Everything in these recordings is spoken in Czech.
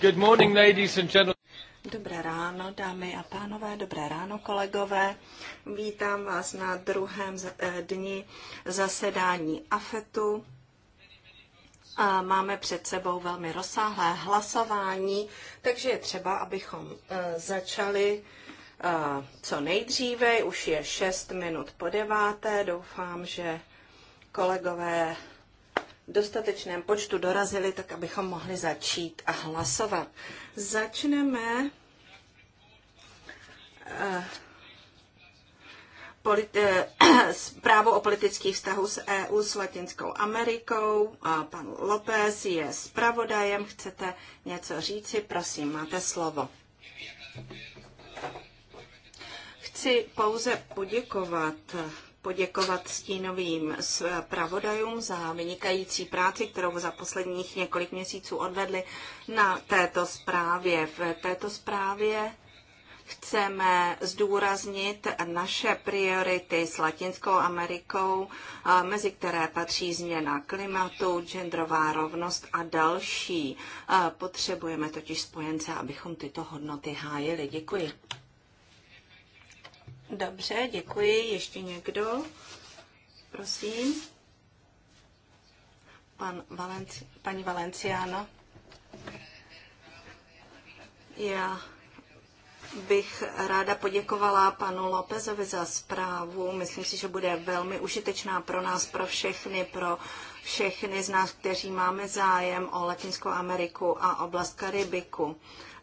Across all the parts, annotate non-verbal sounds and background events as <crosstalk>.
Good morning, ladies and gentlemen. Dobré ráno, dámy a pánové, dobré ráno, kolegové. Vítám vás na druhém eh, dni zasedání AFETu. Máme před sebou velmi rozsáhlé hlasování, takže je třeba, abychom eh, začali eh, co nejdříve. Už je 6 minut po deváté. Doufám, že kolegové dostatečném počtu dorazili, tak abychom mohli začít a hlasovat. Začneme zprávu eh, eh, o politických vztahů s EU s Latinskou Amerikou. A pan López je zpravodajem. Chcete něco říci? Prosím, máte slovo. Chci pouze poděkovat poděkovat stínovým pravodajům za vynikající práci, kterou za posledních několik měsíců odvedli na této zprávě. V této zprávě chceme zdůraznit naše priority s Latinskou Amerikou, mezi které patří změna klimatu, genderová rovnost a další. Potřebujeme totiž spojence, abychom tyto hodnoty hájili. Děkuji. Dobře, děkuji. Ještě někdo? Prosím. Pan Valenci, paní Valenciána. Já bych ráda poděkovala panu Lópezovi za zprávu. Myslím si, že bude velmi užitečná pro nás, pro všechny, pro všechny z nás, kteří máme zájem o Latinskou Ameriku a oblast Karibiku.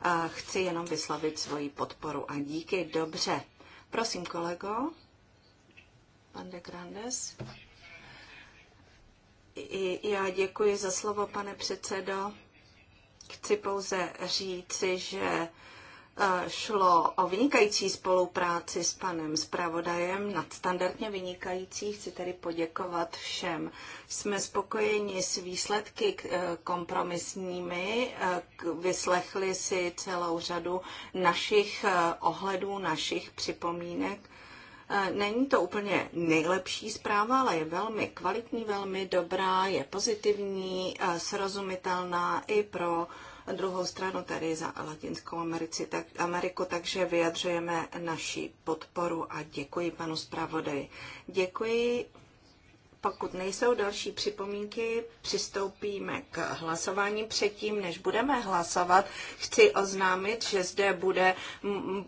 Eh, chci jenom vyslavit svoji podporu a díky. Dobře. Prosím, kolego, pan de Grandes. I já děkuji za slovo, pane předsedo. Chci pouze říci, že šlo o vynikající spolupráci s panem zpravodajem, nadstandardně vynikající. Chci tedy poděkovat všem. Jsme spokojeni s výsledky eh, kompromisními. Eh, vyslechli si celou řadu našich eh, ohledů, našich připomínek. Není to úplně nejlepší zpráva, ale je velmi kvalitní, velmi dobrá, je pozitivní, srozumitelná i pro druhou stranu tady za Latinskou Americi, tak, Ameriku, takže vyjadřujeme naši podporu a děkuji panu zpravodaji. Děkuji. Pokud nejsou další připomínky, přistoupíme k hlasování. Předtím, než budeme hlasovat, chci oznámit, že zde bude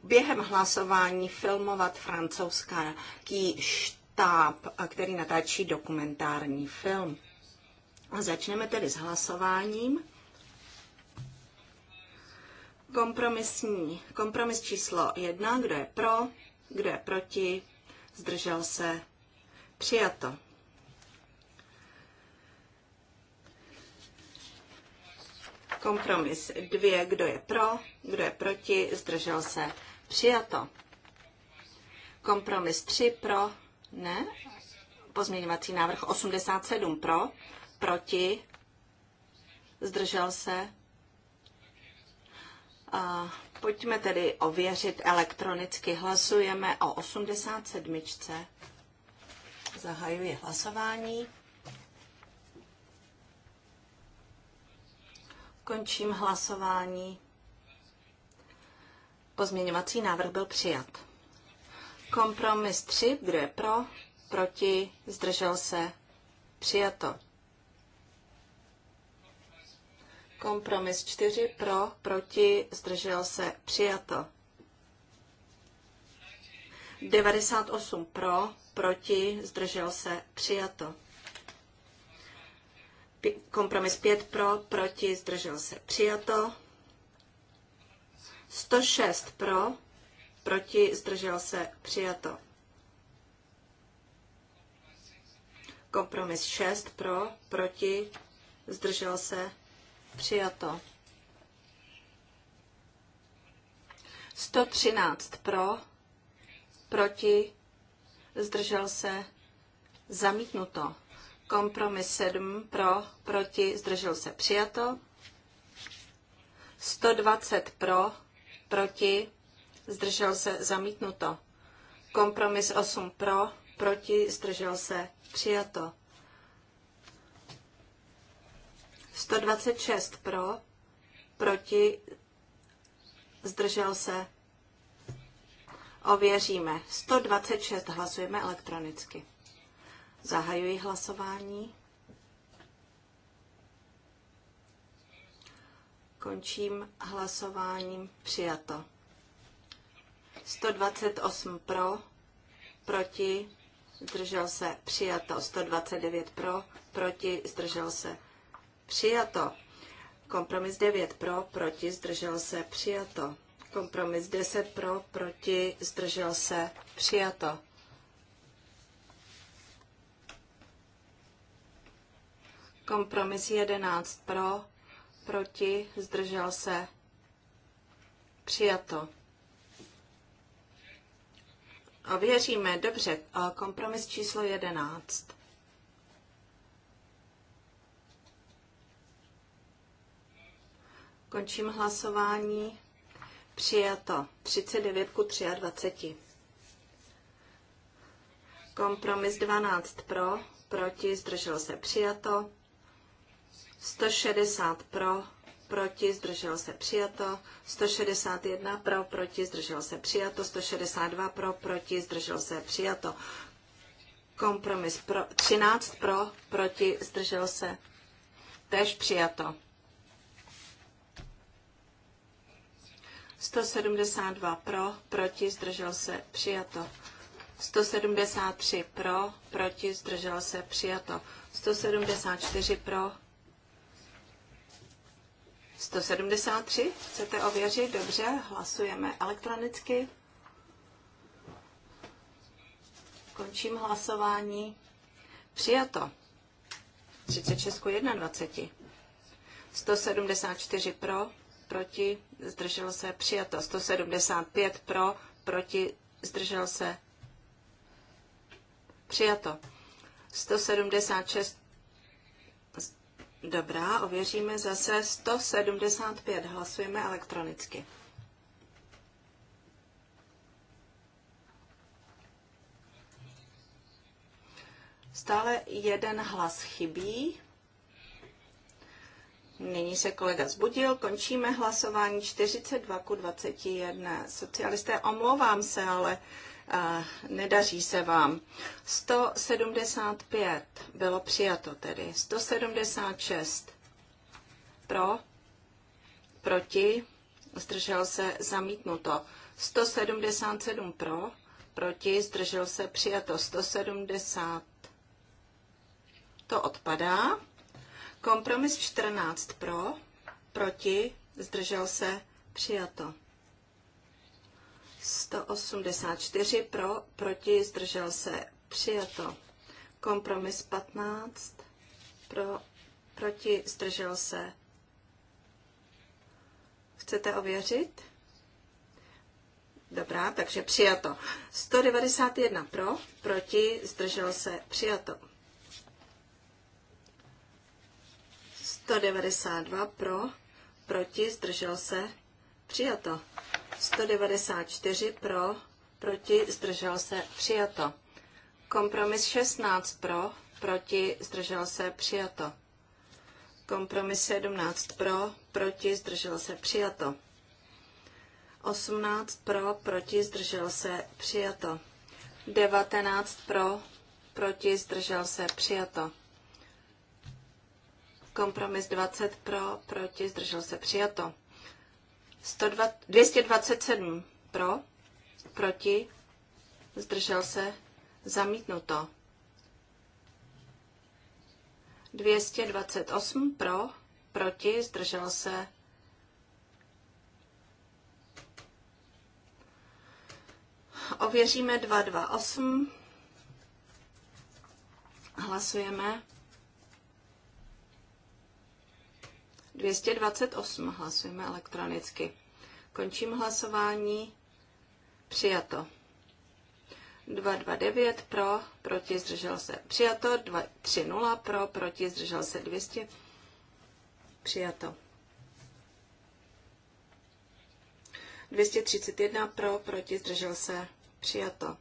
během hlasování filmovat francouzská štáb, který natáčí dokumentární film. A začneme tedy s hlasováním. Kompromisní, kompromis číslo jedna, kdo je pro, kdo je proti, zdržel se, přijato. Kompromis dvě, kdo je pro, kdo je proti, zdržel se, přijato. Kompromis tři pro, ne, pozměňovací návrh 87 pro, proti, zdržel se, a pojďme tedy ověřit elektronicky. Hlasujeme o 87. Zahajuji hlasování. Končím hlasování. Pozměňovací návrh byl přijat. Kompromis 3. Kdo je pro? Proti? Zdržel se? Přijato. Kompromis 4 pro, proti, zdržel se, přijato. 98 pro, proti, zdržel se, přijato. Kompromis 5 pro, proti, zdržel se, přijato. 106 pro, proti, zdržel se, přijato. Kompromis 6 pro, proti, zdržel se, Přijato. 113 pro, proti, zdržel se, zamítnuto. Kompromis 7 pro, proti, zdržel se, přijato. 120 pro, proti, zdržel se, zamítnuto. Kompromis 8 pro, proti, zdržel se, přijato. 126 pro, proti, zdržel se. Ověříme. 126 hlasujeme elektronicky. Zahajuji hlasování. Končím hlasováním. Přijato. 128 pro, proti, zdržel se. Přijato. 129 pro, proti, zdržel se přijato. Kompromis 9 pro, proti, zdržel se, přijato. Kompromis 10 pro, proti, zdržel se, přijato. Kompromis 11 pro, proti, zdržel se, přijato. Ověříme, dobře, kompromis číslo 11. Končím hlasování. Přijato 39 ku 23. Kompromis 12 pro, proti, zdržel se přijato. 160 pro, proti, zdržel se přijato, 161 pro, proti, zdržel se přijato, 162 pro, proti, zdržel se přijato. Kompromis pro, 13 pro, proti, zdržel se tež přijato. 172 pro, proti, zdržel se, přijato. 173 pro, proti, zdržel se, přijato. 174 pro, 173, chcete ověřit? Dobře, hlasujeme elektronicky. Končím hlasování. Přijato. 36 21. 174 pro, proti, zdržel se, přijato 175 pro, proti, zdržel se, přijato 176, dobrá, ověříme zase 175, hlasujeme elektronicky. Stále jeden hlas chybí. Nyní se kolega zbudil, končíme hlasování 42 ku 21. Socialisté, omlouvám se, ale uh, nedaří se vám. 175 bylo přijato tedy. 176 pro, proti, zdržel se zamítnuto. 177 pro, proti, zdržel se přijato. 170 to odpadá. Kompromis 14 pro, proti, zdržel se, přijato. 184 pro, proti, zdržel se, přijato. Kompromis 15 pro, proti, zdržel se. Chcete ověřit? Dobrá, takže přijato. 191 pro, proti, zdržel se, přijato. 192 pro, proti, zdržel se, přijato. 194 pro, proti, zdržel se, přijato. Kompromis 16 pro, proti, zdržel se, přijato. Kompromis 17 pro, proti, zdržel se, přijato. 18 pro, proti, zdržel se, přijato. 19 pro, proti, zdržel se, přijato. Kompromis 20 pro, proti, zdržel se přijato. 227 pro, proti, zdržel se zamítnuto. 228 pro, proti, zdržel se Ověříme 228. Hlasujeme. 228. Hlasujeme elektronicky. Končím hlasování. Přijato. 229 pro, proti zdržel se. Přijato. 230 pro, proti zdržel se. 200. Přijato. 231 pro, proti zdržel se. Přijato.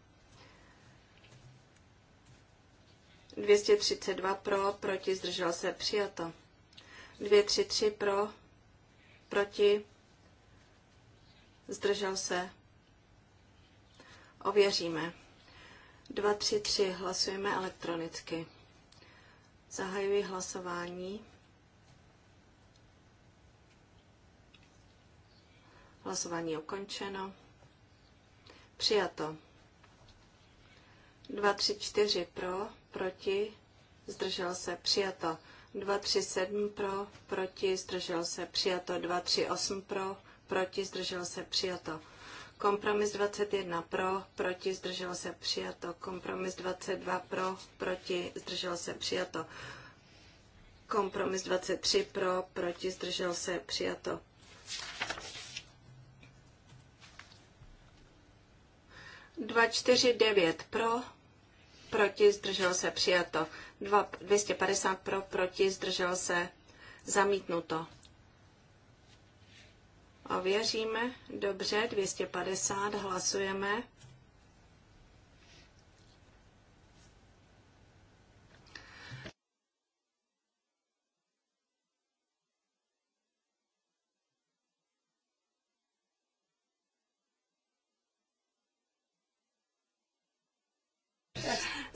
232 pro, proti zdržel se. Přijato. 2, 3, 3 pro, proti, zdržel se. Ověříme. 2, 3, 3 hlasujeme elektronicky. Zahajuji hlasování. Hlasování ukončeno. Přijato. 2, 3, 4 pro, proti, zdržel se, přijato. 237 pro, proti, zdržel se, přijato. 238 pro, proti, zdržel se, přijato. Kompromis 21 pro, proti, zdržel se, přijato. Kompromis 22 pro, proti, zdržel se, přijato. Kompromis 23 pro, proti, zdržel se, přijato. Dva čtyři devět pro, proti, zdržel se, přijato. 250 pro, proti, zdržel se, zamítnuto. Ověříme, dobře, 250, hlasujeme.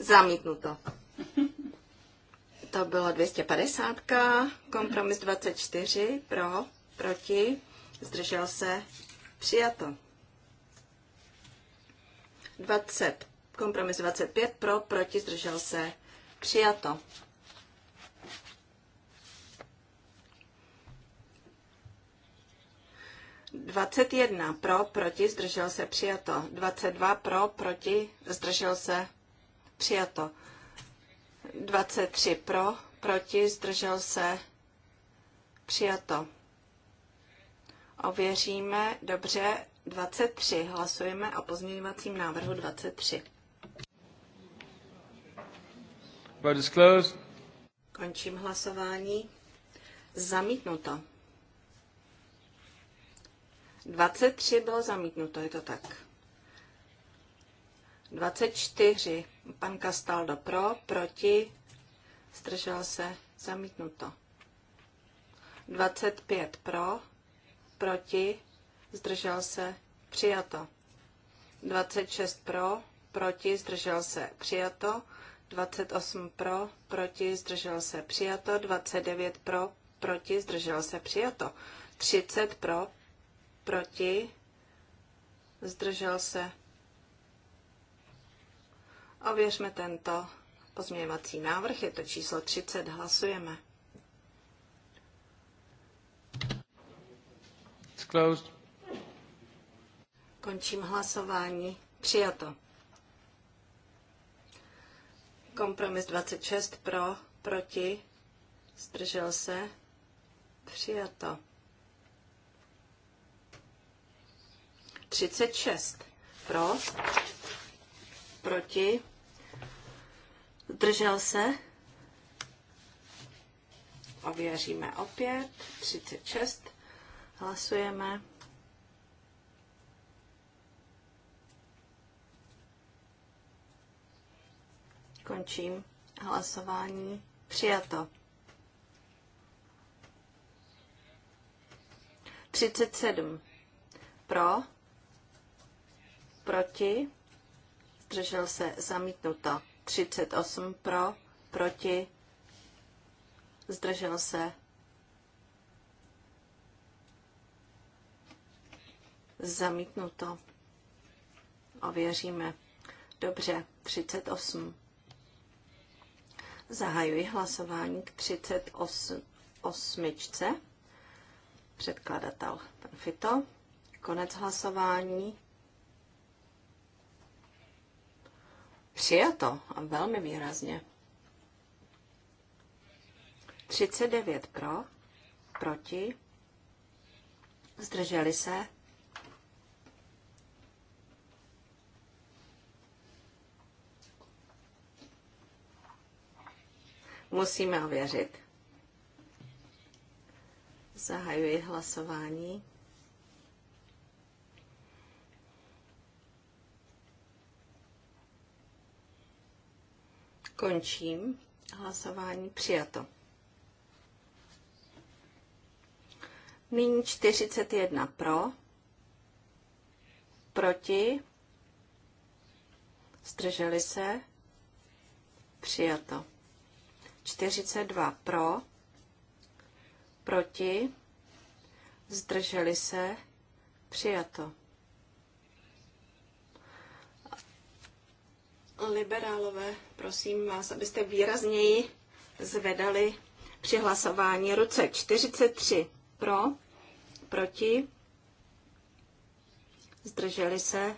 Zamítnuto. To bylo 250. Kompromis 24. Pro. Proti. Zdržel se. Přijato. 20. Kompromis 25. Pro. Proti. Zdržel se. Přijato. Dvacet jedna pro, proti, zdržel se, přijato. Dvacet dva pro, proti, zdržel se, Přijato. 23 pro, proti, zdržel se. Přijato. Ověříme, dobře, 23. Hlasujeme o pozměňovacím návrhu 23. is closed. Končím hlasování. Zamítnuto. 23 bylo zamítnuto, je to tak. 24. Pan Castaldo pro, proti, zdržel se, zamítnuto. 25 pro, proti, zdržel se, přijato. 26 pro, proti, zdržel se, přijato. 28 pro, proti, zdržel se, přijato. 29 pro, proti, zdržel se, přijato. 30 pro, proti, zdržel se, Ověřme tento pozměňovací návrh, je to číslo 30, hlasujeme. It's closed. Končím hlasování. Přijato. Kompromis 26 pro, proti, zdržel se, přijato. 36 pro, proti, Držel se? Ověříme opět. 36. Hlasujeme. Končím hlasování. Přijato. 37. Pro. Proti. Zdržel se. Zamítnuto. 38 pro, proti, zdržel se. Zamítnuto. Ověříme. Dobře, 38. Zahajuji hlasování k 38. Předkladatel pan Fito. Konec hlasování. Přijato a velmi výrazně. 39 pro, proti, zdrželi se. Musíme ověřit. Zahajuji hlasování. Končím. Hlasování přijato. Nyní 41 pro, proti, zdrželi se, přijato. 42 pro, proti, zdrželi se, přijato. Liberálové, prosím vás, abyste výrazněji zvedali při hlasování ruce 43 pro, proti, zdrželi se.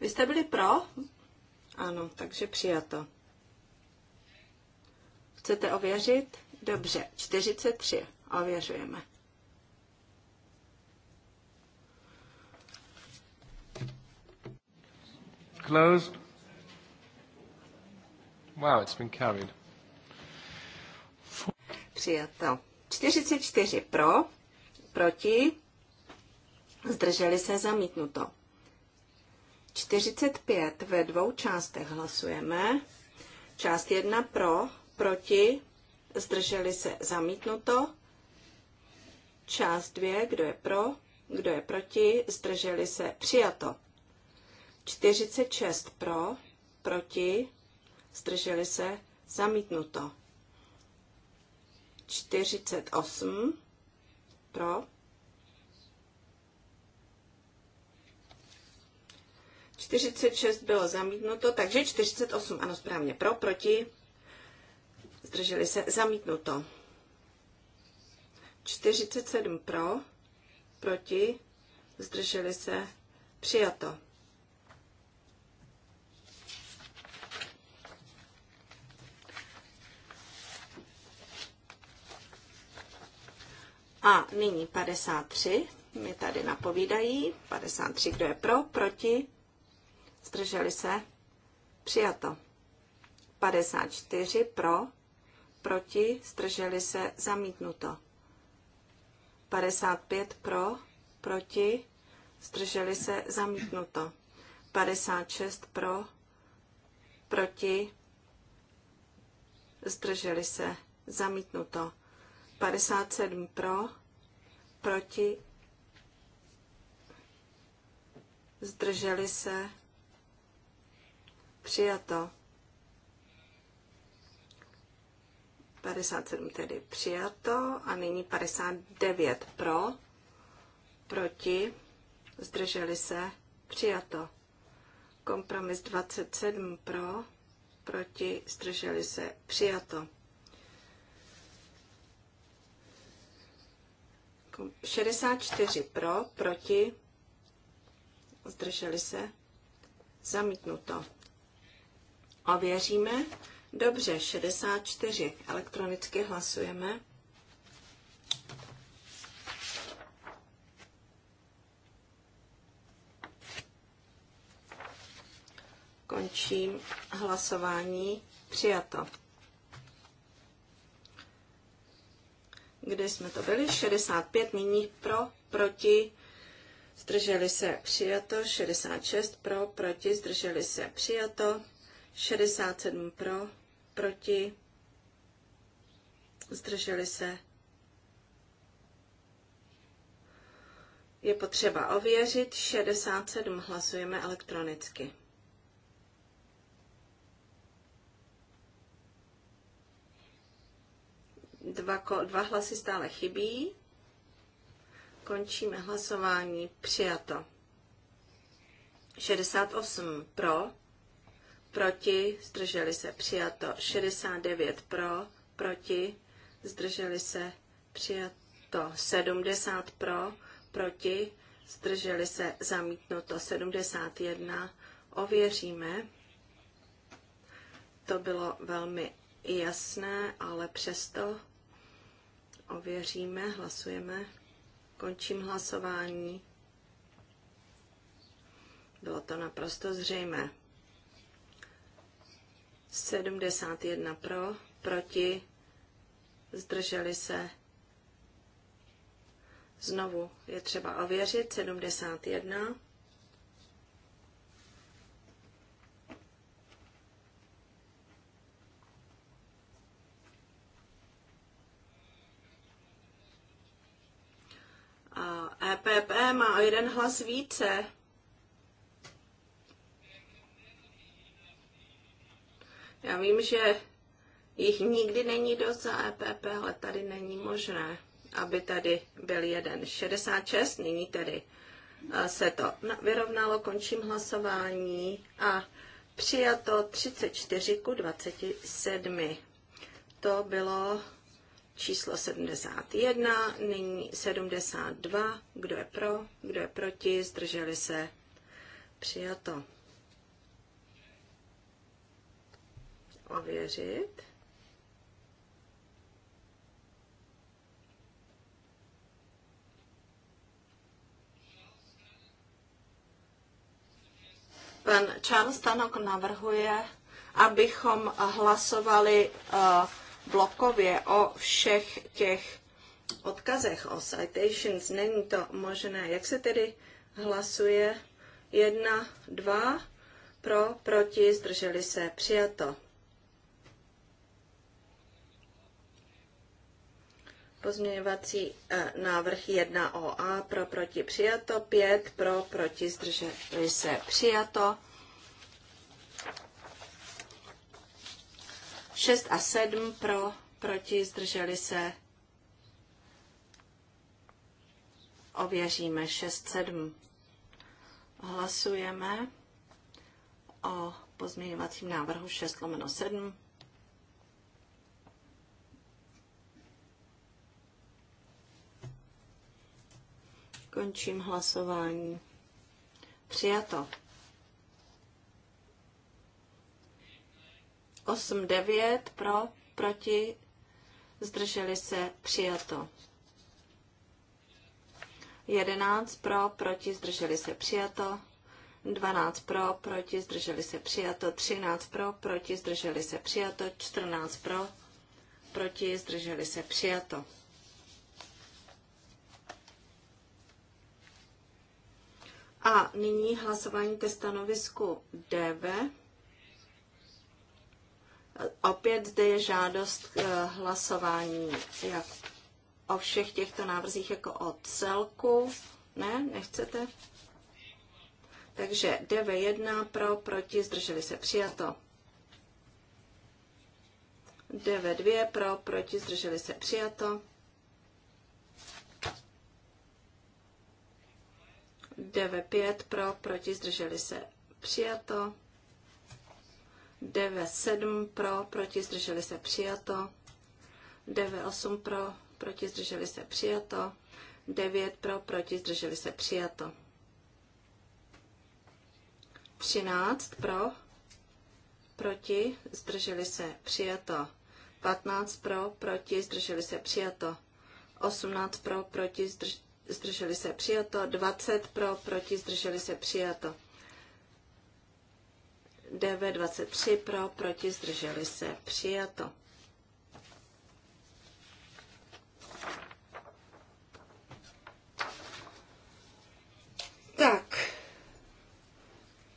Vy jste byli pro? Ano, takže přijato. Chcete ověřit? Dobře, 43 ověřujeme. Closed. Wow, it's been carried. Přijato. 44 pro, proti, zdrželi se zamítnuto. 45 ve dvou částech hlasujeme. Část 1 pro, proti, zdrželi se zamítnuto. Část 2, kdo je pro, kdo je proti, zdrželi se přijato. 46 pro, proti, zdrželi se, zamítnuto. 48 pro, 46 bylo zamítnuto, takže 48, ano správně, pro, proti, zdrželi se, zamítnuto. 47 pro, proti, zdrželi se, přijato. A nyní 53, mi tady napovídají. 53, kdo je pro, proti, zdrželi se, přijato. 54 pro, proti, zdrželi se, zamítnuto. 55 pro, proti, zdrželi se, zamítnuto. 56 pro, proti, zdrželi se, zamítnuto. 57 pro, proti, zdrželi se, přijato. 57 tedy přijato a nyní 59 pro, proti, zdrželi se, přijato. Kompromis 27 pro, proti, zdrželi se, přijato. 64 pro, proti, zdrželi se, zamítnuto. Ověříme. Dobře, 64. Elektronicky hlasujeme. Končím hlasování. Přijato. kde jsme to byli, 65 nyní pro, proti, zdrželi se přijato, 66 pro, proti, zdrželi se přijato, 67 pro, proti, zdrželi se. Je potřeba ověřit, 67 hlasujeme elektronicky. Dva, dva hlasy stále chybí. Končíme hlasování. Přijato. 68 pro, proti, zdrželi se, přijato. 69 pro, proti, zdrželi se, přijato. 70 pro, proti, zdrželi se, zamítnuto. 71 ověříme. To bylo velmi jasné, ale přesto Ověříme, hlasujeme. Končím hlasování. Bylo to naprosto zřejmé. 71 pro, proti, zdrželi se. Znovu je třeba ověřit 71. EPP má o jeden hlas více. Já vím, že jich nikdy není dost za EPP, ale tady není možné, aby tady byl jeden. 66, nyní tedy eh, se to vyrovnalo, končím hlasování a přijato 34 ku 27. To bylo číslo 71, nyní 72, kdo je pro, kdo je proti, zdrželi se, přijato. Ověřit. Pan Charles Tanok navrhuje, abychom hlasovali uh, blokově o všech těch odkazech, o citations. Není to možné. Jak se tedy hlasuje? Jedna, dva, pro, proti, zdrželi se, přijato. Pozměňovací eh, návrh 1OA pro proti přijato, 5 pro proti zdrželi se přijato. 6 a 7 pro, proti, zdrželi se. Ověříme 6, 7. Hlasujeme o pozměňovacím návrhu 6 lomeno 7. Končím hlasování. Přijato. 8, 9 pro, proti, zdrželi se, přijato. 11 pro, proti, zdrželi se, přijato. 12 pro, proti, zdrželi se, přijato. 13 pro, proti, zdrželi se, přijato. 14 pro, proti, zdrželi se, přijato. A nyní hlasování ke stanovisku DV. Opět zde je žádost k eh, hlasování jak o všech těchto návrzích jako o celku. Ne, nechcete? Takže DV1 pro, proti, zdrželi se, přijato. DV2 pro, proti, zdrželi se, přijato. DV5 pro, proti, zdrželi se, přijato. DV7 pro, proti zdrželi se přijato. DV8 pro, proti zdrželi se přijato. 9 pro, proti zdrželi se přijato. 13 pro, proti zdrželi se přijato. 15 pro, proti zdrželi se přijato. 18 pro, proti zdrž, zdrželi se přijato. 20 pro, proti zdrželi se přijato. DV23 pro, proti, zdrželi se, přijato. Tak,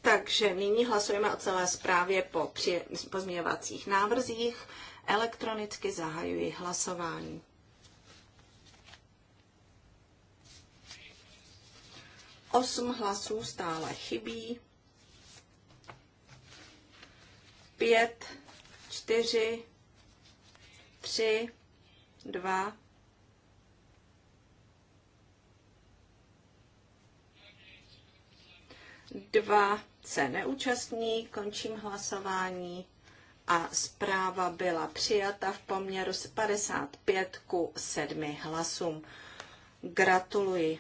takže nyní hlasujeme o celé zprávě po pozměňovacích návrzích. Elektronicky zahajuji hlasování. Osm hlasů stále chybí. Pět, čtyři, tři, dva. Dva se neúčastní, končím hlasování a zpráva byla přijata v poměru z 55 ku 7 hlasům. Gratuluji.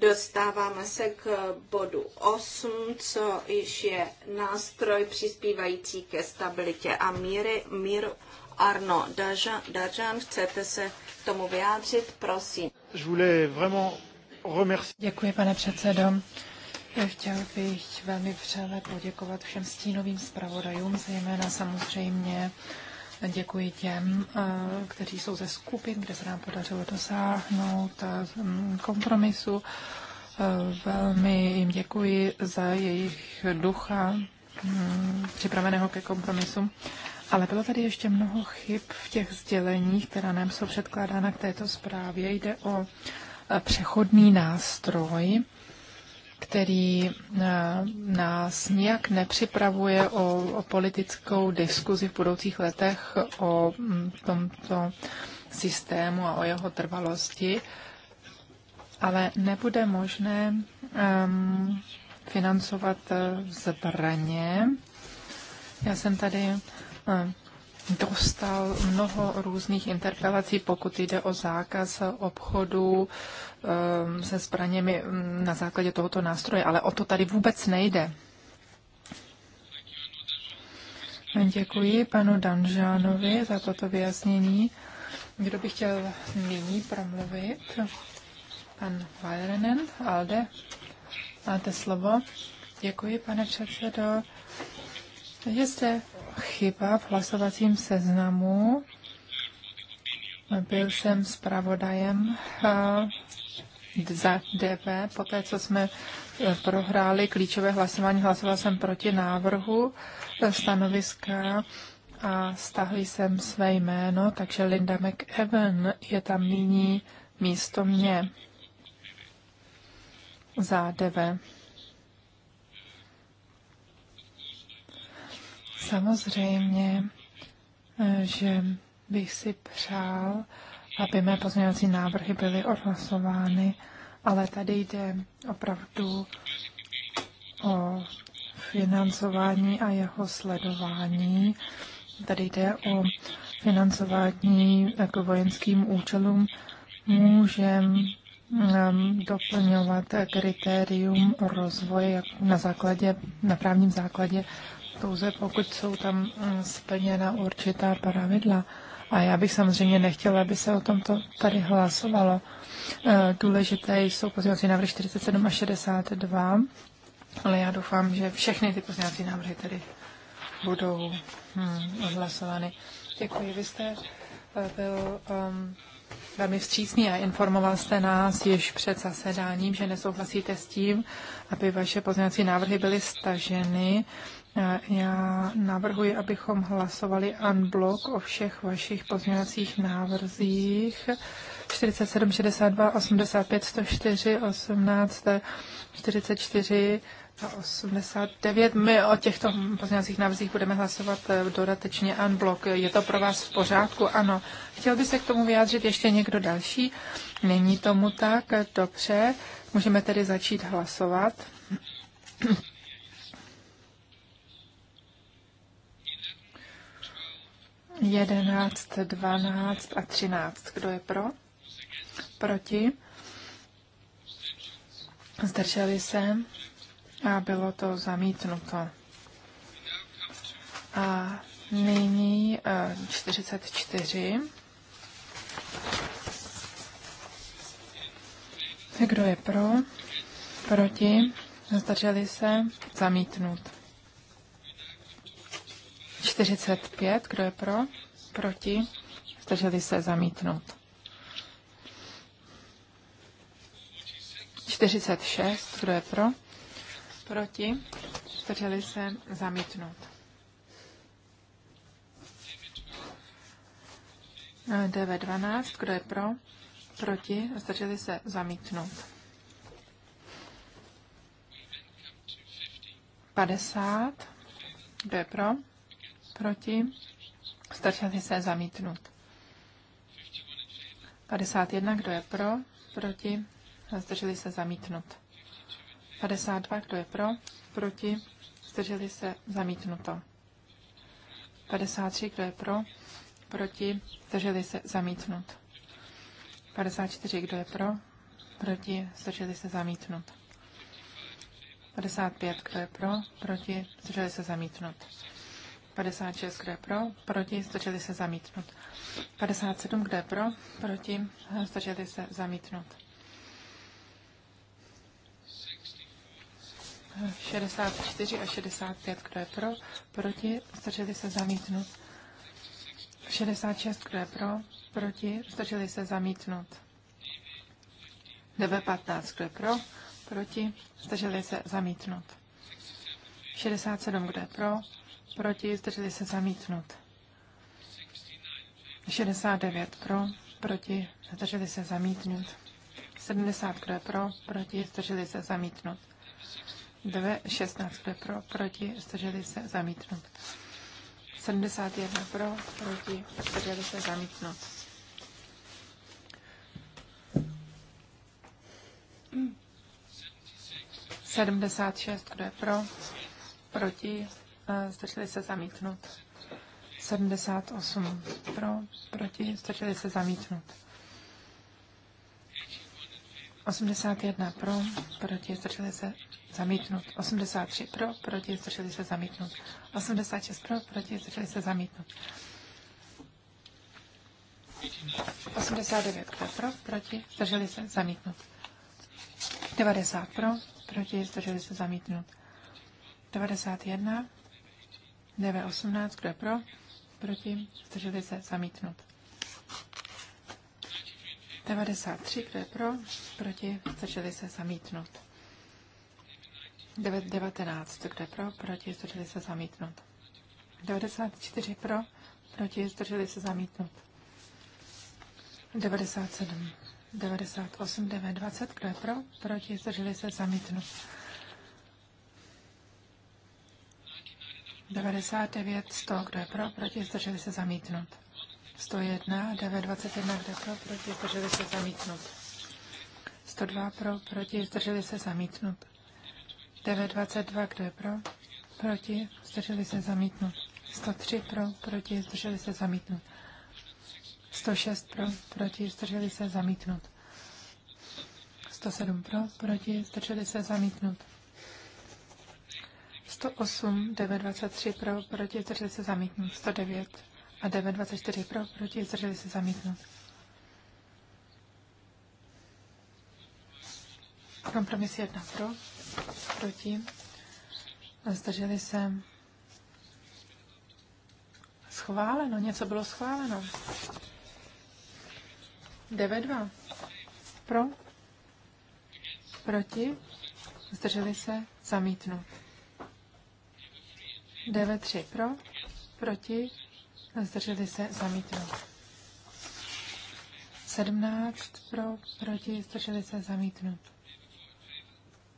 Dostáváme se k bodu 8, co již je nástroj přispívající ke stabilitě a míry. Míru Arno Darjan, chcete se k tomu vyjádřit? Prosím. Děkuji, pane předsedo. Chtěl bych velmi vřele poděkovat všem stínovým zpravodajům, zejména samozřejmě Děkuji těm, eh, kteří jsou ze skupin, kde se nám podařilo dosáhnout eh, kompromisu. Eh, velmi jim děkuji za jejich ducha hm, připraveného ke kompromisu. Ale bylo tady ještě mnoho chyb v těch sděleních, která nám jsou předkládána k této zprávě. Jde o přechodný nástroj, který eh, nás nijak nepřipravuje o, o politickou diskuzi v budoucích letech o mm, tomto systému a o jeho trvalosti, ale nebude možné um, financovat eh, zbraně. Já jsem tady um, dostal mnoho různých interpelací, pokud jde o zákaz obchodu ehm, se zbraněmi mm, na základě tohoto nástroje, ale o to tady vůbec nejde. Děkuji panu Danžánovi za toto vyjasnění. Kdo by chtěl nyní promluvit? Pan Vajrenen, Alde, máte slovo. Děkuji, pane předsedo. Je zde chyba v hlasovacím seznamu. Byl jsem zpravodajem eh, za DP. Poté, co jsme eh, prohráli klíčové hlasování, hlasoval jsem proti návrhu eh, stanoviska a stahli jsem své jméno, takže Linda McEwen je tam nyní místo mě za DV. Samozřejmě, že bych si přál, aby mé pozměňovací návrhy byly odhlasovány, ale tady jde opravdu o financování a jeho sledování. Tady jde o financování k vojenským účelům. Můžeme um, doplňovat kritérium rozvoje jako na základě, na právním základě pouze pokud jsou tam mm, splněna určitá pravidla. A já bych samozřejmě nechtěla, aby se o tomto tady hlasovalo. Eh, důležité jsou pozměnací návrhy 47 a 62, ale já doufám, že všechny ty pozměnací návrhy tady budou hmm, odhlasovány. Děkuji, vy jste eh, byl um, velmi vstřícný a informoval jste nás již před zasedáním, že nesouhlasíte s tím, aby vaše pozměnací návrhy byly staženy já navrhuji, abychom hlasovali unblock o všech vašich pozměňovacích návrzích 47, 62, 85, 104, 18, 44 a 89. My o těchto pozměňovacích návrzích budeme hlasovat dodatečně unblock. Je to pro vás v pořádku? Ano. Chtěl by se k tomu vyjádřit ještě někdo další? Není tomu tak? Dobře. Můžeme tedy začít hlasovat. 11, 12 a 13. Kdo je pro? Proti? Zdrželi se a bylo to zamítnuto. A nyní 44. Eh, Kdo je pro? Proti? Zdrželi se? Zamítnut. 45, kdo je pro? Proti? Zdrželi se zamítnout. 46, kdo je pro? Proti? Zdrželi se zamítnout. 9.12, kdo je pro? Proti? Zdrželi se zamítnout. 50, kdo je pro? proti, zdrželi se zamítnut. 51, kdo je pro, proti, zdrželi se zamítnut. 52, kdo je pro, proti, zdrželi se zamítnuto. 53, kdo je pro, proti, zdrželi se zamítnut. 54, kdo je pro, proti, zdrželi se zamítnut. 55, kdo je pro, proti, zdrželi se zamítnut. 56, kdo je pro, proti, zdrželi se zamítnout. 57, kdo je pro, proti, zdrželi se zamítnout. 64 a 65, kdo je pro, proti, zdrželi se zamítnout. 66, kdo je pro, proti, zdrželi se zamítnout. 915, kdo je pro, proti, zdrželi se zamítnout. 67, kdo je pro, proti, zdrželi se zamítnut. 69 pro, proti, zdrželi se zamítnut. 70 kdo je pro, proti, zdrželi se zamítnut. 2, 16 kdo je pro, proti, zdrželi se zamítnut. 71 pro, proti, zdrželi se zamítnut. Mm. 76, kdo je pro, proti, stačili eh, se zamítnout. 78 pro, proti, stačili se zamítnout. 81 pro, proti, stačili se zamítnout. 83 pro, proti, stačili se zamítnout. 86 pro, proti, stačili se zamítnout. 89 pro, proti, zdrželi se zamítnout. 90 pro, proti, zdrželi se zamítnout. 91 DV18, kdo je pro? Proti? Zdrželi se? Zamítnut. 93, kdo je pro? Proti? Zdrželi se? Zamítnut. 19, kdo je pro? Proti? Zdrželi se? Zamítnut. 94 pro? Proti? Zdrželi se? zamítnout. 97, 98, 9, 20, kdo je pro? Proti? Zdrželi se? zamítnout. 99, 100, kdo je pro, proti, zdrželi se zamítnout. 101, 921, kdo je pro, proti, zdrželi se zamítnout. 102 pro, proti, zdrželi se zamítnout. 922, kdo je pro, proti, zdrželi se zamítnout. 103 pro, proti, zdrželi se zamítnout. 106 pro, proti, zdrželi se zamítnout. 107 pro, proti, zdrželi se zamítnout. 108, 923 pro, proti, zdrželi se zamítnout. 109 a 924 pro, proti, zdrželi se zamítnout. Kompromis 1 pro, proti, zdrželi se schváleno, něco bylo schváleno. 9-2. Pro, proti, zdrželi se, zamítnout. 9-3 pro, proti, zdrželi se zamítlo. 17 pro, proti, zdrželi se zamítnut.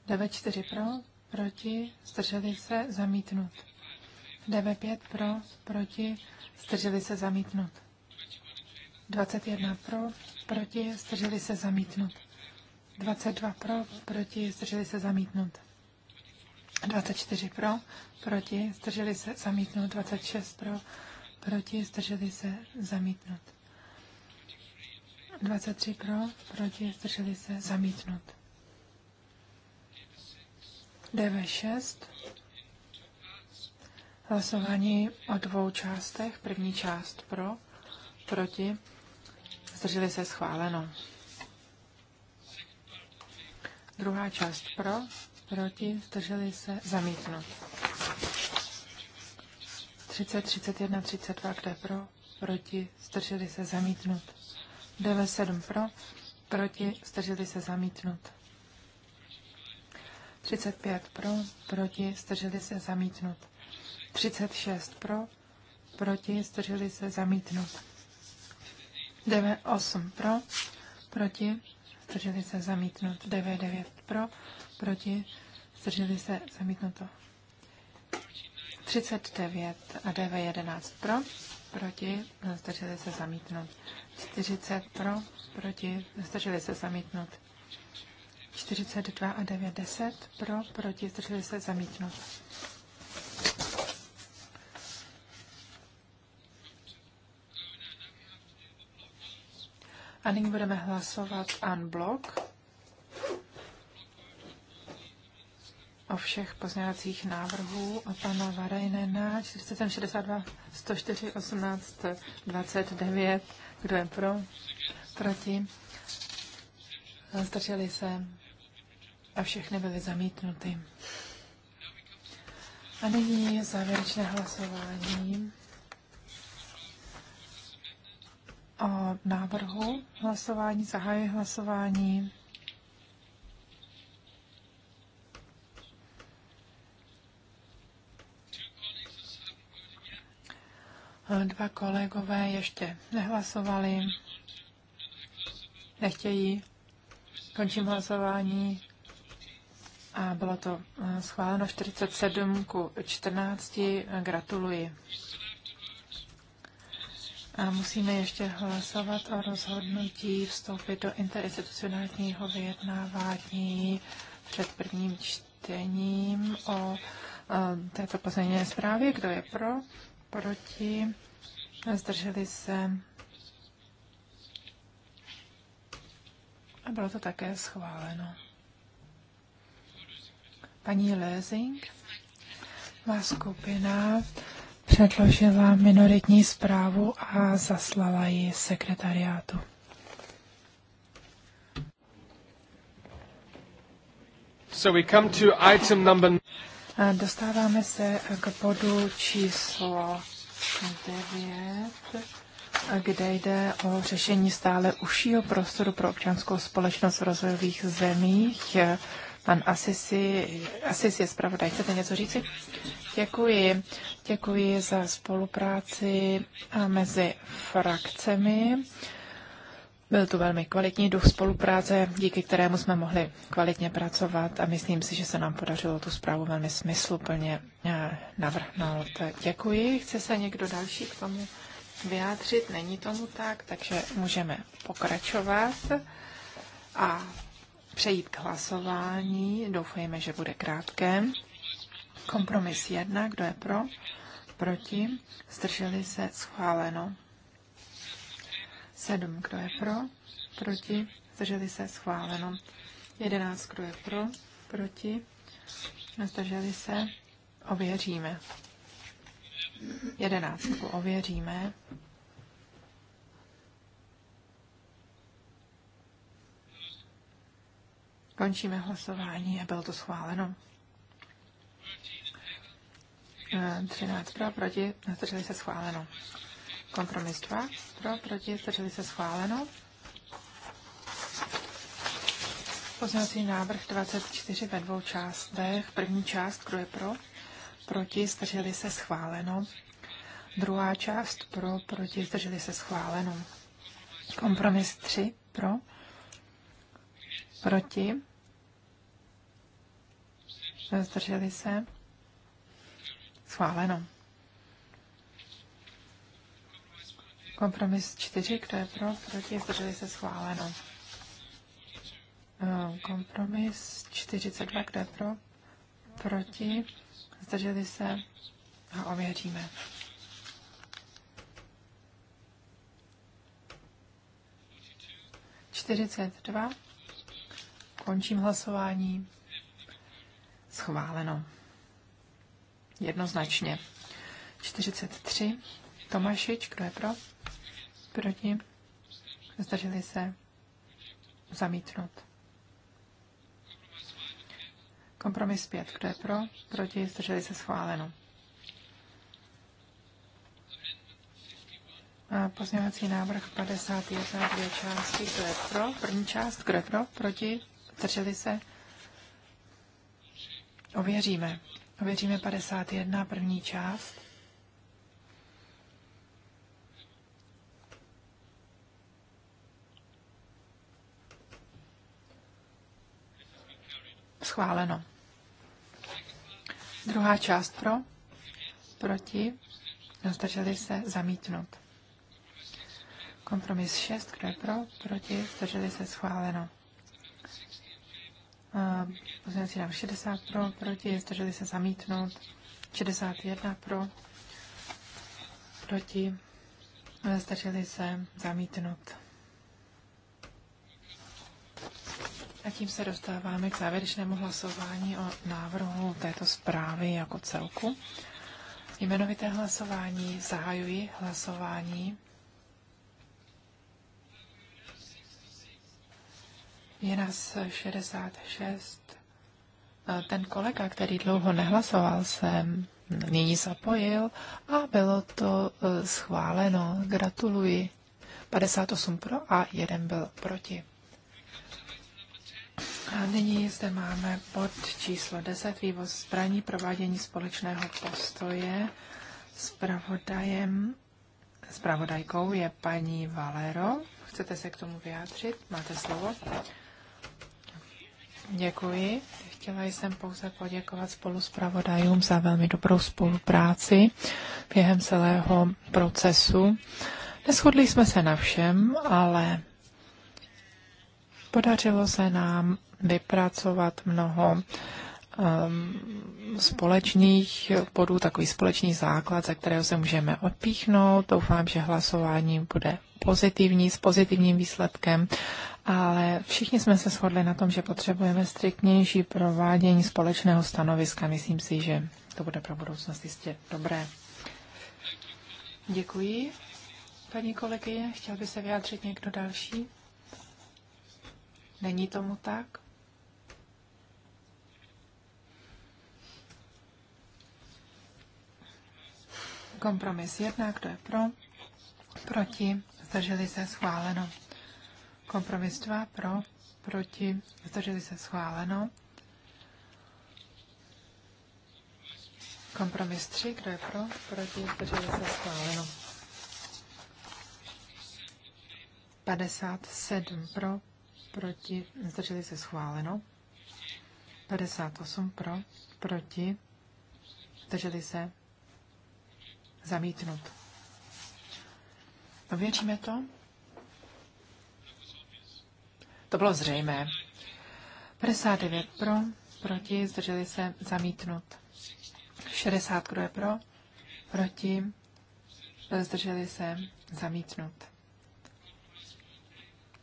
9-4 pro, proti, zdrželi se zamítnut. 9-5 pro, proti, zdrželi se zamítnut. 21 pro, proti, zdrželi se zamítnut. 22 pro, proti, zdrželi se zamítnut. 24 pro, proti, zdrželi se zamítnout. 26 pro, proti, zdrželi se zamítnout. 23 pro, proti, zdrželi se zamítnout. DV6. Hlasování o dvou částech. První část pro, proti, zdrželi se schváleno. Druhá část pro, proti, zdrželi se, zamítnout. 30, 31, 32, kde pro, proti, zdrželi se, zamítnut. 97 pro, proti, zdrželi se, zamítnout. 35 pro, proti, zdrželi se, zamítnout. 36 pro, proti, zdrželi se, zamítnout. 9, 8 pro, proti, zdrželi se, zamítnout. 9, 9 pro, proti, zdrželi se, zamítnuto. 39 a DV11 pro, proti, zdrželi se zamítnout. 40 pro, proti, zdrželi se zamítnout. 42 a 9, 10 pro, proti, zdrželi se zamítnout. A nyní budeme hlasovat unblock. o všech pozměňovacích návrhů od pana Varajnena 462, 104, 18, 29. Kdo je pro? Proti? Zdrželi se a všechny byly zamítnuty. A nyní je závěrečné hlasování o návrhu hlasování, zahájí hlasování. Dva kolegové ještě nehlasovali, nechtějí. Končím hlasování. A bylo to eh, schváleno 47 ku 14. Gratuluji. A musíme ještě hlasovat o rozhodnutí vstoupit do interinstitucionálního vyjednávání před prvním čtením o eh, této pozemní zprávě. Kdo je pro? proti, zdrželi se. A bylo to také schváleno. Paní Lézing, má skupina předložila minoritní zprávu a zaslala ji sekretariátu. So we come to item number... Dostáváme se k bodu číslo 9, kde jde o řešení stále užšího prostoru pro občanskou společnost v rozvojových zemích. Pan Asis je zpravodaj. Chcete něco říci? Děkuji. Děkuji za spolupráci mezi frakcemi. Byl tu velmi kvalitní duch spolupráce, díky kterému jsme mohli kvalitně pracovat a myslím si, že se nám podařilo tu zprávu velmi smysluplně eh, navrhnout. Děkuji. Chce se někdo další k tomu vyjádřit? Není tomu tak, takže můžeme pokračovat a přejít k hlasování. Doufejme, že bude krátké. Kompromis jedna, kdo je pro? Proti? Zdrželi se? Schváleno. 7, kdo je pro, proti, zdrželi se, schváleno. 11, kdo je pro, proti, zdrželi se, ověříme. 11 ověříme. Končíme hlasování a bylo to schváleno. 13 eh, pro, proti, zdrželi se schváleno. Kompromis 2. Pro, proti, zdrželi se schváleno. Poznací návrh 24 ve dvou částech. První část, kdo je pro, proti, zdrželi se schváleno. Druhá část pro, proti, zdrželi se schváleno. Kompromis 3 pro, proti, zdrželi se schváleno. Kompromis 4, kdo je pro, proti, zdrželi se schváleno. Eh, kompromis 42, kdo je pro, proti, zdrželi se a ověříme. Čtyřicet dva. Končím hlasování. Schváleno. Jednoznačně. 43. Tomašič, kdo je pro? proti, zdrželi se, zamítnut. Kompromis 5, kdo je pro, proti, zdrželi se, schváleno. Pozměňovací návrh 51, dvě části, kdo je pro, první část, kdo je pro, proti, zdrželi se, ověříme. Ověříme 51, první část. Schváleno. Druhá část pro, proti, zdrželi se, zamítnut. Kompromis 6, kdo je pro, proti, zdrželi se, schváleno. Pozměňovací návrh 60 pro, proti, zdrželi se, zamítnout. 61 pro, proti, zdrželi se, zamítnout. A tím se dostáváme k závěrečnému hlasování o návrhu této zprávy jako celku. Jmenovité hlasování zahajuji hlasování. Je nás 66. Ten kolega, který dlouho nehlasoval, jsem nyní zapojil a bylo to e, schváleno. Gratuluji. 58 pro a jeden byl proti. A nyní zde máme bod číslo 10, vývoz zbraní, provádění společného postoje. Spravodajem, spravodajkou je paní Valero. Chcete se k tomu vyjádřit? Máte slovo? Děkuji. Chtěla jsem pouze poděkovat spolu spravodajům za velmi dobrou spolupráci během celého procesu. Neschodli jsme se na všem, ale Podařilo se nám vypracovat mnoho um, společných bodů, takový společný základ, ze kterého se můžeme odpíchnout. Doufám, že hlasování bude pozitivní, s pozitivním výsledkem, ale všichni jsme se shodli na tom, že potřebujeme striktnější provádění společného stanoviska. Myslím si, že to bude pro budoucnost jistě dobré. Děkuji. Paní kolegyně, chtěl by se vyjádřit někdo další? Není tomu tak? Kompromis jedna, kdo je pro? Proti, zdrželi se schváleno. Kompromis dva, pro, proti, zdrželi se schváleno. Kompromis 3, kdo je pro, proti, zdrželi se schváleno. 57 pro, proti, zdrželi se schváleno. 58 pro, proti, zdrželi se zamítnut. Ověříme to? To bylo zřejmé. 59 pro, proti, zdrželi se zamítnut. 60, kdo je pro, proti, zdrželi se zamítnut.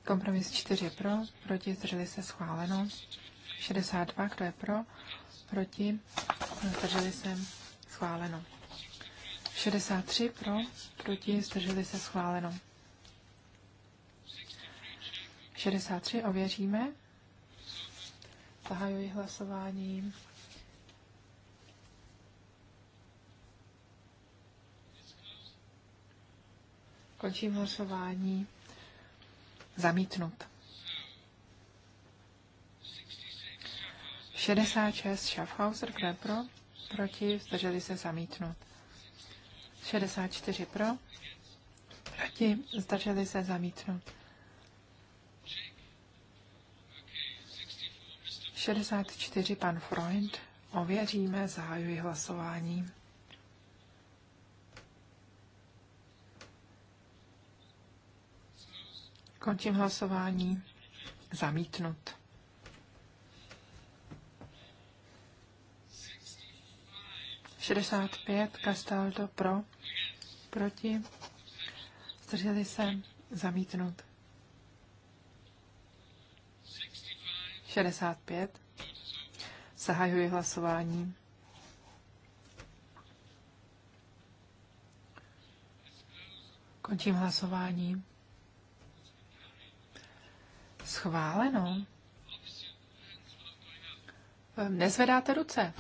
Kompromis 4 pro, proti, zdrželi se schváleno. 62, kdo je pro, proti, zdrželi se schváleno. 63 pro, proti, zdrželi se schváleno. 63 ověříme. Zahajuji hlasování. Končím hlasování. Zamítnut. 66 Schaffhauser, kdo je pro? Proti, zdrželi se zamítnout. 64 pro, proti, zdrželi se zamítnout. 64 pan Freund, ověříme, zahajuji hlasování. Končím hlasování. Zamítnut. 65, Castaldo pro, proti, zdrželi se, zamítnut. 65, zahajuji hlasování. Končím hlasování. Schváleno. Ehm, nezvedáte ruce.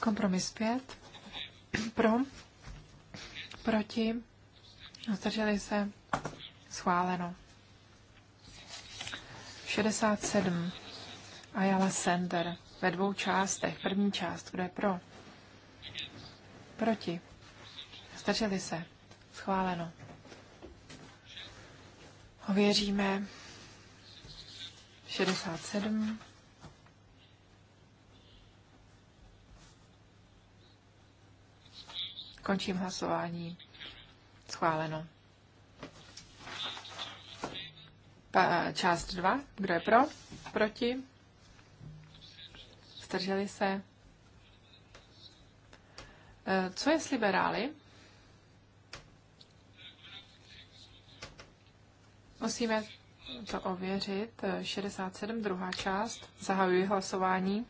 Kompromis pět. <clears throat> Pro. Proti. Zdrželi se. Schváleno. 67. Ayala Sender. Ve dvou částech. První část. Kdo je pro? Proti. Zdrželi se. Schváleno. Ověříme 67. Končím hlasování. Schváleno. Pa, část 2. Kdo je pro? Proti? Zdrželi se? E, co je s liberály? Musíme to ověřit. 67, druhá část. Zahajuji hlasování.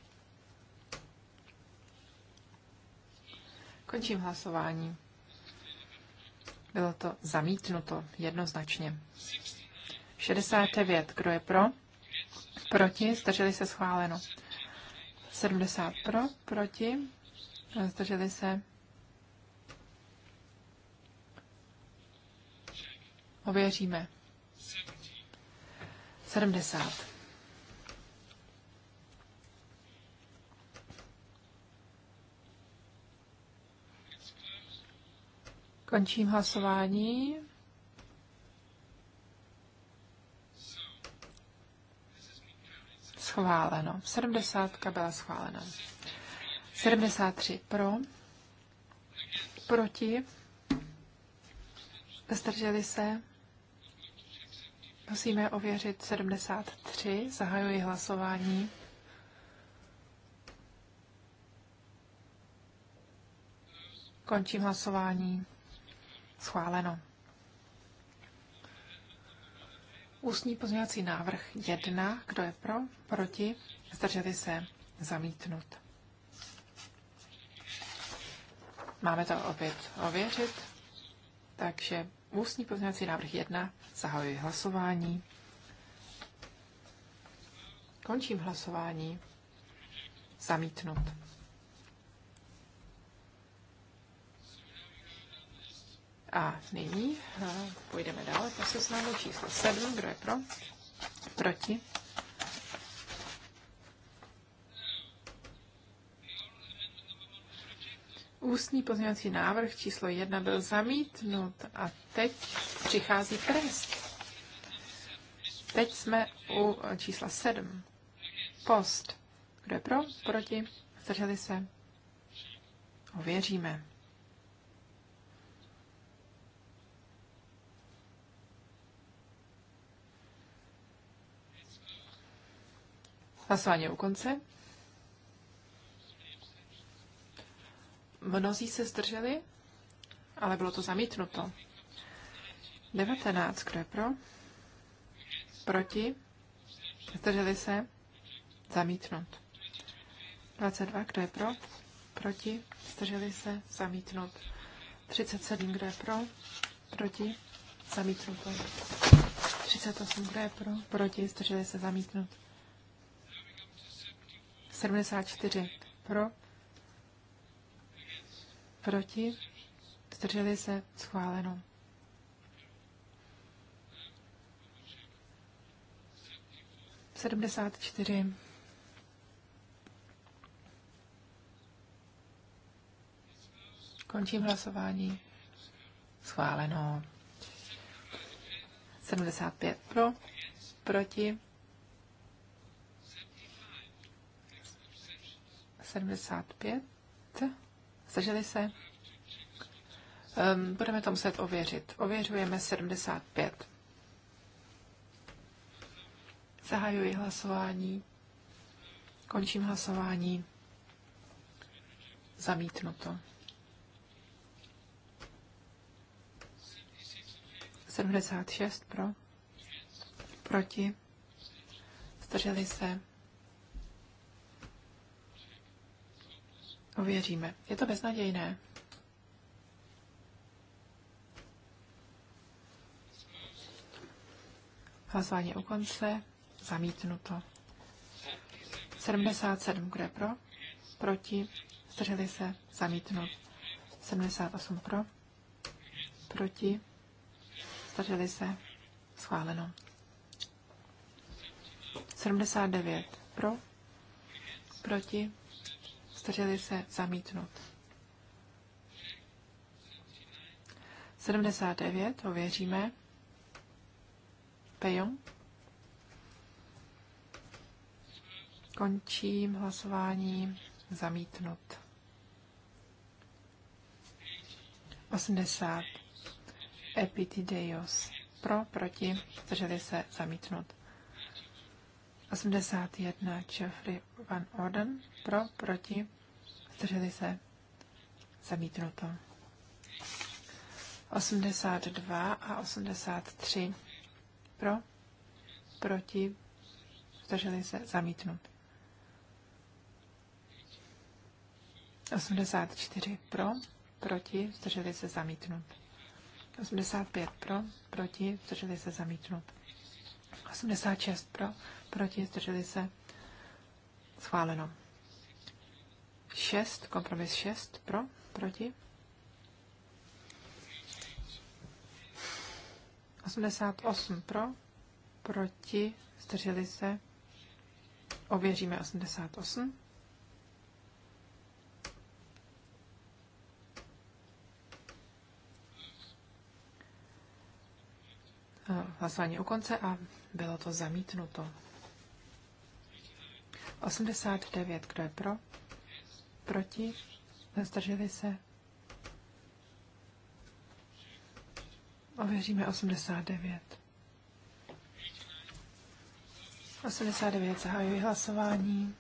Končím hlasování. Bylo to zamítnuto jednoznačně. 69. Kdo je pro? Proti? Zdrželi se schváleno. 70 pro, proti? Zdrželi se. Ověříme. 70. Končím hlasování. Schváleno. 70 byla schválena. 73 pro. Proti. Zdrželi se. Musíme ověřit 73. Zahajuji hlasování. Končím hlasování. Schváleno. Ústní pozměňovací návrh 1. Kdo je pro? Proti? Zdrželi se? Zamítnut. Máme to opět ověřit, takže Ústní pozměňovací návrh 1. Zahajuji hlasování. Končím hlasování. Zamítnut. A nyní eh, půjdeme dále po seznamu číslo 7. Kdo je pro? Proti? Ústní pozměňovací návrh číslo jedna byl zamítnut a teď přichází trest. Teď jsme u čísla sedm. Post. Kdo je pro? Proti? Zdrželi se? Ověříme. Hlasování u konce. Mnozí se zdrželi, ale bylo to zamítnuto. 19, kdo je pro? Proti? Zdrželi se? Zamítnut. 22, kdo je pro? Proti? Zdrželi se? Zamítnut. 37, kdo je pro? Proti? Zamítnut. 38, kdo je pro? Proti? Zdrželi se? Zamítnut. 74, pro? proti, zdrželi se, schváleno. Sedmdesát čtyři. Končím hlasování. Schváleno. 75 pro, proti. 75. Zažili se? Um, budeme to muset ověřit. Ověřujeme 75. Zahajuji hlasování. Končím hlasování. to. 76 pro. Proti. Zdrželi se. Ověříme. Je to beznadějné. Hlasování u konce. Zamítnuto. 77, kdo je pro? Proti. Zdrželi se. Zamítnut. 78 pro. Proti. Zdrželi se. Schváleno. 79 pro. Proti zdrželi se, zamítnut. 79, to věříme. Pejom. Končím hlasování. Zamítnut. 80. Epitideios. Pro, proti, zdrželi se, zamítnut. 81 Jeffrey Van Orden pro, proti, zdrželi se, zamítnuto. 82 a 83 pro, proti, zdrželi se, zamítnut. 84 pro, proti, zdrželi se, zamítnut. 85 pro, proti, zdrželi se, zamítnut. 86 pro, proti, zdrželi se, schváleno. 6, kompromis 6 pro, proti. 88 pro, proti, zdrželi se, ověříme 88. Eh, hlasování u konce a bylo to zamítnuto. 89, kdo je pro? Proti? Zdrželi se? Ověříme 89. 89 zahajuji hlasování.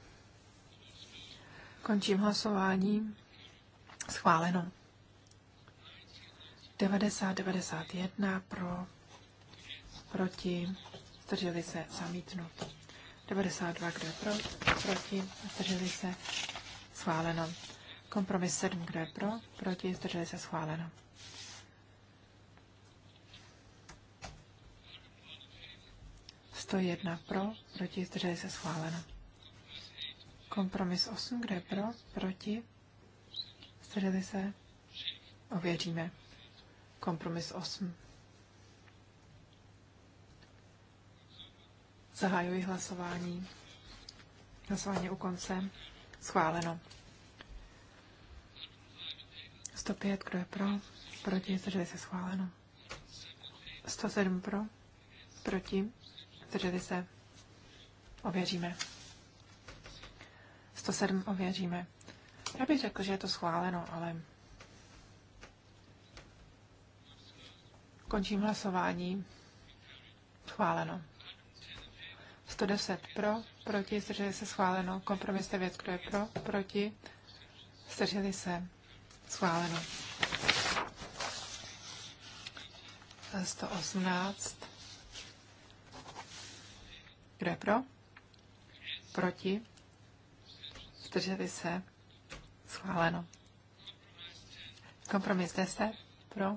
Končím hlasování. Schváleno. 90, 91 pro proti, zdrželi se, zamítnut. 92, kdo je pro, proti, zdrželi se, schváleno. Kompromis 7, kdo je pro, proti, zdrželi se, schváleno. Sto jedna pro, proti, zdrželi se, schváleno. Kompromis 8, kde je pro, proti, zdrželi se, ověříme. Kompromis 8. Zahajuji hlasování. Hlasování u konce. Schváleno. 105, kdo je pro? Proti, zdrželi se schváleno. 107 pro, proti, zdrželi se. Ověříme. 107 ověříme. Já bych řekl, že je to schváleno, ale končím hlasování. Schváleno. 110 pro, proti, zdrželi se schváleno. Kompromis 9, kdo je pro, proti, zdrželi se schváleno. 118. Kdo je pro? Proti? Zdrželi se? Schváleno. Kompromis 10. Pro?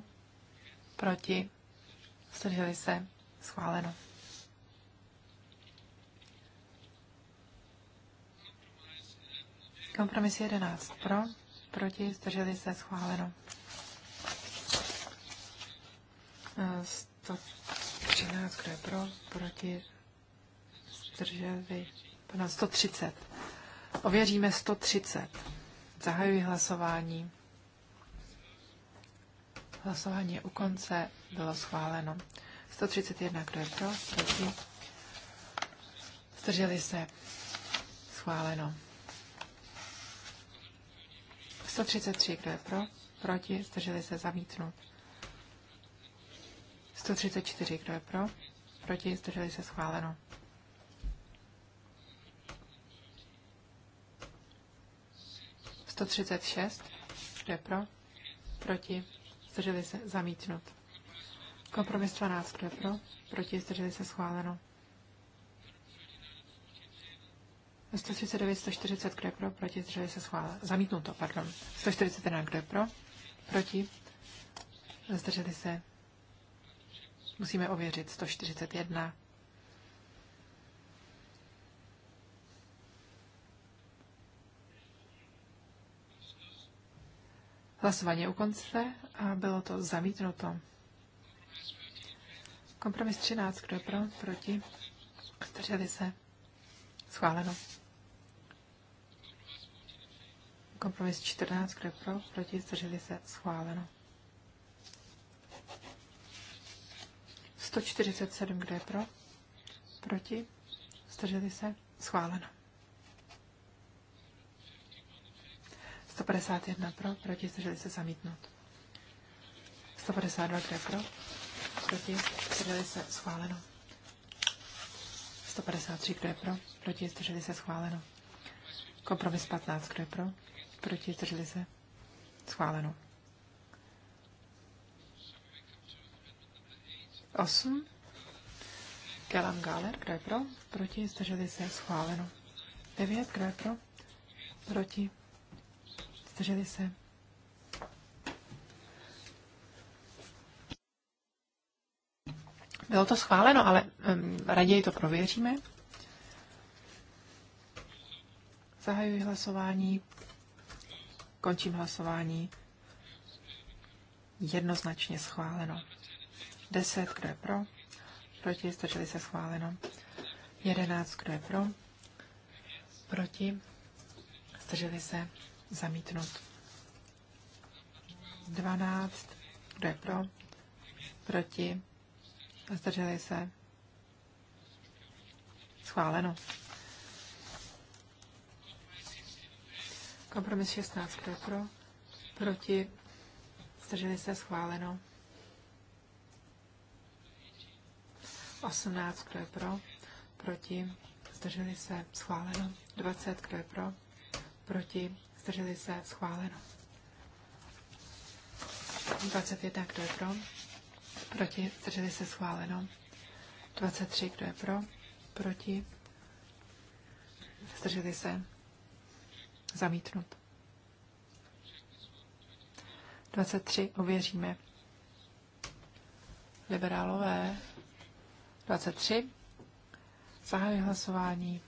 Proti? Zdrželi se? Schváleno. Kompromis 11 pro, proti, zdrželi se, schváleno. 113, e, kdo je pro, proti, zdrželi, pardon, 130. Ověříme 130. Zahajuji hlasování. Hlasování je u konce, bylo schváleno. 131, kdo je pro, proti, zdrželi se, schváleno. 133, kdo je pro, proti, zdrželi se zamítnout. 134, kdo je pro, proti, zdrželi se schváleno. třicet šest, kdo je pro, proti, zdrželi se zamítnut. Kompromis 12, kdo je pro, proti, zdrželi se schváleno. 139, 140, kdo je pro, proti, zdrželi se schváleno. Zamítnuto, pardon. 141, kdo je pro, proti, zdrželi se. Musíme ověřit 141. Hlasování u konce a bylo to zamítnuto. Kompromis 13, kdo je pro, proti, zdrželi se. Schváleno. Kompromis 14, kde pro, proti, zdrželi se, schváleno. 147, kde pro, proti, zdrželi se, schváleno. 151 pro, proti, zdrželi se, zamítnout. 152, kde pro, proti, zdrželi se, schváleno. 153, kde pro, proti, zdrželi se, schváleno. Kompromis 15, kde pro, Proti zdrželi se. Schváleno. 8. Kelan Galer, kdo je pro? Proti, zdrželi se, schváleno. 9, kdo je pro? Proti, zdrželi se. Bylo to schváleno, ale um, raději to prověříme. Zahajuji hlasování. Končím hlasování. Jednoznačně schváleno. 10, kdo je pro? Proti, zdrželi se schváleno. 11, kdo je pro? Proti, zdrželi se zamítnut. 12, kdo je pro? Proti, zdrželi se schváleno. Kompromis 16, kdo je pro? Proti? Zdrželi se schváleno. 18, kdo je pro? Proti? Zdrželi se schváleno. 20, kdo je pro? Proti? Zdrželi se schváleno. 21, kdo je pro? Proti? Zdrželi se schváleno. 23, kdo je pro? Proti? Zdrželi se Zamítnut. 23 ověříme. Liberálové. 23. Zahajuji hlasování.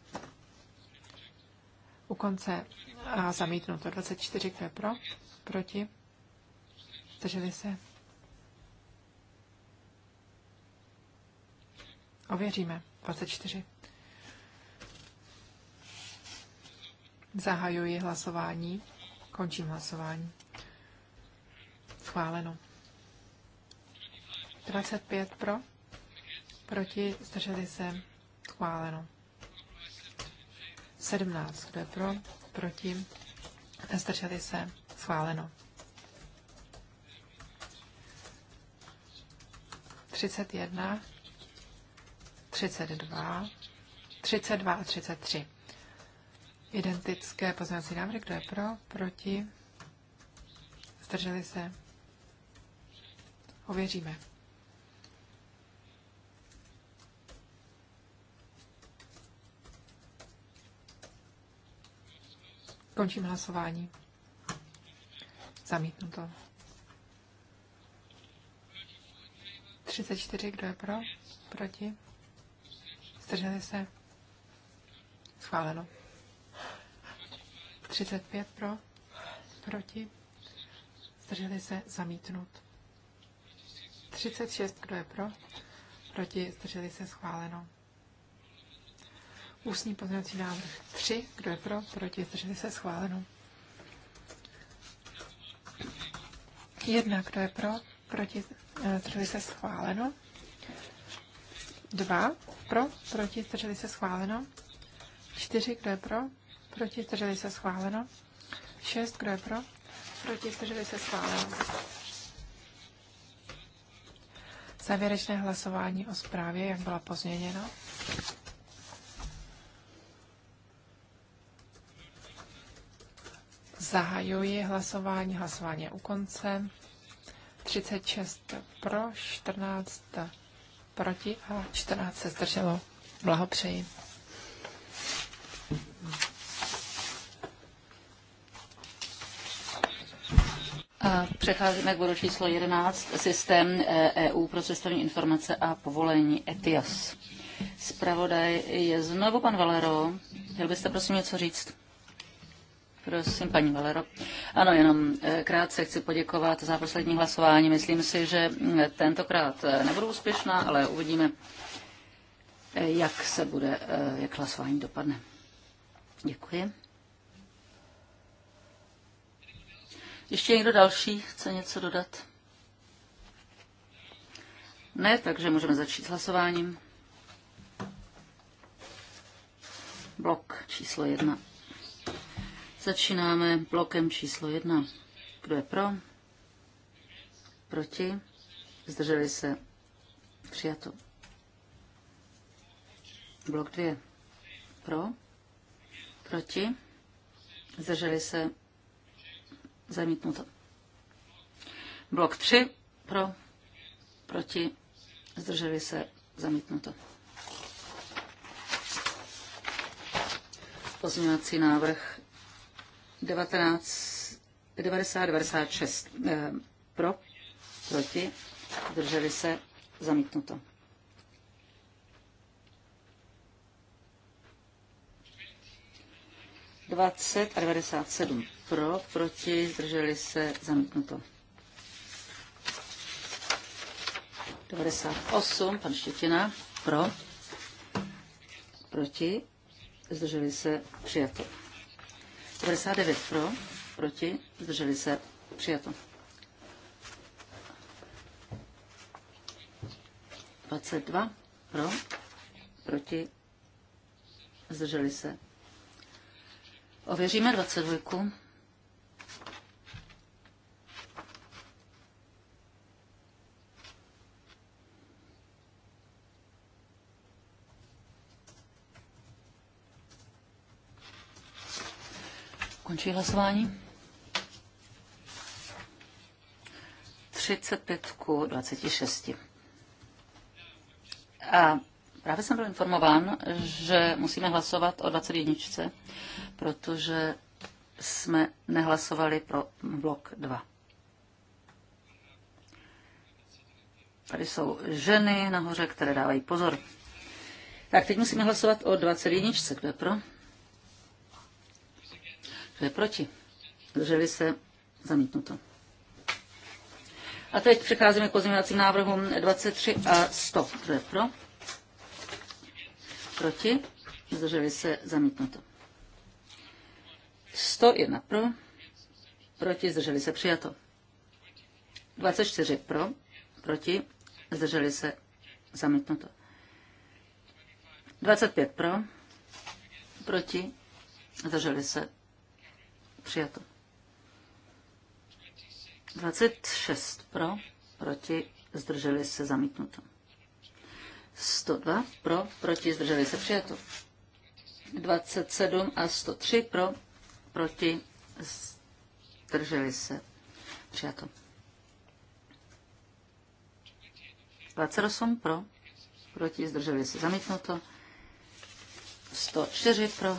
U konce a zamítnuto. 24, kdo je pro? Proti? Zdrželi se? Ověříme. 24. Zahajuji hlasování. Končím hlasování. Schváleno. 25 pro. Proti. Zdrželi se. Schváleno. 17. Kdo je pro? Proti. Zdrželi se. Schváleno. 31. 32. 32 a 33. Identické pozměňovací návrhy, kdo je pro, proti, zdrželi se. Ověříme. Končím hlasování. zamítnu to. 34, kdo je pro? Proti? Zdrželi se? Schváleno. 35 pro, proti, zdrželi se zamítnut. 36, kdo je pro, proti, zdrželi se schváleno. Ústní pozměňovací návrh 3, kdo je pro, proti, zdrželi se schváleno. 1, kdo je eh, pro, proti, zdrželi se schváleno. 2, pro, proti, zdrželi se schváleno. 4, kdo je pro, Proti zdrželi se schváleno. 6, kdo je pro? Proti zdrželi se schváleno. Závěrečné hlasování o zprávě, jak byla pozměněna. Zahajuji hlasování. Hlasování je u konce. 36 pro, 14 proti a 14 se zdrželo. Blahopřeji. přecházíme k bodu číslo 11, systém EU eh, e pro cestovní informace a povolení ETIAS. Spravodaj je znovu pan Valero. Chtěl byste prosím něco říct? Prosím, paní Valero. Ano, jenom eh, krátce chci poděkovat za poslední hlasování. Myslím si, že mm, tentokrát eh, nebudu úspěšná, ale uvidíme, jak se bude, jak hlasování dopadne. Děkuji. Ještě někdo další chce něco dodat? Ne, takže můžeme začít s hlasováním. Blok číslo jedna. Začínáme blokem číslo jedna. Kdo je pro? Proti? Zdrželi se? Přijato. Blok dvě. Pro? Proti? Zdrželi se? Zamítnuto. Blok 3 pro, proti, zdrželi se, zamítnuto. Pozměňovací návrh 1996 eh, pro, proti, zdrželi se, zamítnuto. Dvacet a devadesát sedm pro, proti, zdrželi se, zamítnuto. 98, pan Štětina, pro, proti, zdrželi se, přijato. 99 pro, proti, zdrželi se, přijato. 22 pro, proti, zdrželi se. Ověříme 22. Končí hlasování. 35 k 26. A právě jsem byl informován, že musíme hlasovat o 21, protože jsme nehlasovali pro blok 2. Tady jsou ženy nahoře, které dávají pozor. Tak teď musíme hlasovat o 21. Kdo je pro? Kdo je proti? Drželi se? Zamítnuto. A teď přecházíme k pozměňovacím návrhům 23 a 100. Kdo je pro? Proti? Zdrželi se? Zamítnuto. 101 pro, proti, zdrželi se, přijato. 24 pro, proti, zdrželi se, zamítnuto. 25 pro, proti, zdrželi se, Přijato. 26 pro, proti, zdrželi se zamítnuto. 102 pro, proti, zdrželi se přijato. 27 a 103 pro, proti, zdrželi se přijato. 28 pro, proti, zdrželi se zamítnuto. 104 pro,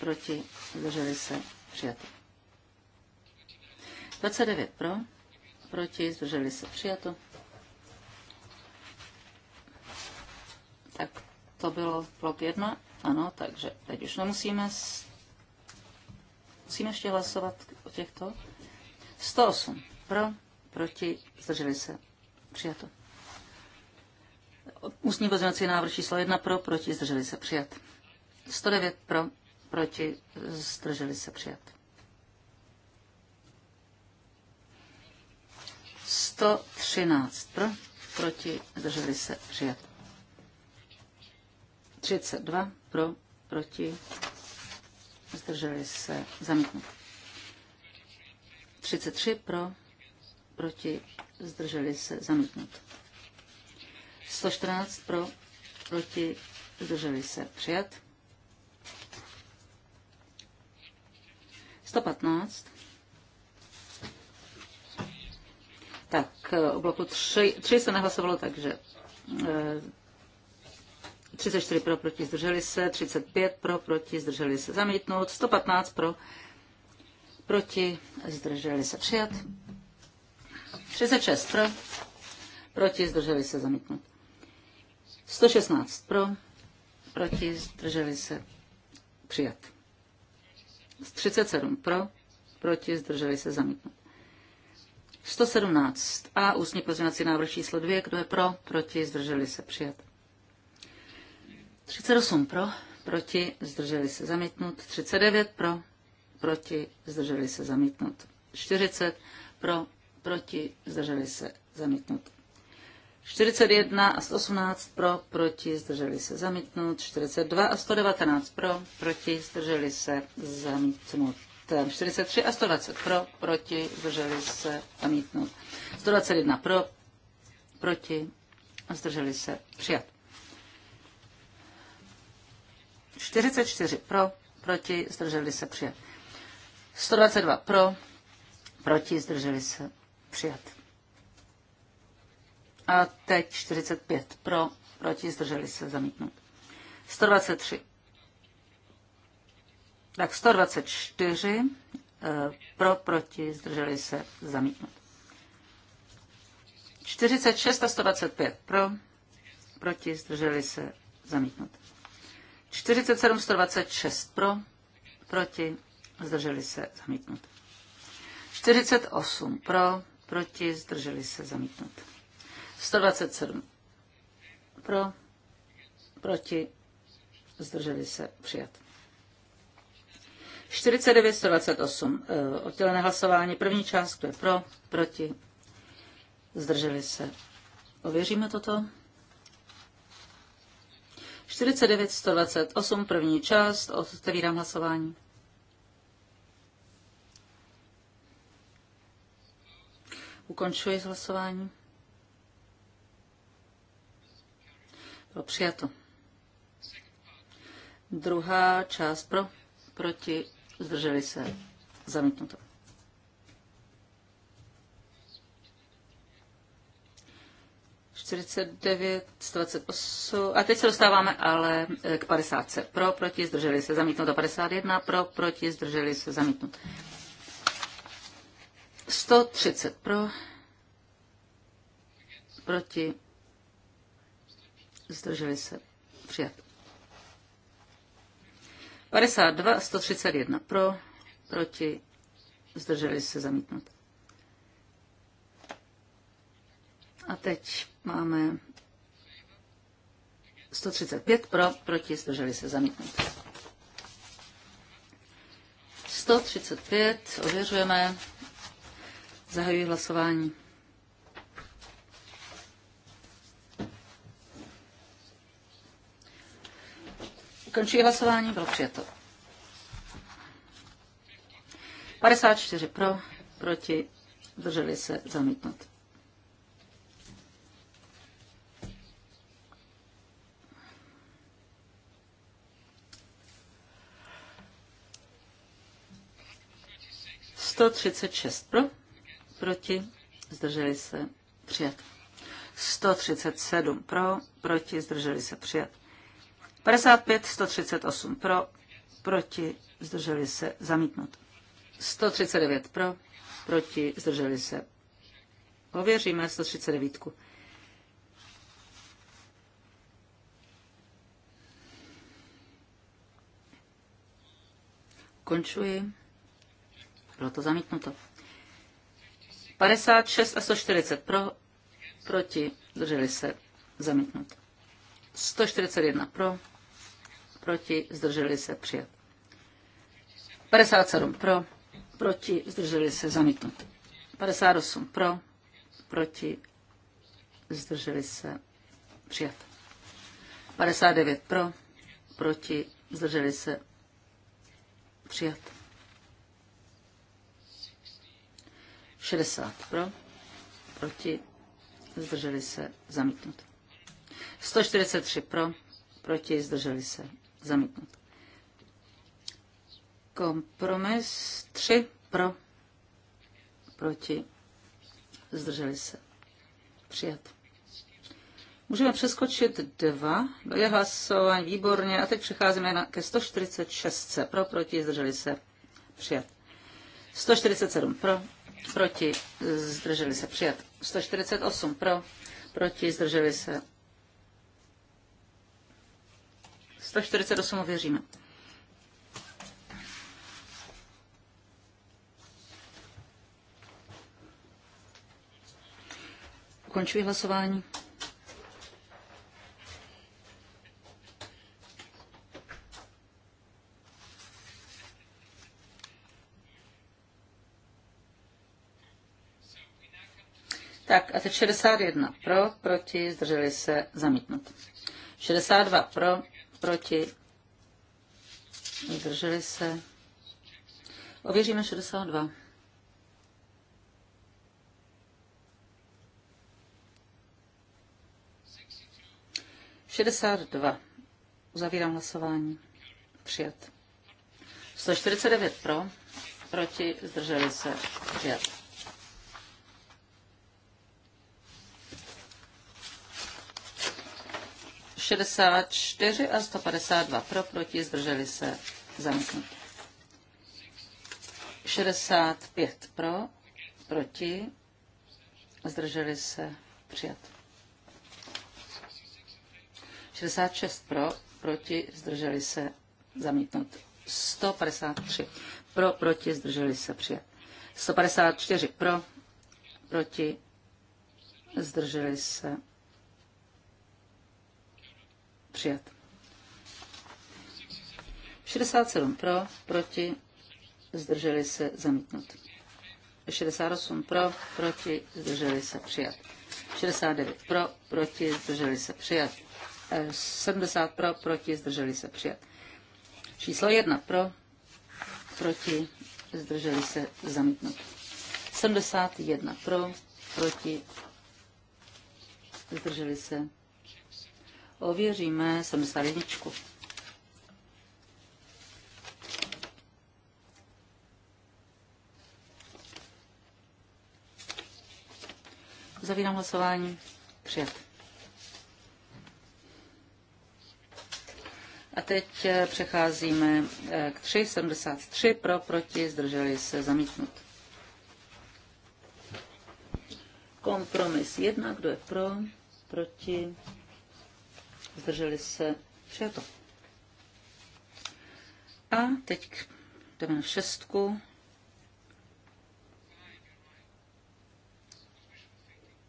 proti, zdrželi se přijato. 29 pro, proti, zdrželi se, přijato. Tak to bylo blok 1, ano, takže teď už nemusíme, musíme ještě hlasovat o těchto. 108 pro, proti, zdrželi se, přijato. Ústní pozměnací návrh číslo 1 pro, proti, zdrželi se, přijat. 109 pro, proti, zdrželi se přijat. 113 pro, proti, zdrželi se přijat. 32 pro, proti, zdrželi se zamítnout. 33 pro, proti, zdrželi se zamítnout. 114 pro, proti, zdrželi se přijat. 115. Tak eh, u bloku 3, 3 se nehlasovalo, takže 34 eh, pro, proti, zdrželi se, 35 pro, proti, zdrželi se, zamítnout, 115 pro, proti, zdrželi se, přijat, 36 pro, proti, zdrželi se, zamítnout, 116 pro, proti, zdrželi se, přijat. 37 pro, proti, zdrželi se zamítnout. 117 a ústní pozměnací návrh číslo 2, kdo je pro, proti, zdrželi se přijat. 38 pro, proti, zdrželi se zamítnout. 39 pro, proti, zdrželi se zamítnout. 40 pro, proti, zdrželi se zamítnout. 41 a 118 pro, proti, zdrželi se zamítnout. 42 a 119 pro, proti, zdrželi se zamítnout. 43 a 120 pro, proti, zdrželi se zamítnout. 121 pro, proti, zdrželi se přijat. 44 pro, proti, zdrželi se přijat. 122 pro, proti, zdrželi se přijat. A teď 45 pro, proti, zdrželi se zamítnout. 123. Tak 124 eh, pro, proti, zdrželi se zamítnout. 46 a 125 pro, proti, zdrželi se zamítnout. 47 126 pro, proti, zdrželi se zamítnout. 48 pro, proti, zdrželi se zamítnout. 127 pro, proti, zdrželi se, přijat. 49, 128, eh, oddělené hlasování, první část, kdo je pro, proti, zdrželi se. Ověříme toto. 49, 128, první část, otevírám hlasování. Ukončuji hlasování. Bylo přijato. Druhá část pro, proti, zdrželi se, zamítnuto. a teď se dostáváme ale eh, k 50. Pro, proti, zdrželi se, zamítnuto. 51, pro, proti, zdrželi se, zamítnuto. 130 pro, proti, zdrželi se, přijat. 52, 131 pro, proti, zdrželi se, zamítnout. A teď máme 135 pro, proti, zdrželi se, zamítnout. 135, ověřujeme, zahajuji hlasování. Končí hlasování, bylo přijato. 54 pro, proti, drželi se zamítnout. Sto třicet šest pro, proti, zdrželi se přijat. 137 pro, proti, zdrželi se přijat. 55, 138 pro, proti, zdrželi se, zamítnut. 139 pro, proti, zdrželi se. Ověříme 139. Končuji. Bylo to zamítnuto. 56 a 140 pro, proti, zdrželi se, zamítnut. 141 pro, proti, zdrželi se přijat. 57 pro, proti, zdrželi se zamítnut. 58 pro, proti, zdrželi se přijat. 59 pro, proti, zdrželi se přijat. 60 pro, proti, zdrželi se zamítnut. 143 pro, proti, zdrželi se zamítnut. Kompromis 3 pro, proti, zdrželi se, přijat. Můžeme přeskočit dva, je hlasování, výborně. A teď přecházíme na, ke 146. Pro, proti, zdrželi se, přijat. 147 pro, proti, zdrželi se, přijat. 148 pro, proti, zdrželi se, 148 ověříme. Končuji hlasování. Tak a teď 61 pro, proti, zdrželi se, zamítnout. 62 pro, proti, zdrželi se. Ověříme 62. Šedesát dva. Uzavírám hlasování. Přijat. 149 pro, proti, zdrželi se. Přijat. 64 a 152 pro, proti, zdrželi se, zamítnut. 65 pro, proti, zdrželi se, přijat. 66 pro, proti, zdrželi se, zamítnut. 153 pro, proti, zdrželi se, přijat. 154 pro, proti, zdrželi se, Přijat. 67 pro, proti, zdrželi se zamítnout. 68 pro, proti, zdrželi se přijat. 69 pro, proti, zdrželi se přijat. 70 eh, pro, proti, zdrželi se přijat. Číslo 1 pro, proti, zdrželi se zamítnout. 71 pro, proti, zdrželi se Ověříme 71. Zavírám hlasování. Přijat. A teď eh, přecházíme eh, k 373 pro, proti, zdrželi se zamítnut. Kompromis 1, kdo je pro, proti, zdrželi se, přijato. A teď jdeme na šestku.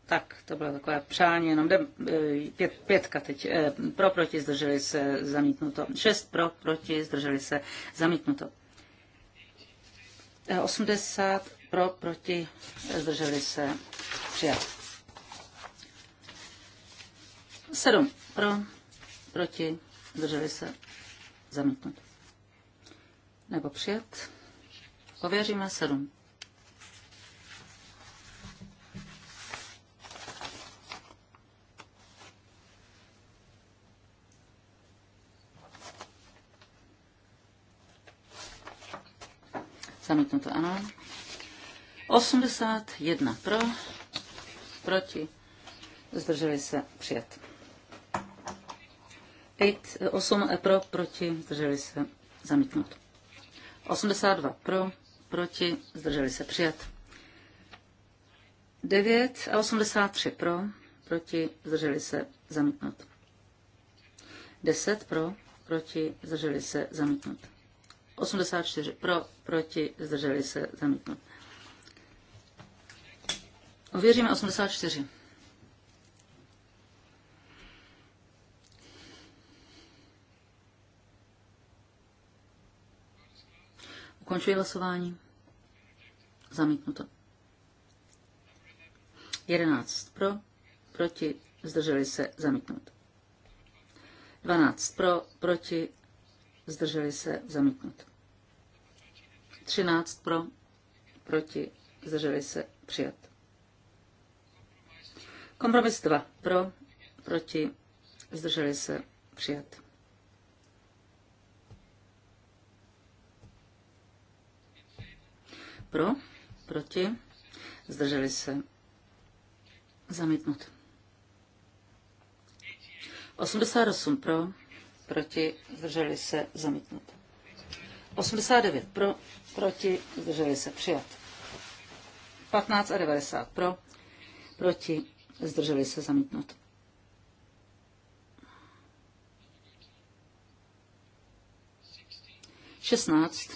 Tak, to bylo takové přání, jenom jde, e, pět, pětka teď. E, pro, proti, zdrželi se, zamítnuto. Šest pro, proti, zdrželi se, zamítnuto. 80 e, pro, proti, zdrželi se, přijat. 7 pro, proti, zdrželi se, zamítnut. Nebo přijat. Ověříme 7. Zamítnuto, ano. 81 pro, proti, zdrželi se, přijat. 8, 8 pro, proti, zdrželi se, zamítnout. 82 pro, proti, zdrželi se, přijat. 9 a 83 pro, proti, zdrželi se, zamítnout. 10 pro, proti, zdrželi se, zamítnout. 84 pro, proti, zdrželi se, zamítnout. Ověříme 84. Končuji hlasování. Zamítnuto. 11 pro, proti, zdrželi se, zamítnuto. 12 pro, proti, zdrželi se, zamítnuto. 13 pro, proti, zdrželi se, přijat. Kompromis 2 pro, proti, zdrželi se, přijat. pro, proti, zdrželi se, zamítnut. 88 pro, proti, zdrželi se, zamítnut. 89 pro, proti, zdrželi se, přijat. 15 a 90 pro, proti, zdrželi se, zamítnut. Šestnáct.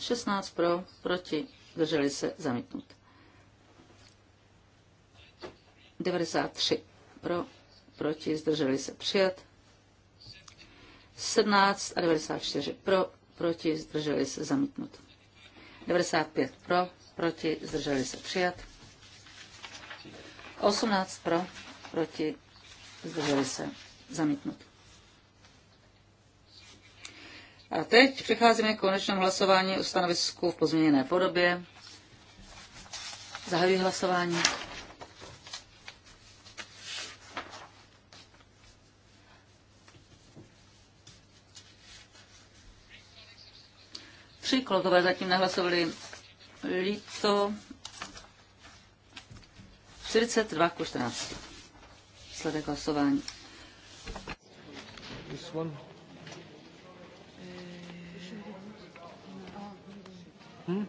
Šestnáct pro, proti, zdrželi se zamítnut. 93 pro, proti, zdrželi se přijat. 17 a 94 pro, proti, zdrželi se zamítnut. 95 pro, proti, zdrželi se přijat. 18 pro, proti, zdrželi se zamítnut. A teď přecházíme k konečnému hlasování o stanovisku v pozměněné podobě. Zahajuji hlasování. Tři kolegové zatím nehlasovali líto 42 ku 14. Sledek hlasování. This one. Hmm?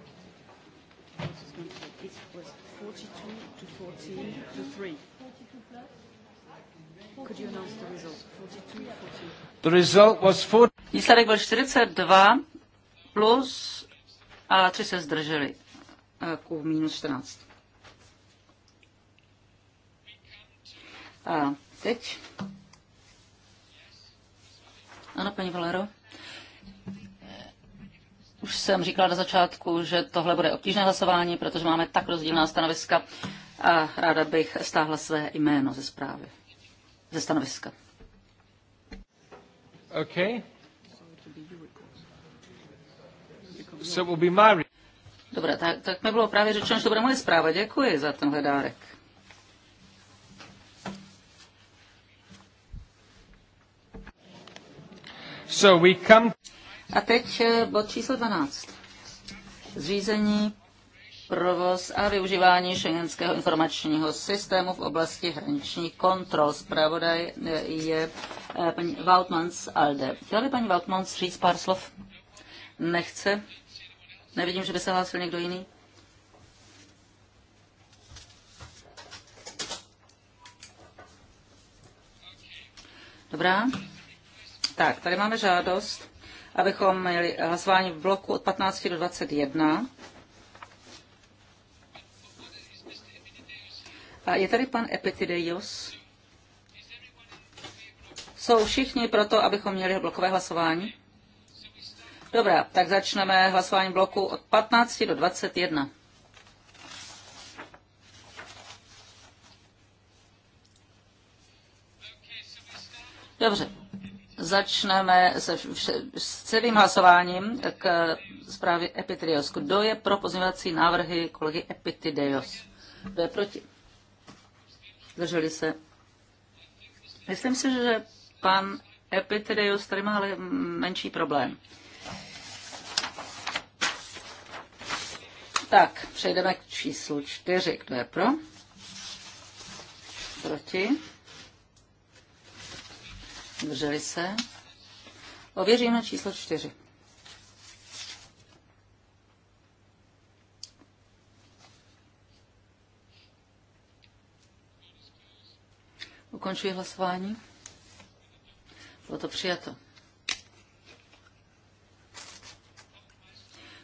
It was 42 to 14 to 3. Could you announce the result? 42 to 14. The result was 40. Výsledek byl 42 plus a 3 se zdrželi eh, ku minus 14. A teď? Ano, paní Valero. Už jsem říkala na začátku, že tohle bude obtížné hlasování, protože máme tak rozdílná stanoviska a ráda bych stáhla své jméno ze zprávy, ze stanoviska. Okay. So will be my... Dobré, tak, tak mi bylo právě řečeno, že to bude moje zpráva. Děkuji za tenhle dárek. So we come... A teď eh, bod číslo 12. Zřízení, provoz a využívání šengenského informačního systému v oblasti hraničních kontrol. Zpravodaj eh, je eh, paní Waltmans Alde. Chtěla by paní Waltmans říct pár slov? Nechce. Nevidím, že by se hlásil někdo jiný. Dobrá. Tak, tady máme žádost abychom měli hlasování v bloku od 15 do 21. A je tady pan Epitideios? Jsou všichni proto, abychom měli blokové hlasování? Dobrá, tak začneme hlasování bloku od 15 do 21. Dobře, Začneme se, s celým hlasováním k zprávě Epitrios. Kdo je pro pozměňovací návrhy kolegy Epitidios? Kdo je proti? Zdrželi se? Myslím si, že pan Epitidios tady má ale menší problém. Tak, přejdeme k číslu čtyři. Kdo je pro? Proti? Drželi se. Ověříme číslo čtyři. Ukončuji hlasování. Bylo to přijato.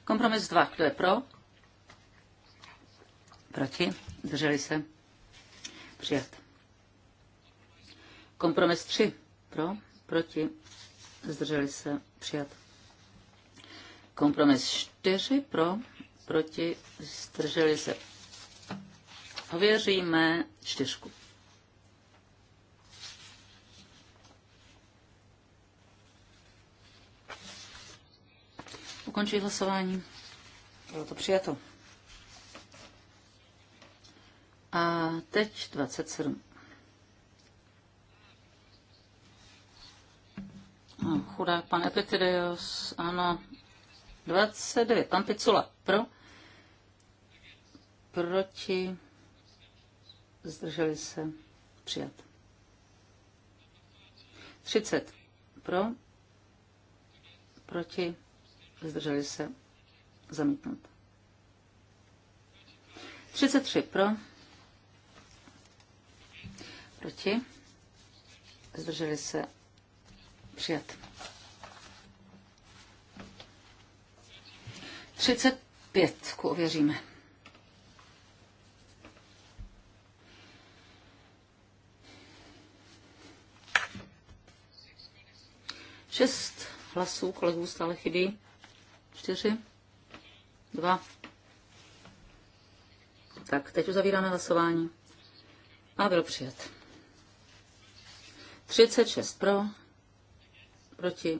Kompromis 2. Kdo je pro? Proti? Drželi se? Přijat. Kompromis 3. Pro, proti, zdrželi se, přijat. Kompromis 4 pro, proti, zdrželi se. Ověříme čtyřku. Ukončuji hlasování. Bylo to přijato. A teď 27. chudák pan Epitidios, ano, 29, pan Picula, pro, proti, zdrželi se, přijat. 30, pro, proti, zdrželi se, zamítnout. 33 pro, proti, zdrželi se, Přijat. 35. Ověříme. Šest hlasů kolegů stále chybí. Čtyři. Dva. Tak, teď uzavíráme hlasování. A byl přijat. 36 pro, proti,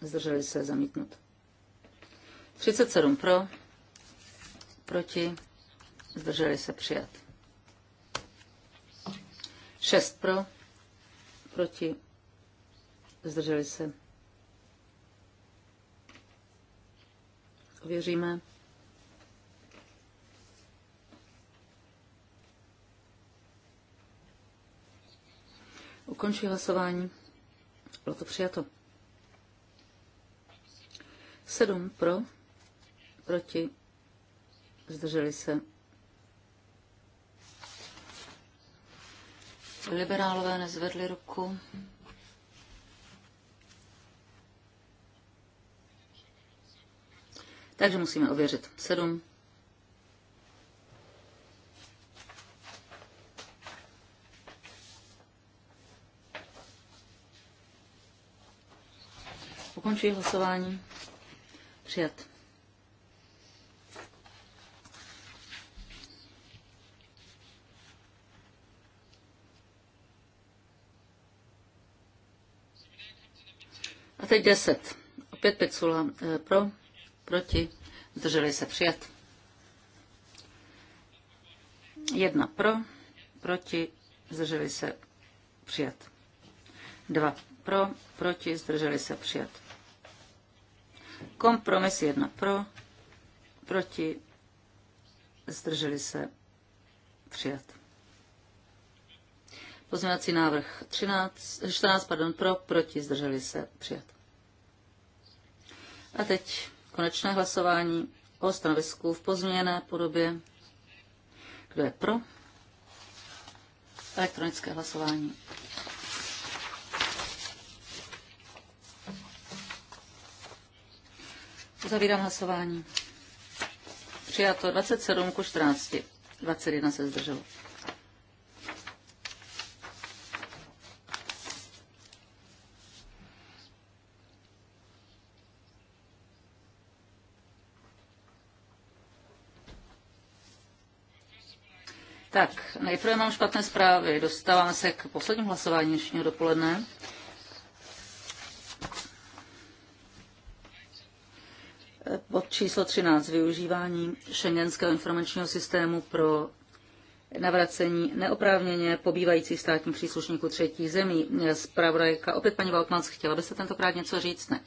zdrželi se zamítnut. 37 pro, proti, zdrželi se přijat. 6 pro, proti, zdrželi se. Ověříme. Ukončuji hlasování. Bylo to přijato. 7 pro, proti, zdrželi se. Liberálové nezvedli ruku. Takže musíme ověřit. 7. Končí hlasování. Přijat. A teď 10. Opět Picula eh, pro, proti, zdrželi se přijat. Jedna pro, proti, zdrželi se přijat. Dva pro, proti, zdrželi se přijat. Kompromis jedna pro, proti, zdrželi se, přijat. Pozměňovací návrh 13, 14 pardon, pro, proti, zdrželi se, přijat. A teď konečné hlasování o stanovisku v pozměněné podobě. Kdo je pro? Elektronické hlasování. Zavírám hlasování. Přijato 27 ku 14. 21 se zdrželo. Tak, nejprve mám špatné zprávy. Dostáváme se k poslednímu hlasování dnešního dopoledne. Číslo 13. Využívání šengenského informačního systému pro navracení neoprávněně pobývajících státních příslušníků třetích zemí. Zpravodajka, opět paní Valtmans, chtěla byste tentokrát něco říct? Ne.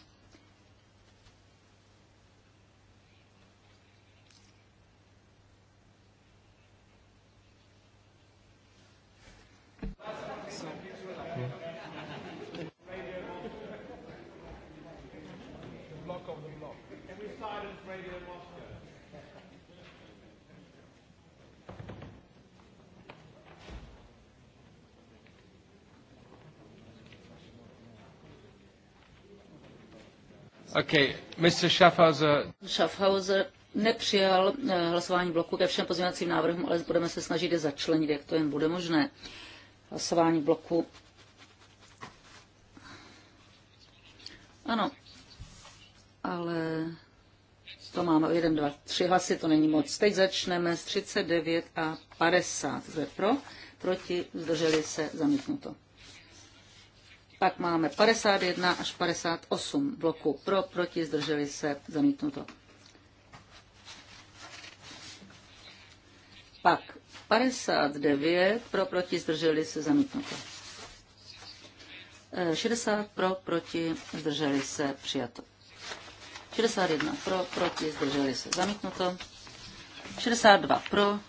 Okay. Mr. Schaffhauser. Schaffhauser nepřijal eh, hlasování bloku ke všem pozměňovacím návrhům, ale budeme se snažit je začlenit, jak to jen bude možné. Hlasování bloku. Ano, ale to máme 1, 2, 3 hlasy, to není moc. Teď začneme s 39 a 50. Zde pro, proti, zdrželi se, zamítnuto. Pak máme 51 až 58 bloků pro, proti, zdrželi se, zamítnuto. Pak 59 pro, proti, zdrželi se, zamítnuto. 60 eh, pro, proti, zdrželi se, přijato. 61 pro, proti, zdrželi se, zamítnuto. 62 pro,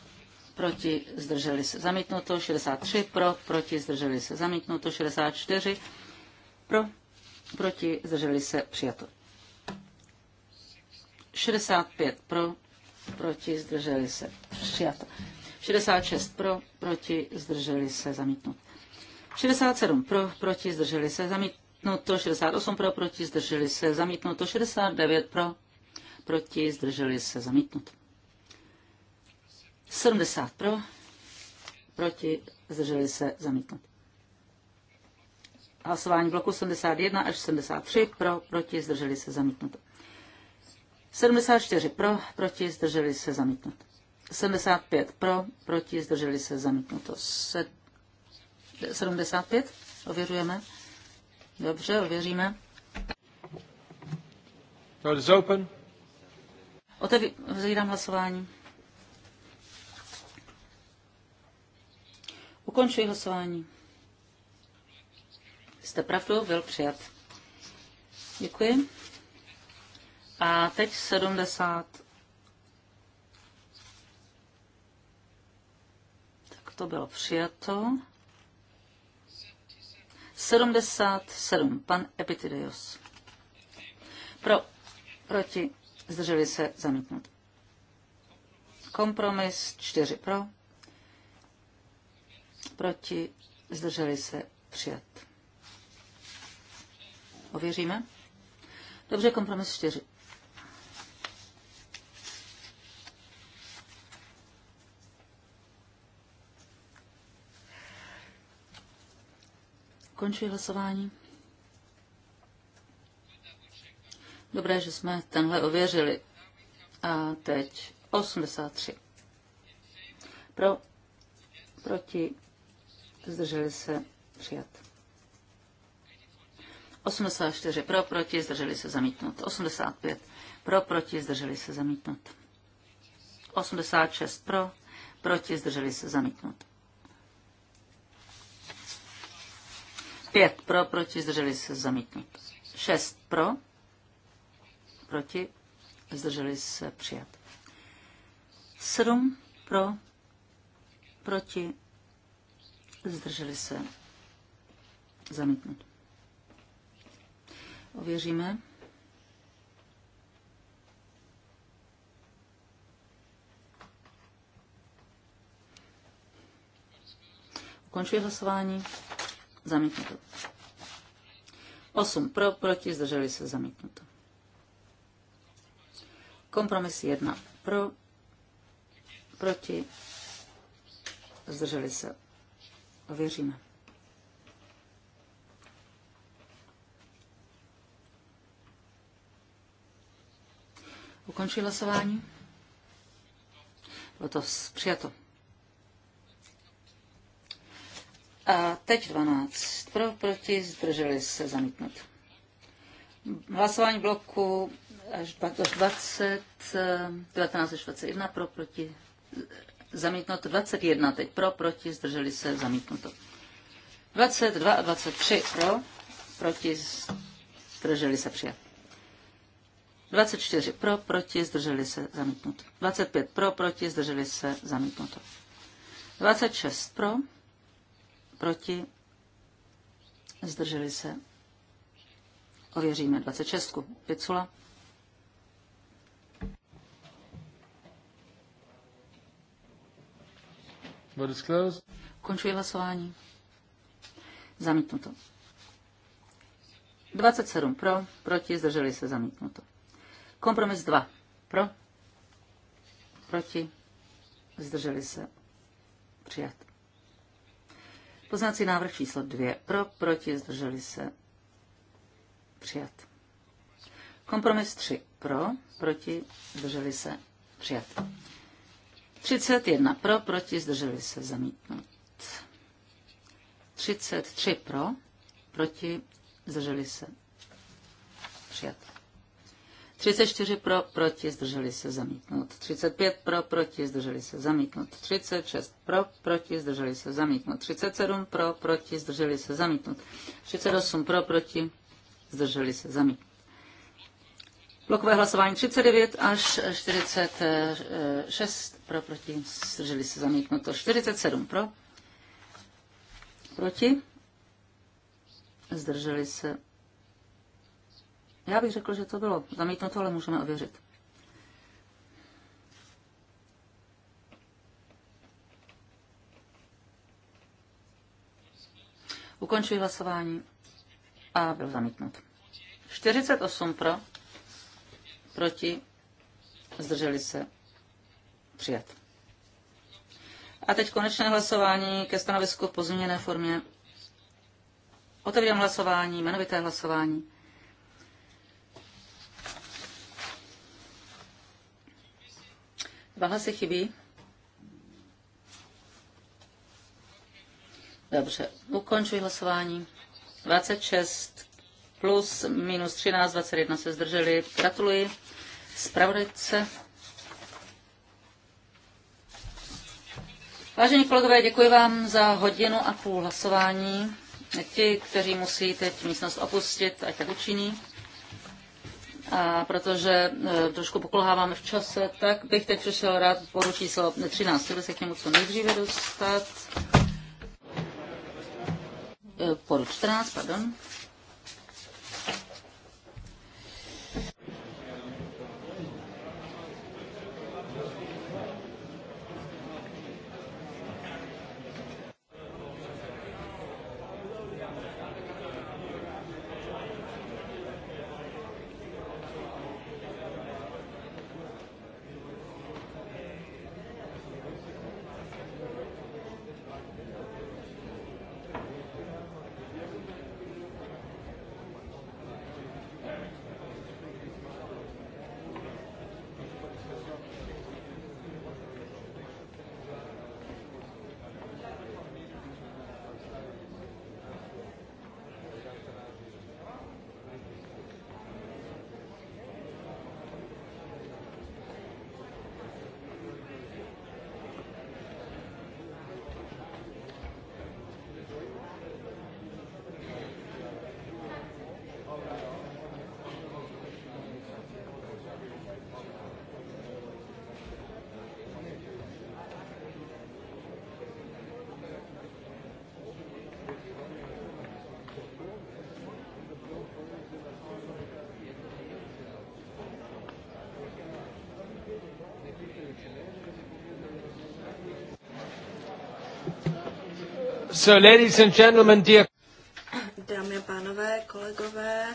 proti, zdrželi se, zamítnuto. 63 pro, proti, zdrželi se, zamítnuto. 64 pro, proti, zdrželi se, přijato. 65 pro, proti, zdrželi se, přijato. 66 pro, proti, zdrželi se, zamítnut. 67 pro, proti, zdrželi se, zamítnuto. 68 pro, proti, zdrželi se, zamítnuto. 69 pro, proti, zdrželi se, zamítnut. 70 pro, proti, zdrželi se, zamítnut. Hlasování bloku 71 až 73 pro, proti, zdrželi se zamítnuto. 74 pro, proti, zdrželi se zamítnuto. 75 pro, proti, zdrželi se zamítnuto. Se, 75 ověřujeme. Dobře, ověříme. Vote is open. Otevírám hlasování. Ukončuji hlasování. Jste pravdu, byl přijat. Děkuji. A teď 70. Tak to bylo přijato. 77. Pan Epitidios. Pro, proti, zdrželi se zamítnout. Kompromis 4 pro, proti, zdrželi se přijat. Ověříme. Dobře, kompromis 4. Končuji hlasování. Dobré, že jsme tenhle ověřili. A teď 83. Pro, proti, zdrželi se přijat. 84 pro, proti, zdrželi se zamítnout. 85 pro, proti, zdrželi se zamítnout. 86 pro, proti, zdrželi se zamítnout. 5 pro, proti, zdrželi se zamítnout. 6 pro, proti, zdrželi se přijat. 7 pro, proti, zdrželi se zamítnout. Ověříme. Končuje hlasování. Zamítnuto. 8 pro, proti, zdrželi se, zamítnuto. Kompromis 1 pro, proti, zdrželi se. Ověříme. Ukončí hlasování. Bylo to přijato. A teď 12. Pro, proti, zdrželi se zamítnout. Hlasování bloku až 20, 19 až 21, eh, pro, proti, zamítnout. 21, teď pro, proti, zdrželi se, zamítnout. 22 a 23 pro, proti, zdrželi se, přijat. 24 pro, proti, zdrželi se, zamítnuto. 25 pro, proti, zdrželi se, zamítnuto. 26 pro, proti, zdrželi se. Ověříme 26. Picula. Končuji hlasování. Zamítnuto. 27 pro, proti, zdrželi se, zamítnuto. Kompromis 2. Pro? Proti? Zdrželi se? Přijat. Poznací návrh číslo 2. Pro? Proti? Zdrželi se? Přijat. Kompromis 3. Pro? Proti? Zdrželi se? Přijat. 31 pro, proti, zdrželi se zamítnout. 33 pro, proti, zdrželi se přijat. 34 pro, proti, zdrželi se zamítnout. 35 pro, proti, zdrželi se zamítnout. 36 pro, proti, zdrželi se zamítnout. 37 pro, proti, zdrželi se zamítnout. 38 pro, proti, zdrželi se zamítnout. Blokové hlasování 39 až 46 pro, proti, zdrželi se zamítnout. 47 pro, proti, zdrželi se já bych řekl, že to bylo zamítnuto, ale můžeme ověřit. Ukončuji hlasování a byl zamítnut. 48 pro, proti, zdrželi se, přijat. A teď konečné hlasování ke stanovisku v pozměněné formě. Otevírám hlasování, jmenovité hlasování. Dva hlasy chybí. Dobře, ukončuji hlasování. 26 plus minus 13, 21 se zdrželi. Gratuluji Spravodajce. Vážení kolegové, děkuji vám za hodinu a půl hlasování. Ti, kteří musí teď místnost opustit, ať tak učiní. A protože e, trošku pokulháváme v čase, tak bych teď přišel rád bodu číslo 13. Chtěl se k němu co nejdříve dostat. E, poru 14, pardon. So, ladies and gentlemen, dear... Dámy a pánové, kolegové,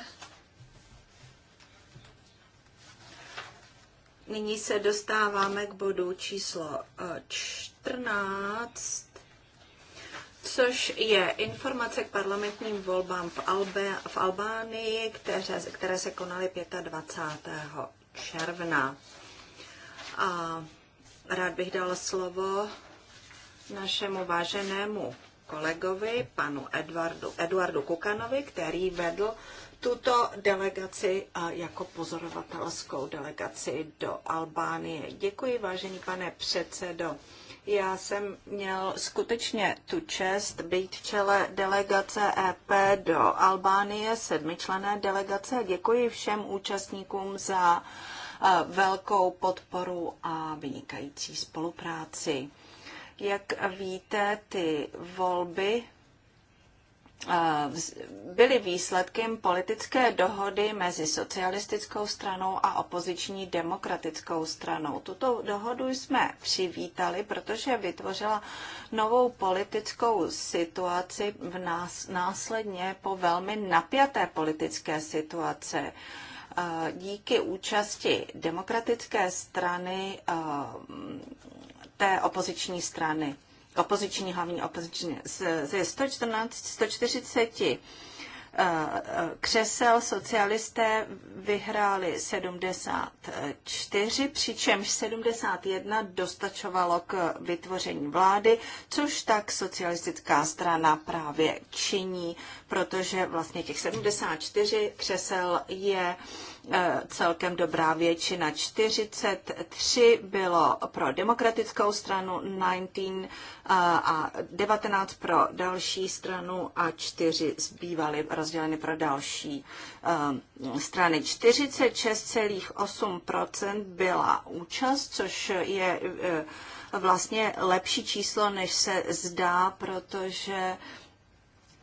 nyní se dostáváme k bodu číslo 14, eh, což je informace k parlamentním volbám v, Albe, v Albánii, které, které se konaly 25. června. A rád bych dal slovo našemu váženému kolegovi, panu Edwardu, Eduardu Kukanovi, který vedl tuto delegaci jako pozorovatelskou delegaci do Albánie. Děkuji, vážený pane předsedo. Já jsem měl skutečně tu čest být v čele delegace EP do Albánie, sedmičlené delegace. Děkuji všem účastníkům za eh, velkou podporu a vynikající spolupráci. Jak víte, ty volby eh, byly výsledkem politické dohody mezi socialistickou stranou a opoziční demokratickou stranou. Tuto dohodu jsme přivítali, protože vytvořila novou politickou situaci v nás, následně po velmi napjaté politické situace. Eh, díky účasti demokratické strany eh, té opoziční strany, opoziční, hlavní opoziční, ze 114, 140 eh, eh, křesel socialisté vyhráli 74, přičemž 71 dostačovalo k vytvoření vlády, což tak socialistická strana právě činí, protože vlastně těch 74 křesel je Eh, celkem dobrá většina. 43 bylo pro demokratickou stranu, 19 eh, a 19 pro další stranu a 4 zbývaly rozděleny pro další eh, strany. 46,8 byla účast, což je vlastně lepší číslo, než se zdá, protože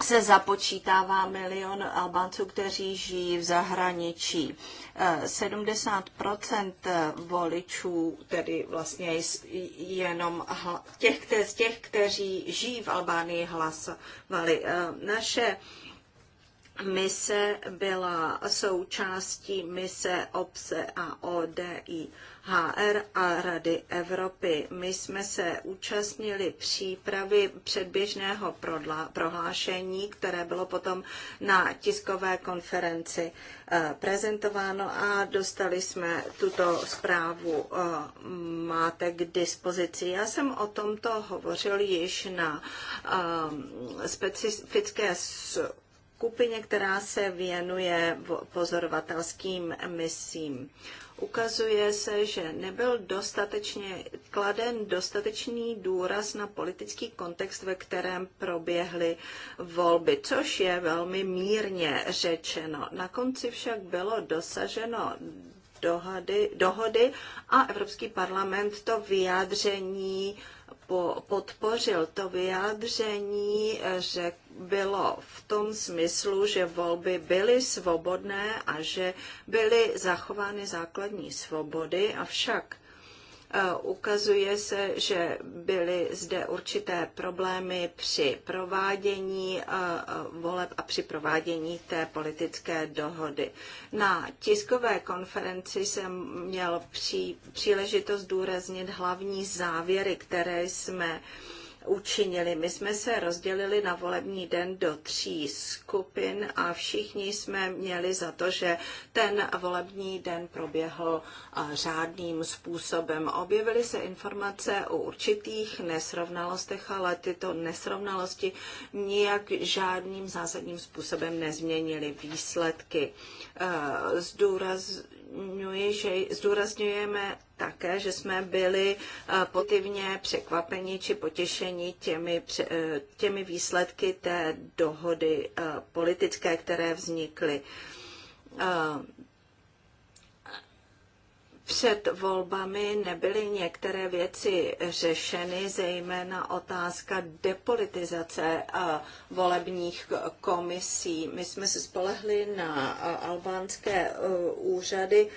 se započítává milion Albánců, kteří žijí v zahraničí. 70 eh, eh, voličů, tedy vlastně jenom těch, z těch, kteří žijí v Albánii, hlasovali. Eh, naše mise byla součástí mise OPSE a ODI. HR a Rady Evropy. My jsme se účastnili přípravy předběžného prohlášení, které bylo potom na tiskové konferenci eh, prezentováno a dostali jsme tuto zprávu. Eh, máte k dispozici. Já jsem o tomto hovořil již na eh, specifické skupině, která se věnuje pozorovatelským misím. Ukazuje se, že nebyl dostatečně kladen dostatečný důraz na politický kontext, ve kterém proběhly volby, což je velmi mírně řečeno. Na konci však bylo dosaženo dohody, dohody a Evropský parlament to vyjádření po, podpořil to vyjádření, eh, že bylo v tom smyslu, že volby byly svobodné a že byly zachovány základní svobody, avšak Ukazuje se, že byly zde určité problémy při provádění e, e, voleb a při provádění té politické dohody. Na tiskové konferenci jsem měl pří, příležitost důraznit hlavní závěry, které jsme uh, učinili. My jsme se rozdělili na volební den do tří skupin a všichni jsme měli za to, že ten volební den proběhl řádným způsobem. Objevily se informace o určitých nesrovnalostech, ale tyto nesrovnalosti nijak žádným zásadním způsobem nezměnily výsledky. E, zdůraz že zdůrazňujeme také, že jsme byli eh, pozitivně překvapeni či potěšeni těmi, eh, těmi výsledky té dohody eh, politické, které vznikly před volbami nebyly některé věci řešeny, zejména otázka depolitizace eh, volebních komisí. My jsme se spolehli na eh, albánské eh, úřady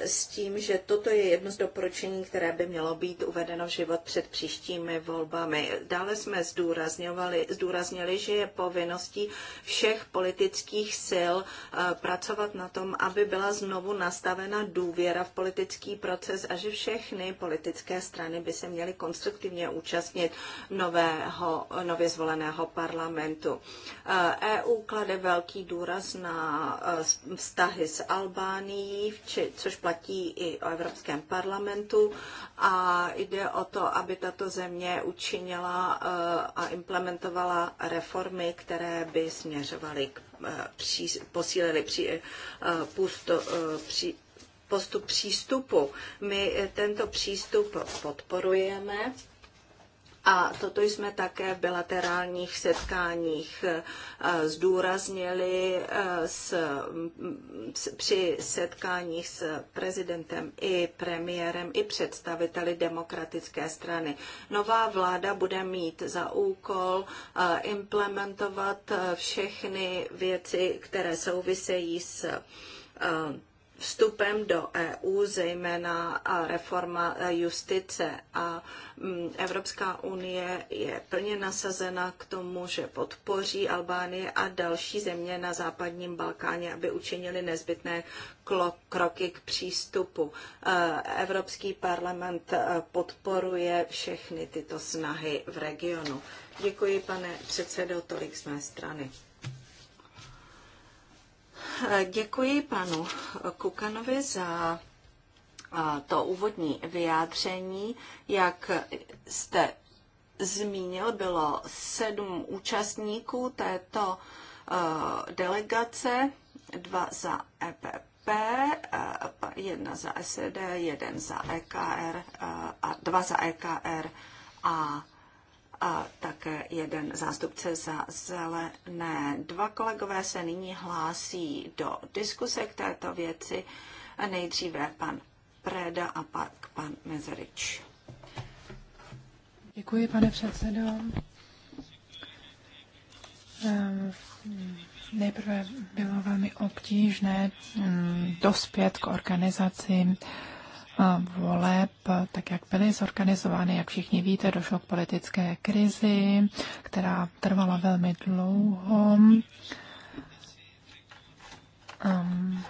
s tím, že toto je jedno z doporučení, které by mělo být uvedeno v život před příštími volbami. Dále jsme zdůrazňovali, zdůraznili, že je povinností všech politických sil pracovat na tom, aby byla znovu nastavena důvěra v politické politický proces a že všechny politické strany by se měly konstruktivně účastnit nového, nově zvoleného parlamentu. EU eh, e klade velký důraz na eh, vztahy s Albánií, což platí i o Evropském parlamentu a jde o to, aby tato země učinila eh, a implementovala reformy, které by směřovaly k posílili při, uh, při, postup přístupu. My eh, tento přístup podporujeme. A toto jsme také v bilaterálních setkáních eh, zdůraznili eh, s, při setkáních s prezidentem i premiérem i představiteli demokratické strany. Nová vláda bude mít za úkol implementovat všechny věci, které souvisejí s vstupem do EU, zejména reforma e, justice. A mm, Evropská unie je plně nasazena k tomu, že podpoří Albánie a další země na západním Balkáně, aby učinili nezbytné kroky k přístupu. E, Evropský parlament e, podporuje všechny tyto snahy v regionu. Děkuji, pane předsedo, tolik z mé strany. Eh, děkuji panu Kukanovi za eh, to úvodní vyjádření. Jak jste zmínil, bylo sedm účastníků této eh, delegace, dva za EPP, jedna za SED, jeden za EKR a dva za EKR a a také jeden zástupce za zelené. Dva kolegové se nyní hlásí do diskuse k této věci. Nejdříve pan Preda a pak pan Mezerič. Děkuji, pane předsedo. Ehm, nejprve bylo velmi obtížné mm, dospět k organizaci voleb, tak jak byly zorganizovány, jak všichni víte, došlo k politické krizi, která trvala velmi dlouho. Ehm,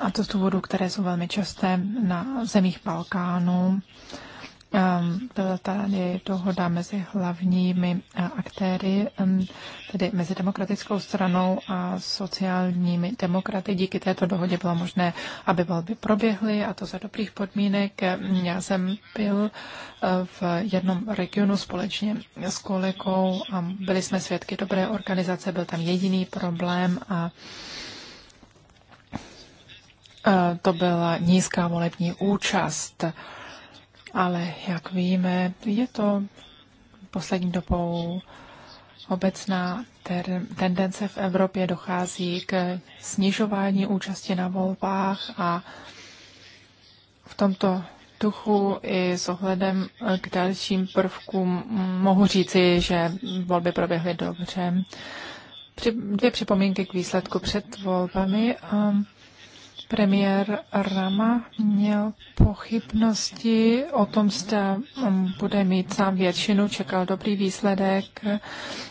a to z důvodu, které jsou velmi časté na zemích Balkánu. Ehm, tady je dohoda mezi hlavními eh, aktéry, ehm, tedy mezi demokratickou stranou a sociálními demokraty. Díky této dohodě bylo možné, aby volby proběhly a to za dobrých podmínek. Já jsem byl eh, v jednom regionu společně s kolegou a byli jsme svědky dobré organizace, byl tam jediný problém a eh, to byla nízká volební účast ale jak víme, je to poslední dobou obecná ter- tendence v Evropě dochází k snižování účasti na volbách a v tomto duchu i s ohledem k dalším prvkům mohu říci, že volby proběhly dobře. Při- dvě připomínky k výsledku před volbami. Um, Premiér Rama měl pochybnosti o tom, zda mm, bude mít sám většinu, čekal dobrý výsledek,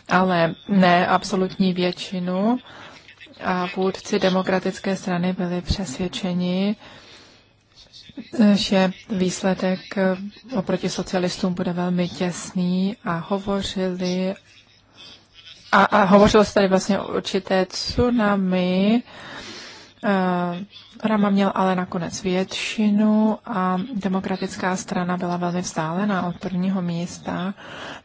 ale ne absolutní většinu. A vůdci demokratické strany byli přesvědčeni, že výsledek eh, oproti socialistům bude velmi těsný a hovořili a, a hovořilo se tady vlastně o určité tsunami Eh, Rama měl ale nakonec většinu a demokratická strana byla velmi vzdálená od prvního místa.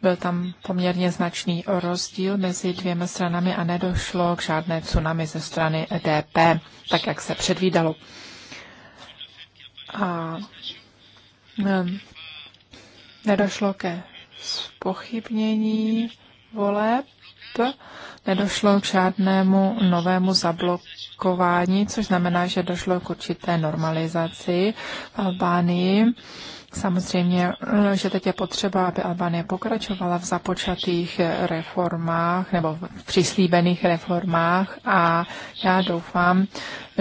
Byl tam poměrně značný rozdíl mezi dvěma stranami a nedošlo k žádné tsunami ze strany e DP, tak jak se předvídalo. A eh, nedošlo ke spochybnění voleb nedošlo k žádnému novému zablokování očkování, což znamená, že došlo k určité normalizaci v Albánii. Samozřejmě, že teď je potřeba, aby Albánie pokračovala v započatých reformách nebo v přislíbených reformách a já doufám,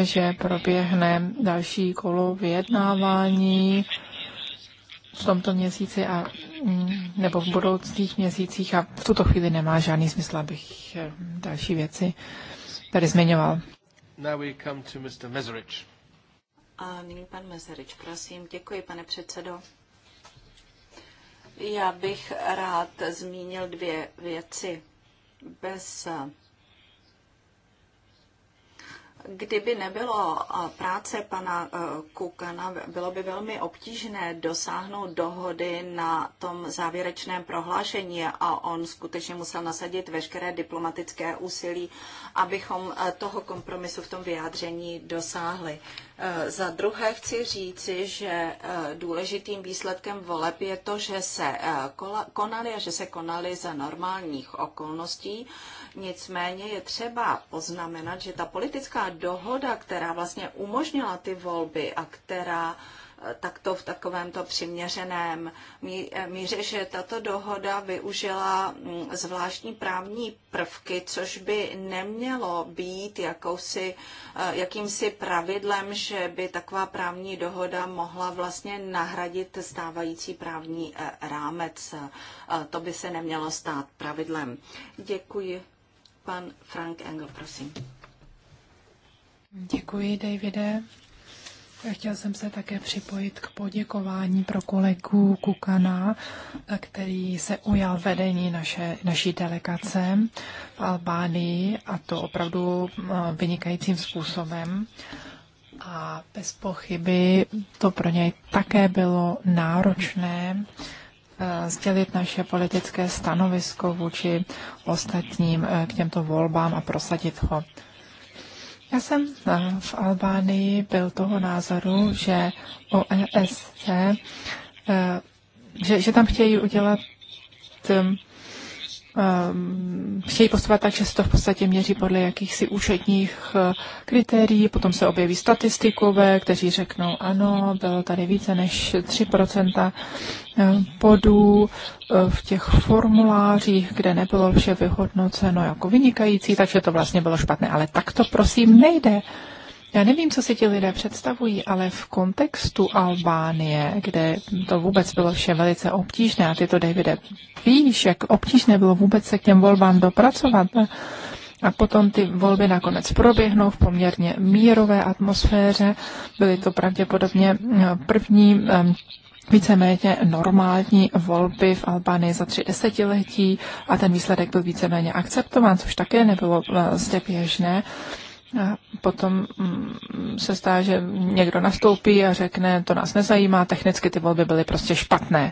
že proběhne další kolo vyjednávání v tomto měsíci a, mm, nebo v budoucích měsících a v tuto chvíli nemá žádný smysl, abych eh, další věci tady zmiňoval. Now we come to Mr. A nyní pan Mezerič, prosím. Děkuji, pane předsedo. Já bych rád zmínil dvě věci. Bez Kdyby nebylo práce pana e, Kukana, bylo by velmi obtížné dosáhnout dohody na tom závěrečném prohlášení a on skutečně musel nasadit veškeré diplomatické úsilí abychom eh, toho kompromisu v tom vyjádření dosáhli. Eh, za druhé chci říci, že eh, důležitým výsledkem voleb je to, že se konaly a že se konaly za normálních okolností. Nicméně je třeba poznamenat, že ta politická dohoda, která vlastně umožnila ty volby a která takto v takovémto přiměřeném eh, míře, že tato dohoda využila mm, zvláštní právní prvky, což by nemělo být jakousi, eh, jakýmsi pravidlem, že by taková právní dohoda mohla vlastně nahradit stávající právní eh, rámec. To by se nemělo stát pravidlem. Děkuji. Pan Frank Engel, prosím. Děkuji, Davide. Chtěl jsem se také připojit k poděkování pro kolegu Kukana, který se ujal vedení naše, naší delegace v Albánii a to opravdu eh, vynikajícím způsobem. A bez pochyby to pro něj také bylo náročné eh, sdělit naše politické stanovisko vůči ostatním eh, k těmto volbám a prosadit ho. Já jsem eh, v Albánii byl toho názoru, že OSC, e eh, že, že tam chtějí udělat hm, um, chtějí postupovat tak, že se to v podstatě měří podle jakýchsi účetních eh, kritérií, potom se objeví statistikové, kteří řeknou, ano, bylo tady více než 3% podů eh, eh, v těch formulářích, kde nebylo vše vyhodnoceno jako vynikající, takže to vlastně bylo špatné. Ale tak to prosím nejde. Uh, já nevím, co si ti lidé představují, ale v kontextu Albánie, kde to vůbec bylo vše velice obtížné, a ty to, Davide, víš, jak obtížné bylo vůbec se k těm volbám dopracovat, a potom ty volby nakonec proběhnou v poměrně mírové atmosféře. Byly to pravděpodobně no, první víceméně normální volby v Albánii za tři desetiletí a ten výsledek byl víceméně akceptován, což také nebylo eh, zde běžné. A potom mm, se stá, že někdo nastoupí a řekne, to nás nezajímá, technicky ty volby byly prostě špatné.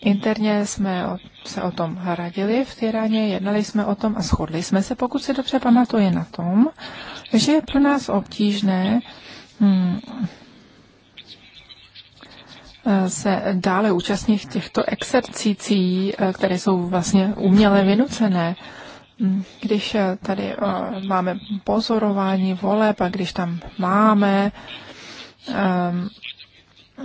Interně jsme se o tom radili v Tyraně, jednali jsme o tom a shodli jsme se, pokud se dobře pamatuje na tom, že je pro nás obtížné hmm, se dále účastnit těchto exercicí, eh, které jsou vlastně uměle vynucené když eh, tady eh, máme pozorování voleb a když tam máme ehm,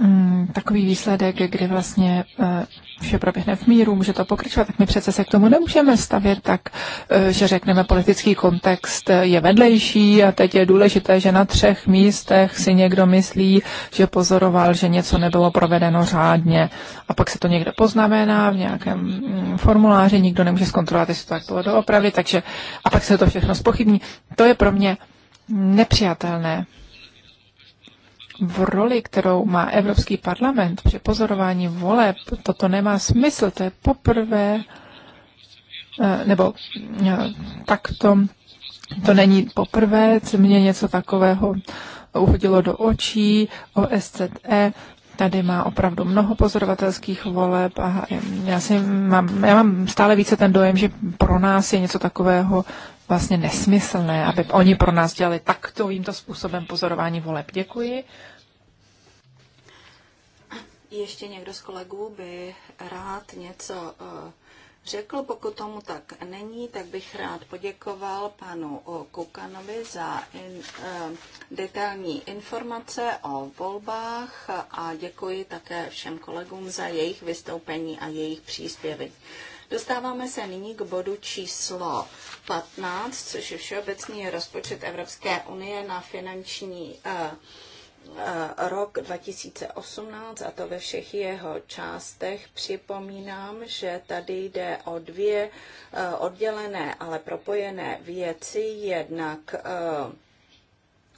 mm, takový výsledek, kdy vlastně eh, vše proběhne v míru, může to pokračovat, tak my přece se k tomu nemůžeme stavět tak, eh, že řekneme, politický kontext eh, je vedlejší a teď je důležité, že na třech místech si někdo myslí, že pozoroval, že něco nebylo provedeno řádně a pak se to někde poznamená v nějakém mm, formuláři, nikdo nemůže zkontrolovat, jestli to tak bylo doopravy, takže a pak se to všechno spochybní. To je pro mě nepřijatelné v roli, kterou má Evropský parlament při pozorování voleb, toto nemá smysl. To je poprvé, eh, nebo eh, tak to to není poprvé, co mě něco takového uhodilo do očí. o OSCE tady má opravdu mnoho pozorovatelských voleb a já, si mám, já mám stále více ten dojem, že pro nás je něco takového vlastně nesmyslné, aby oni pro nás dělali takto tímto způsobem pozorování voleb. Děkuji. Ještě někdo z kolegů by rád něco eh, řekl. Pokud tomu tak není, tak bych rád poděkoval panu Kukanovi za in, eh, detailní informace o volbách a děkuji také všem kolegům za jejich vystoupení a jejich příspěvy. Dostáváme se nyní k bodu číslo 15, což je všeobecný rozpočet Evropské unie na finanční eh, eh, rok 2018 a to ve všech jeho částech. Připomínám, že tady jde o dvě eh, oddělené, ale propojené věci. Jednak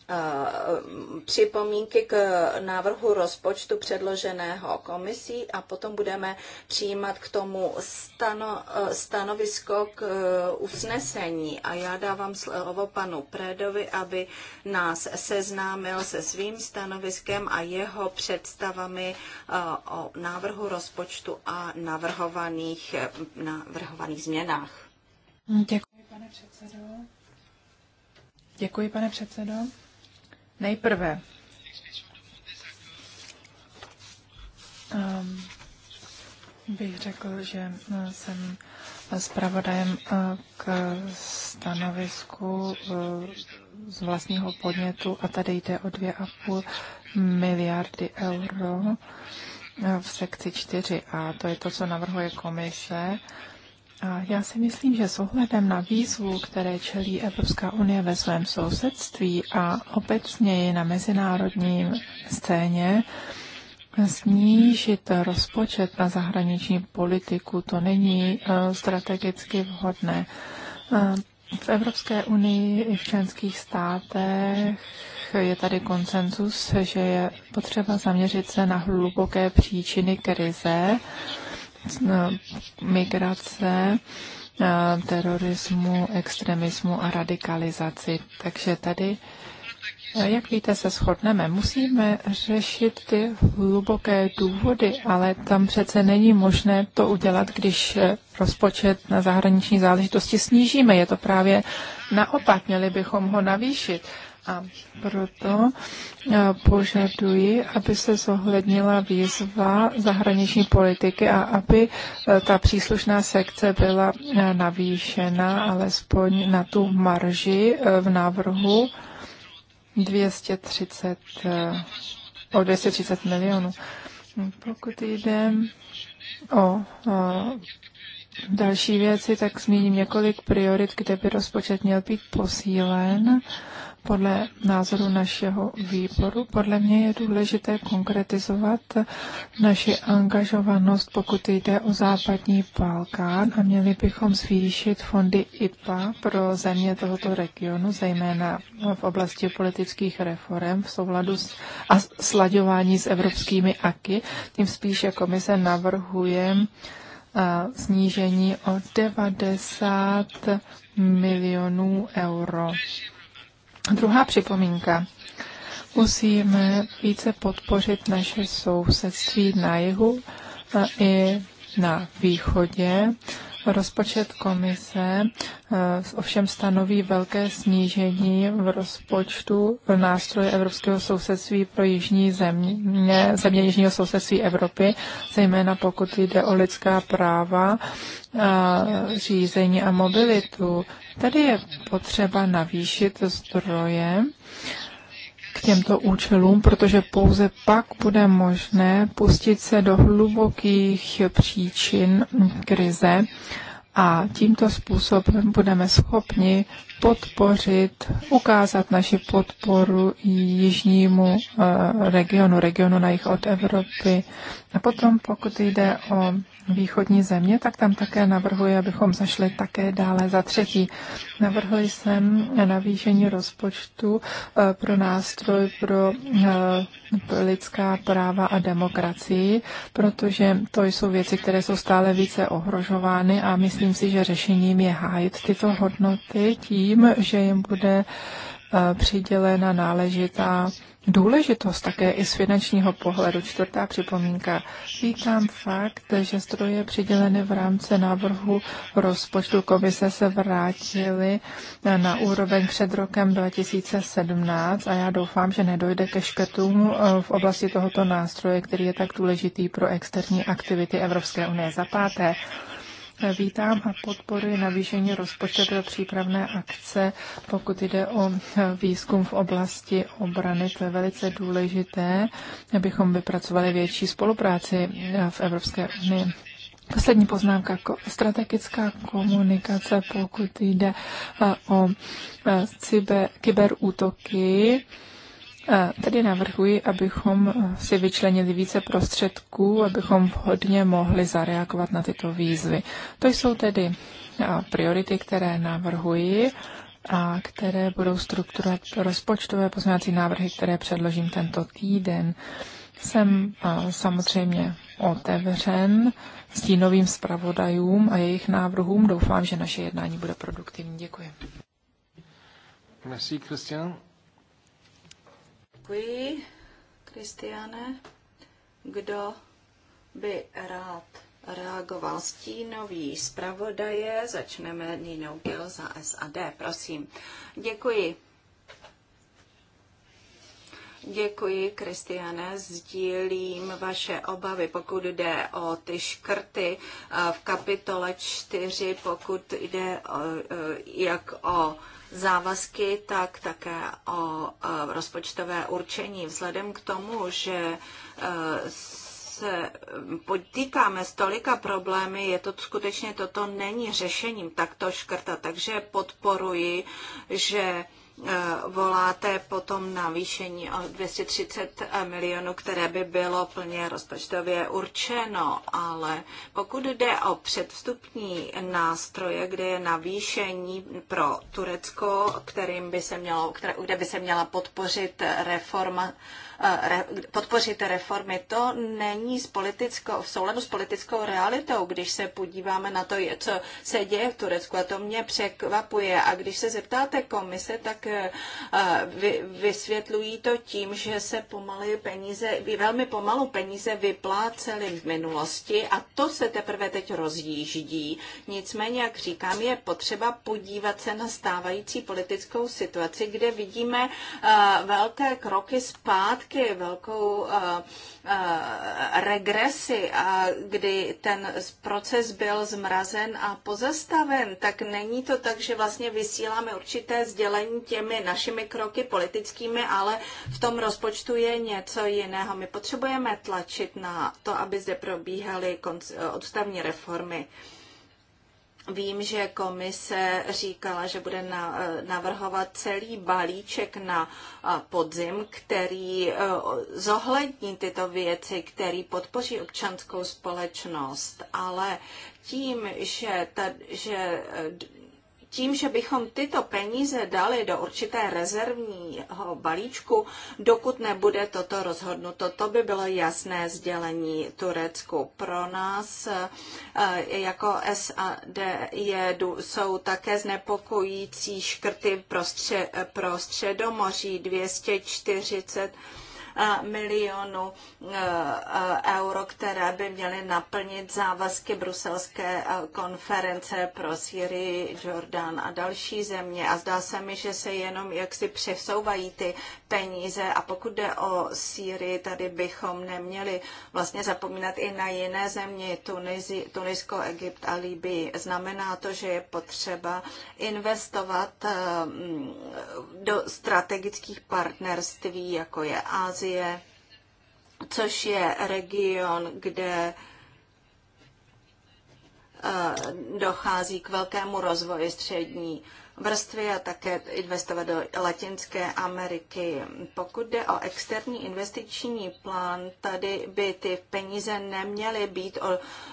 Eh, připomínky k návrhu rozpočtu předloženého komisí a potom budeme přijímat k tomu stano, eh, stanovisko k eh, usnesení. A já dávám slovo panu Prédovi, aby nás seznámil se svým stanoviskem a jeho představami o návrhu rozpočtu a navrhovaných, navrhovaných změnách. Děkuji, pane předsedo. Děkuji, pane předsedo. Nejprve um, bych řekl, že eh, jsem zpravodajem eh, k stanovisku eh, z vlastního podnětu a tady jde o 2,5 miliardy euro v sekci 4a. To je to, co navrhuje komise a já si myslím, že s ohledem na výzvu, které čelí Evropská unie ve svém sousedství a obecněji na mezinárodním scéně, snížit rozpočet na zahraniční politiku, to není eh, strategicky vhodné. Eh, v Evropské unii i v členských státech je tady konsenzus, že je potřeba zaměřit se na hluboké příčiny krize No, migrace, eh, terorismu, extremismu a radikalizaci. Takže tady, eh, jak víte, se shodneme. Musíme řešit ty hluboké důvody, ale tam přece není možné to udělat, když eh, rozpočet na zahraniční záležitosti snížíme. Je to právě naopak, měli bychom ho navýšit. A proto e, požaduji, aby se zohlednila výzva zahraniční politiky a aby e, ta příslušná sekce byla e, navýšena alespoň na tu marži v návrhu 230, o 230 milionů. Pokud jde o, další věci, tak zmíním několik priorit, kde by rozpočet měl být posílen podle názoru našeho výboru. Podle mě je důležité konkretizovat naši angažovanost, pokud jde o západní Balkán a měli bychom zvýšit fondy IPA pro země tohoto regionu, zejména v oblasti politických reform v souladu s, a slaďování s evropskými aky. Tím spíše komise navrhuje snížení o 90 milionů euro. Druhá připomínka. Musíme více podpořit naše sousedství na jihu eh, i na východě. Rozpočet komise eh, ovšem stanoví velké snížení v rozpočtu nástroje Evropského sousedství pro jižní země, země jižního sousedství Evropy, zejména pokud jde o lidská práva, a řízení a mobilitu. Tady je potřeba navýšit zdroje k těmto účelům, protože pouze pak bude možné pustit se do hlubokých příčin krize a tímto způsobem budeme schopni podpořit, ukázat naši podporu jižnímu eh, regionu, regionu na jich od Evropy. A potom, pokud jde o východní země, tak tam také navrhuji, abychom zašli také dále za třetí. Navrhli jsem navýšení rozpočtu eh, pro nástroj eh, pro lidská práva a demokracii, protože to jsou věci, které jsou stále více ohrožovány a myslím si, že řešením je hájit tyto hodnoty tím, že jim bude eh, přidělena náležitá důležitost také i z finančního pohledu. Čtvrtá připomínka. Vítám fakt, že zdroje přiděleny v rámci návrhu rozpočtu komise se vrátily na úroveň před rokem 2017 a já doufám, že nedojde ke škrtům eh, v oblasti tohoto nástroje, který je tak důležitý pro externí aktivity Evropské unie. Za páté, Vítám a podporuji navýšení rozpočtu pro přípravné akce, pokud jde o výzkum v oblasti obrany. To je velice důležité, abychom vypracovali větší spolupráci v Evropské unii. Poslední poznámka, strategická komunikace, pokud jde eh, o eh, cyber, kyberútoky, Tady navrhuji, abychom si vyčlenili více prostředků, abychom vhodně mohli zareagovat na tyto výzvy. To jsou tedy priority, které navrhuji a které budou strukturovat rozpočtové pozměňovací návrhy, které předložím tento týden. Jsem samozřejmě otevřen stínovým zpravodajům a jejich návrhům. Doufám, že naše jednání bude produktivní. Děkuji. Merci, Christian. Děkuji, Kristiane. Kdo by rád reagoval stínový zpravodaje? Začneme Ninou Gil za SAD, prosím. Děkuji. Děkuji, Kristiane. Sdílím vaše obavy, pokud jde o ty škrty eh, v kapitole 4, pokud jde o, eh, jak o závazky, tak také o rozpočtové určení. Vzhledem k tomu, že e, se potýkáme s tolika problémy, je to skutečně toto není řešením takto škrta. Takže podporuji, že Eh, voláte potom navýšení o 230 milionů, které by bylo plně rozpočtově určeno, ale pokud jde o předvstupní nástroje, kde je navýšení pro Turecko, kterým by se mělo, které, kde by se měla podpořit reforma Eh, podpořit reformy. To není s politickou, v souladu s politickou realitou, když se podíváme na to, co se děje v Turecku. A to mě překvapuje. A když se zeptáte komise, tak eh, vy, vysvětlují to tím, že se pomaly peníze, velmi pomalu peníze vyplácely v minulosti a to se teprve teď rozjíždí. Nicméně, jak říkám, je potřeba podívat se na stávající politickou situaci, kde vidíme eh, velké kroky zpátky schodky, velkou regresi a kdy ten proces byl zmrazen a pozastaven, tak není to tak, že vlastně vysíláme určité sdělení těmi našimi kroky politickými, ale v tom rozpočtu je něco jiného. My potřebujeme tlačit na to, aby zde probíhaly odstavní reformy. Vím, že komise říkala, že bude eh, navrhovat celý balíček na eh, podzim, který eh, zohlední tyto věci, který podpoří občanskou společnost, ale tím, že, ta, že tím, že bychom tyto peníze dali do určité rezervního balíčku, dokud nebude toto rozhodnuto. To by bylo jasné sdělení Turecku. Pro nás eh, jako SAD je, jsou také znepokojící škrty pro, stře, pro středomoří 240 milionů eh, euro, které by měly naplnit závazky bruselské eh, konference pro Syrii, Jordán a další země. A zdá se mi, že se jenom jaksi přesouvají ty peníze. A pokud jde o Sýrii, tady bychom neměli vlastně zapomínat i na jiné země, Tunizi, Tunisko, Egypt a Libii. Znamená to, že je potřeba investovat eh, do strategických partnerství, jako je Asie, což je region, kde eh, dochází k velkému rozvoji střední vrstvy a také investovat do Latinské Ameriky. Pokud jde o externí investiční plán, tady by ty peníze neměly být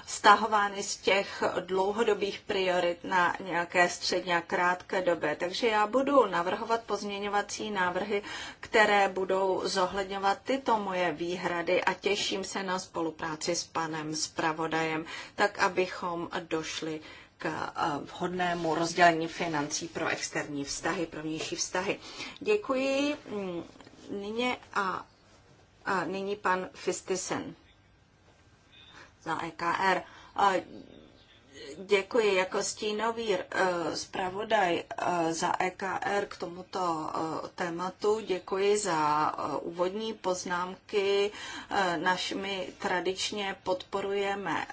stahovány z těch dlouhodobých priorit na nějaké středně a krátké době. Takže já budu navrhovat pozměňovací návrhy, které budou zohledňovat tyto moje výhrady a těším se na spolupráci s panem zpravodajem, tak abychom došli Eh, vhodnému rozdělení financí pro externí vztahy, pro vnější vztahy. Děkuji. Mm, nyní a, a nyní pan Fistisen za EKR. Eh, Děkuji jako stínový eh, zpravodaj eh, za EKR k tomuto eh, tématu. Děkuji za úvodní poznámky. Našmi tradičně podporujeme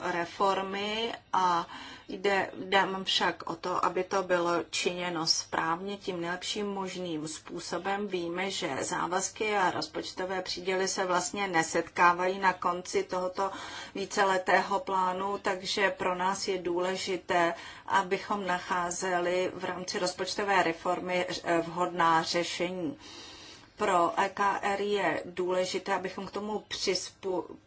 reformy a Jde, jde však o to, aby to bylo činěno správně tím nejlepším možným způsobem. Víme, že závazky a rozpočtové příděly se vlastně nesetkávají na konci tohoto víceletého plánu, takže pro nás je důležité, abychom nacházeli v rámci rozpočtové reformy eh, vhodná řešení pro EKR je důležité, abychom k tomu přizpůsobili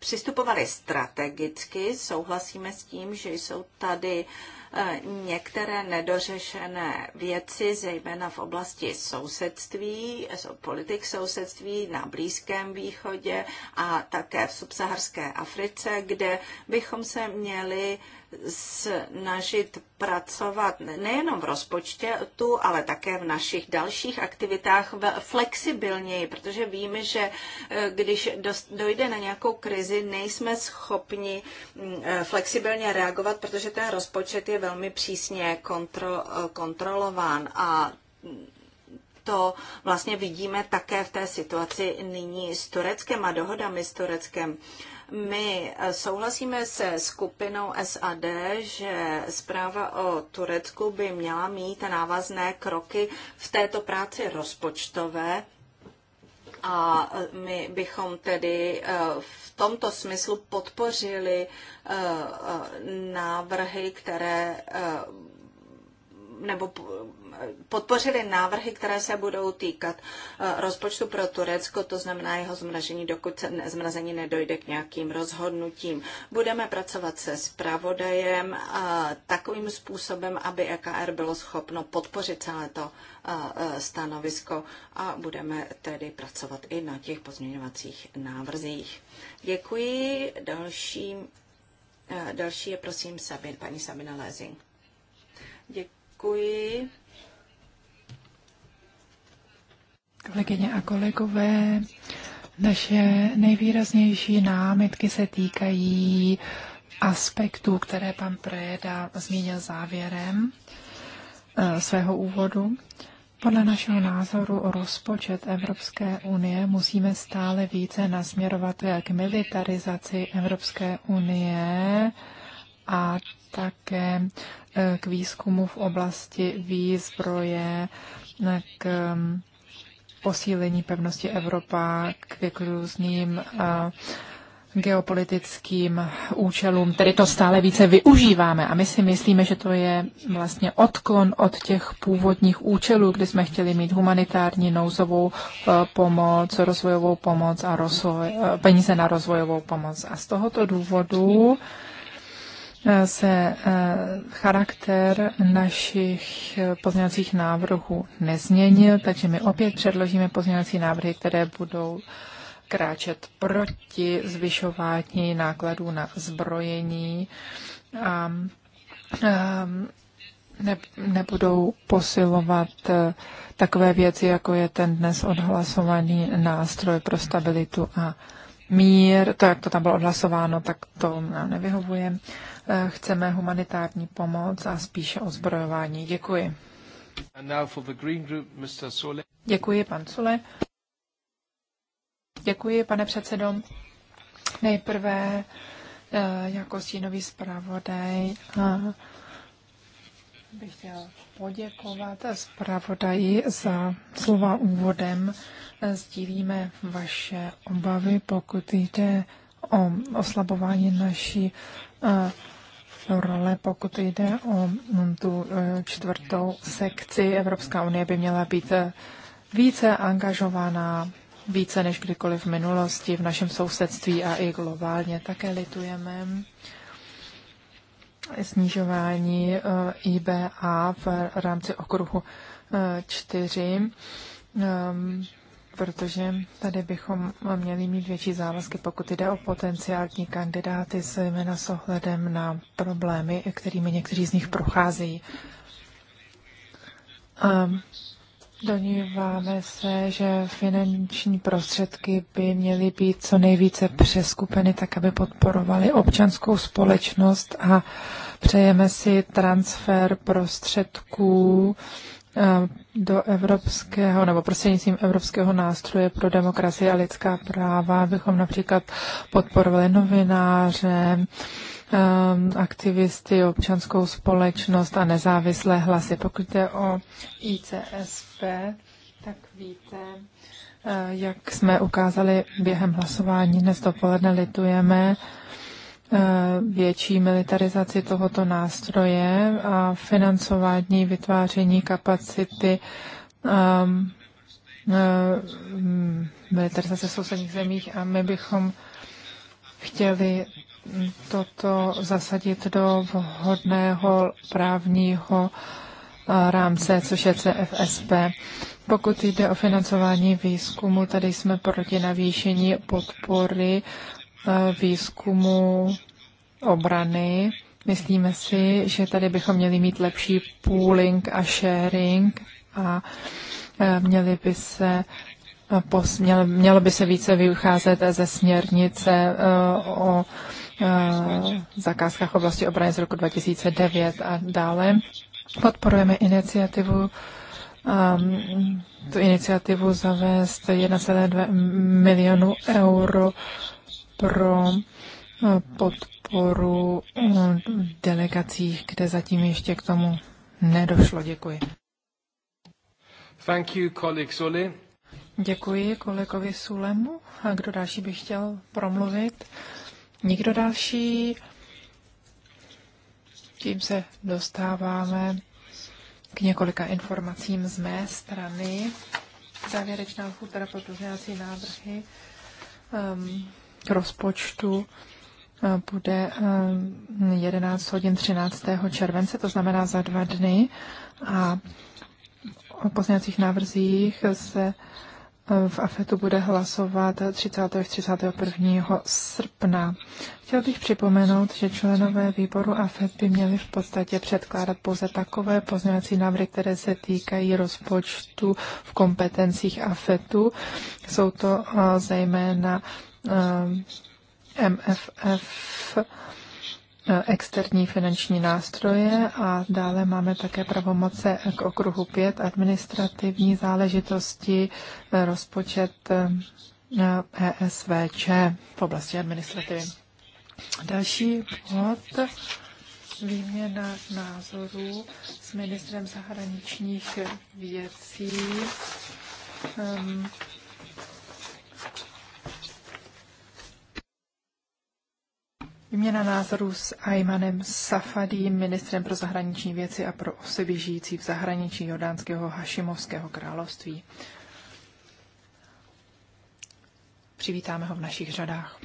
přistupovali strategicky. Souhlasíme s tím, že jsou tady eh, některé nedořešené věci, zejména v oblasti sousedství, politik sousedství na Blízkém východě a také v subsaharské Africe, kde bychom se měli uh, snažit pracovat nejenom v rozpočtu, ale také v našich dalších aktivitách flexibilněji, protože víme, že eh, když dojde na nějakou krizi, nejsme schopni mm, eh, flexibilně reagovat, protože ten rozpočet je velmi přísně kontro, eh, kontrolován a mm, to vlastně vidíme také v té situaci nyní s Tureckem a dohodami s Tureckem. Uh, my souhlasíme se skupinou SAD, že zpráva o Turecku by měla mít návazné kroky v této práci rozpočtové a my bychom tedy eh, v tomto smyslu podpořili eh, eh, návrhy, které nebo podpořili návrhy, které se budou týkat eh, rozpočtu pro Turecko, to znamená jeho zmražení, dokud se zmrazení nedojde k nějakým rozhodnutím. Budeme pracovat se spravodajem eh, takovým způsobem, aby EKR bylo schopno podpořit celé to eh, stanovisko a budeme tedy pracovat i na těch pozměňovacích návrzích. Děkuji. Další, další je prosím Sabin, paní Sabina Lézing. Děkuji. Kolegyně a kolegové, naše nejvýraznější námitky se týkají aspektů, které pan Preda zmínil závěrem eh, svého úvodu. Podle našeho názoru o rozpočet Evropské unie musíme stále více nasměrovat k militarizaci Evropské unie a také eh, k výzkumu v oblasti výzbroje, eh, k posílení pevnosti Evropa k různým eh, geopolitickým účelům, tedy to stále více využíváme a my si myslíme, že to je vlastně odklon od těch původních účelů, kdy jsme chtěli mít humanitární nouzovou eh, pomoc, rozvojovou pomoc a rozvoj, eh, peníze na rozvojovou pomoc. A z tohoto důvodu uh, se eh, charakter našich pozměňovacích návrhů nezměnil, takže my opět předložíme pozměňovací návrhy, které budou kráčet proti zvyšování nákladů na zbrojení a eh, nebudou posilovat eh, takové věci, jako je ten dnes odhlasovaný nástroj pro stabilitu a mír. To, jak to tam bylo odhlasováno, tak to nám nevyhovuje. Eh, chceme humanitární pomoc a spíše ozbrojování. Děkuji. Děkuji, pan Sule. Děkuji, pane předsedo. Nejprve eh, jako stínový zpravodaj bych chtěl poděkovat zpravodaji za slova úvodem. Sdílíme vaše obavy, pokud jde o oslabování naší role, pokud jde o mm, tu e, čtvrtou sekci. Evropská unie by měla být e, více angažovaná, více než kdykoliv v minulosti, v našem sousedství a i globálně. Také litujeme snižování e, IBA v rámci okruhu čtyři. Ehm, protože tady bychom měli mít větší závazky, pokud jde o potenciální kandidáty, zejména s ohledem na problémy, kterými někteří z nich procházejí. Doníváme se, že finanční prostředky by měly být co nejvíce přeskupeny, tak aby podporovaly občanskou společnost a přejeme si transfer prostředků do evropského nebo prostřednictvím evropského nástroje pro demokracii a lidská práva, abychom například podporovali novináře, aktivisty, občanskou společnost a nezávislé hlasy. Pokud jde o ICSP, tak víte, jak jsme ukázali během hlasování dnes dopoledne, litujeme, Eh, větší militarizaci tohoto nástroje a financování vytváření kapacity um, um, militarizace sousedních zemích a my bychom chtěli toto zasadit do vhodného právního eh, rámce, což je CFSP. Pokud jde o financování výzkumu, tady jsme proti navýšení podpory E, výzkumu obrany. Myslíme si, že tady bychom měli mít lepší pooling a sharing a e, měli by se e, mělo by se více vycházet ze směrnice o zakázkách oblasti obrany z roku 2009 a dále. Podporujeme iniciativu um, tu iniciativu zavést 1,2 milionu euro pro eh, podporu eh, delegacích, kde zatím ještě k tomu nedošlo. Děkuji. Thank you, colleague Sully. Děkuji kolegovi Sulemu. A kdo další by chtěl promluvit? Nikdo další? Tím se dostáváme k několika informacím z mé strany. Závěrečná lhůta pro pozměňovací návrhy um, k rozpočtu eh, bude 11 eh, hodin 13. července, to znamená za dva dny. A o pozněcích návrzích se eh, v AFETu bude hlasovat 30. až 31. srpna. Chtěl bych připomenout, že členové výboru AFET by měli v podstatě předkládat pouze takové pozměňovací návrhy, které se týkají rozpočtu v kompetencích AFETu. Jsou to zejména Eh, MFF eh, externí finanční nástroje a dále máme také pravomoce k okruhu 5 administrativní záležitosti eh, rozpočet ESVČ e v oblasti administrativy. Další bod výměna názorů s ministrem zahraničních věcí. Um, Výměna názorů s Aymanem Safadím, ministrem pro zahraniční věci a pro osoby žijící v zahraničí Jordánského Hašimovského království. Přivítáme ho v našich řadách.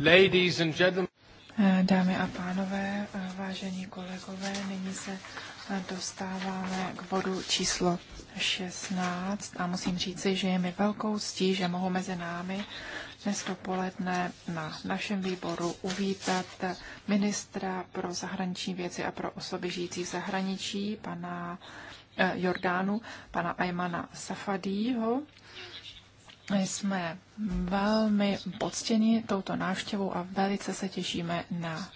Ladies and gentlemen. Eh, dámy a pánové, eh, vážení kolegové, nyní se eh, dostáváme k bodu číslo 16 a musím říci, že je mi velkou ctí, že mohu mezi námi dnes dopoledne na našem výboru uvítat ministra pro zahraniční věci a pro osoby žijící v zahraničí, pana Jordánu, pana Aymana Safadího jsme velmi poctěni touto návštěvou a velice se těšíme na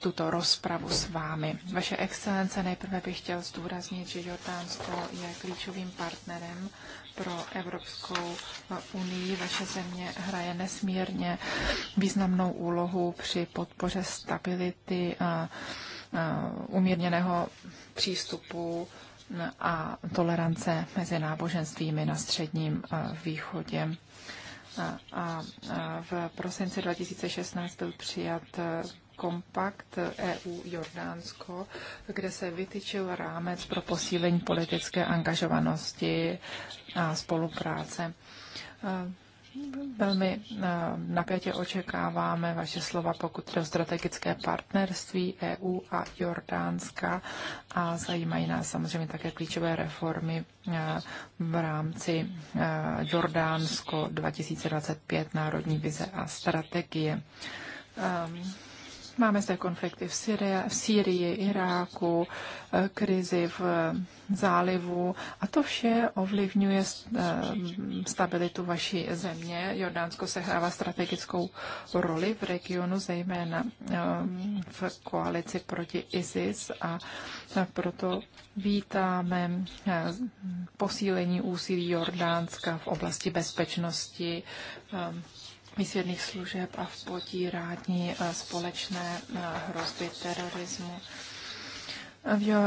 tuto rozpravu s vámi. Vaše excelence, nejprve bych chtěl zdůraznit, že Jordánsko je klíčovým partnerem pro Evropskou unii. Vaše země hraje nesmírně významnou úlohu při podpoře stability a umírněného přístupu a tolerance mezi náboženstvími na středním eh, východě. A v prosinci 2016 byl přijat eh, kompakt EU-Jordánsko, kde se vytyčil rámec pro posílení politické angažovanosti a spolupráce. Eh, Velmi eh, napětě očekáváme vaše slova, pokud to strategické partnerství EU a Jordánska a zajímají nás samozřejmě také klíčové reformy eh, v rámci eh, Jordánsko 2025 Národní vize a strategie. Ehm, Máme zde konflikty v, Syrii, v Syrii, Iráku, eh, krizi v eh, zálivu a to vše ovlivňuje eh, stabilitu vaší země. Jordánsko se hrává strategickou roli v regionu, zejména v koalici proti ISIS a proto vítáme posílení úsilí Jordánska v oblasti bezpečnosti, výsvědných služeb a v potírání eh, společné eh, hrozby terorismu.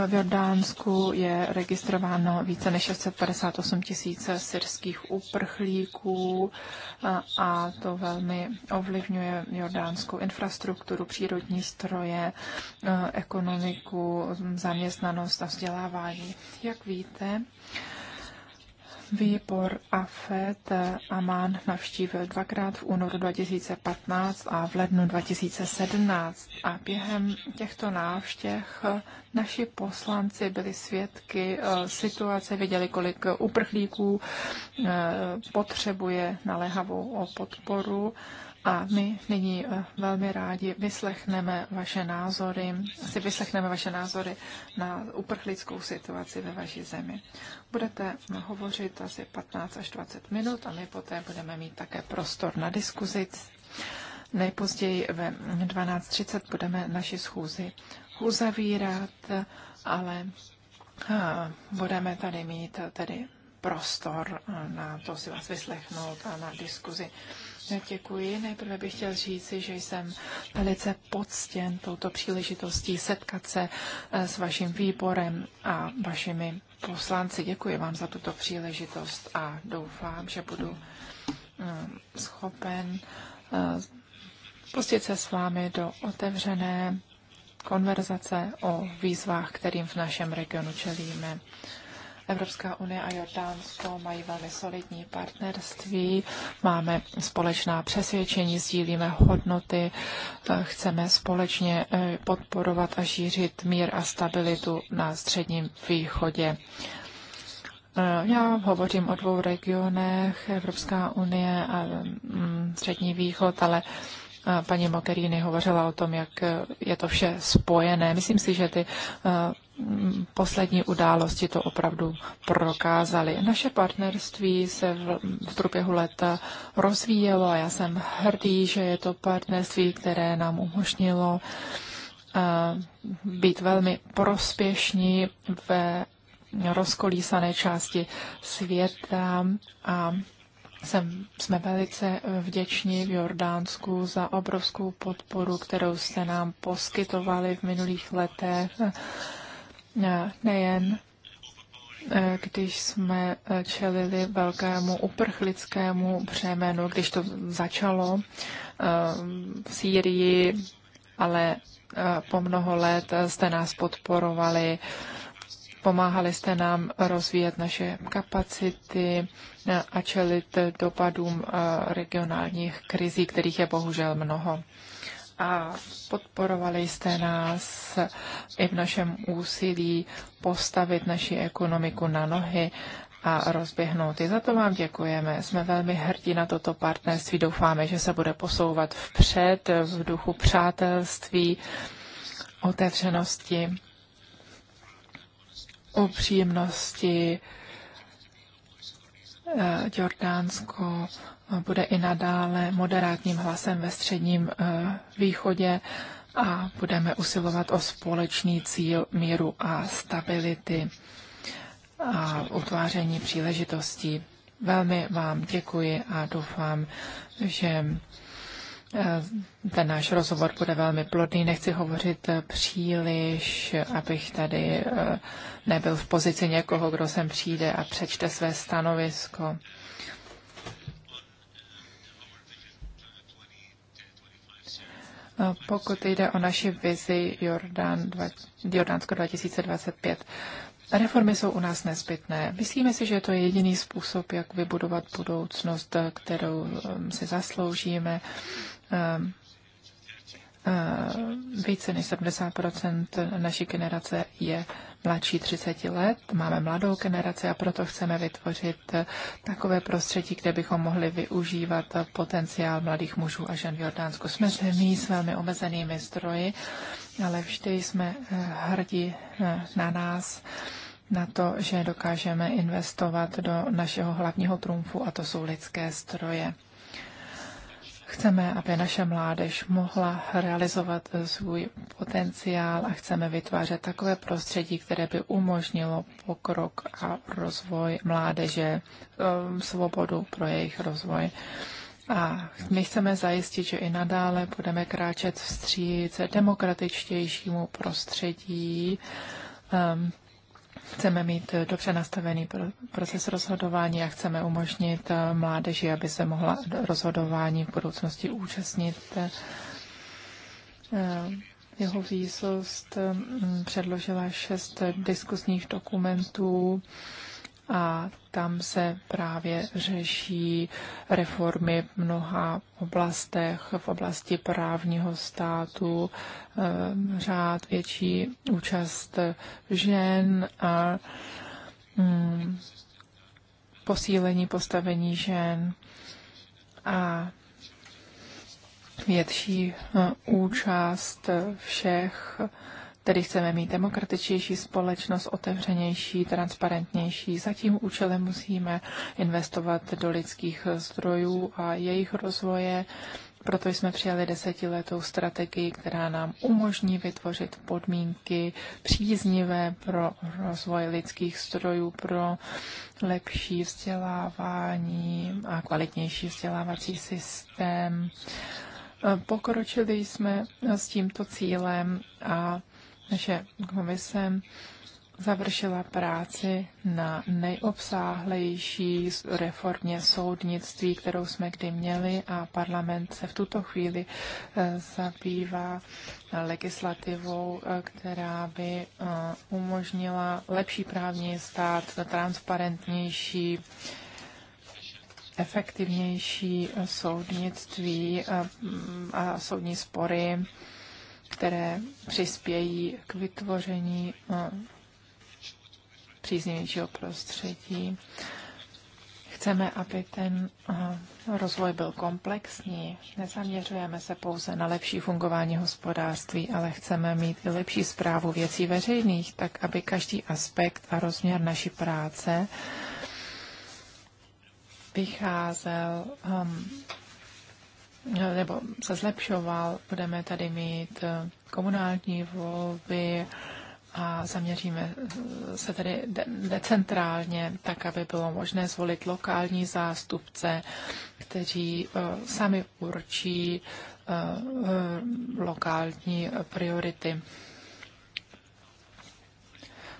V Jordánsku je registrováno více než 658 tisíc syrských uprchlíků eh, a to velmi ovlivňuje jordánskou infrastrukturu, přírodní stroje, ekonomiku, zaměstnanost a vzdělávání. Jak víte, Výbor AFET Amán navštívil dvakrát v únoru 2015 a v lednu 2017. A během těchto návštěv naši poslanci byli svědky eh, situace, viděli, kolik uprchlíků eh, potřebuje naléhavou podporu. A my nyní eh, velmi rádi vyslechneme vaše názory, si vyslechneme vaše názory na uprchlickou situaci ve vaší zemi. Budete hovořit asi 15 až 20 minut a my poté budeme mít také prostor na diskuzi. Nejpozději ve 12.30 budeme naši schůzi uzavírat, ale eh, budeme tady mít tedy prostor eh, na to si vás vyslechnout a na diskuzi. Děkuji. Nejprve bych chtěl říci, že jsem velice poctěn touto příležitostí setkat se eh, s vaším výborem a vašimi poslanci. Děkuji vám za tuto příležitost a doufám, že budu eh, schopen eh, pustit se s vámi do otevřené konverzace o výzvách, kterým v našem regionu čelíme. Evropská unie a Jordánsko mají velmi solidní partnerství, máme společná přesvědčení, sdílíme hodnoty, eh, chceme společně eh, podporovat a šířit mír a stabilitu na Středním východě. Eh, já hovořím o dvou regionech, Evropská unie a mm, Střední východ, ale paní Mogherini hovořila o tom, jak je to vše spojené. Myslím si, že ty eh, poslední události to opravdu prokázaly. Naše partnerství se v, v průběhu leta rozvíjelo a já jsem hrdý, že je to partnerství, které nám umožnilo eh, být velmi prospěšní ve rozkolísané části světa a jsem, jsme velice eh, vděční v Jordánsku za obrovskou podporu, kterou jste nám poskytovali v minulých letech. Eh, nejen eh, když jsme čelili velkému uprchlickému břemenu, když to začalo v Sýrii, ale po mnoho let jste nás podporovali Pomáhali jste nám rozvíjet naše kapacity eh, a čelit dopadům eh, regionálních krizí, kterých je bohužel mnoho. A podporovali jste nás i v našem úsilí postavit naši ekonomiku na nohy a rozběhnout. I za to vám děkujeme. Jsme velmi hrdí na toto partnerství. Doufáme, že se bude posouvat vpřed v duchu přátelství, otevřenosti upřímnosti. Eh, Jordánsko bude i nadále moderátním hlasem ve středním eh, východě a budeme usilovat o společný cíl míru a stability a utváření příležitostí. Velmi vám děkuji a doufám, že Eh, ten náš rozhovor bude velmi plodný, nechci hovořit eh, příliš, abych tady eh, nebyl v pozici někoho, kdo sem přijde a přečte své stanovisko. Pokud jde o naši vizi Jordán, Jordánsko 2025, Reformy jsou u nás nezbytné. Myslíme si, že to je jediný způsob, jak vybudovat budoucnost, kterou si zasloužíme. Ehm, ehm, více než 70 naší generace je mladší 30 let. Máme mladou generaci a proto chceme vytvořit eh, takové prostředí, kde bychom mohli využívat eh, potenciál mladých mužů a žen v Jordánsku. Jsme zemí s velmi omezenými zdroji, ale vždy jsme eh, hrdí na nás, na to, že dokážeme investovat do našeho hlavního trumfu, a to jsou lidské stroje. Chceme, aby naše mládež mohla realizovat svůj potenciál a chceme vytvářet takové prostředí, které by umožnilo pokrok a rozvoj mládeže, ehm, svobodu pro jejich rozvoj. A my chceme zajistit, že i nadále budeme kráčet vstříc demokratičtějšímu prostředí, ehm, Chceme mít eh, dobře nastavený proces rozhodování a chceme umožnit eh, mládeži, aby se mohla rozhodování v budoucnosti účastnit. Eh, jeho výsost předložila šest diskusních dokumentů a tam se právě řeší reformy v mnoha oblastech, v oblasti právního státu, ehm, řád větší účast žen a mm, posílení postavení žen a větší eh, účast všech Tedy chceme mít demokratičnější společnost, otevřenější, transparentnější. Za tím účelem musíme investovat do lidských zdrojů a jejich rozvoje. Proto jsme přijali desetiletou strategii, která nám umožní vytvořit podmínky příznivé pro rozvoj lidských strojů, pro lepší vzdělávání a kvalitnější vzdělávací systém. Pokročili jsme s tímto cílem a naše komise završila práci na nejobsáhlejší reformě soudnictví, kterou jsme kdy měli a parlament se v tuto chvíli eh, zabývá legislativou, eh, která by eh, umožnila lepší právní stát, transparentnější efektivnější soudnictví a soudní spory které přispějí k vytvoření no, příznivějšího prostředí. Chceme, aby ten rozvoj byl komplexní. Nezaměřujeme se pouze na lepší fungování hospodářství, ale chceme mít i lepší zprávu věcí veřejných, tak aby každý aspekt a rozměr naší práce vycházel um, nebo se zlepšoval. Budeme tady mít eh, komunální volby a zaměříme eh, se tedy decentrálně, tak aby bylo možné zvolit lokální zástupce, kteří eh, sami určí lokální priority.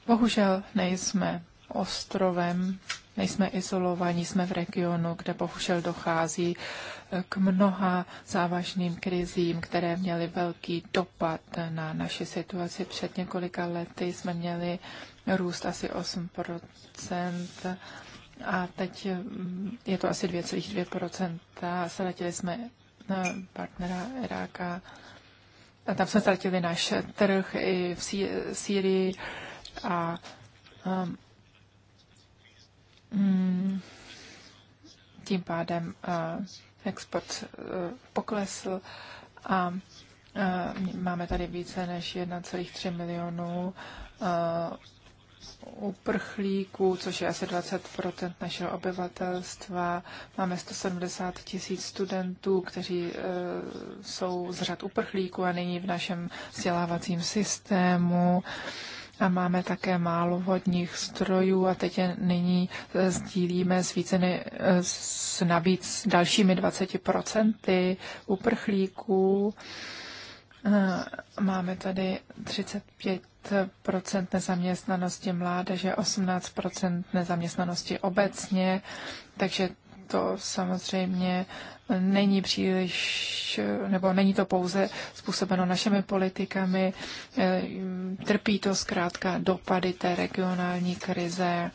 Bohužel nejsme ostrovem, nejsme izolovaní, jsme v regionu, kde bohužel dochází uh, k mnoha závažným krizím, které měly velký dopad na naši situaci. Před několika lety jsme měli růst asi 8% a teď mm, je to asi 2,2%. Ztratili jsme eh, partnera Iráka a tam jsme ztratili náš trh i v Sýrii a um, tím pádem uh, export eh, poklesl a eh, máme tady více než 1,3 milionů eh, uprchlíků, což je asi 20 našeho obyvatelstva. Máme 170 tisíc studentů, kteří jsou z řad uprchlíků a nyní v našem vzdělávacím systému a máme také málo vodních strojů a teď je nyní eh, sdílíme s, více ne, eh, s navíc s dalšími 20% uprchlíků. Eh, máme tady 35 nezaměstnanosti mládeže, 18 nezaměstnanosti obecně, takže to samozřejmě není příliš, nebo není to pouze způsobeno našimi politikami, eh, trpí to zkrátka dopady té regionální krize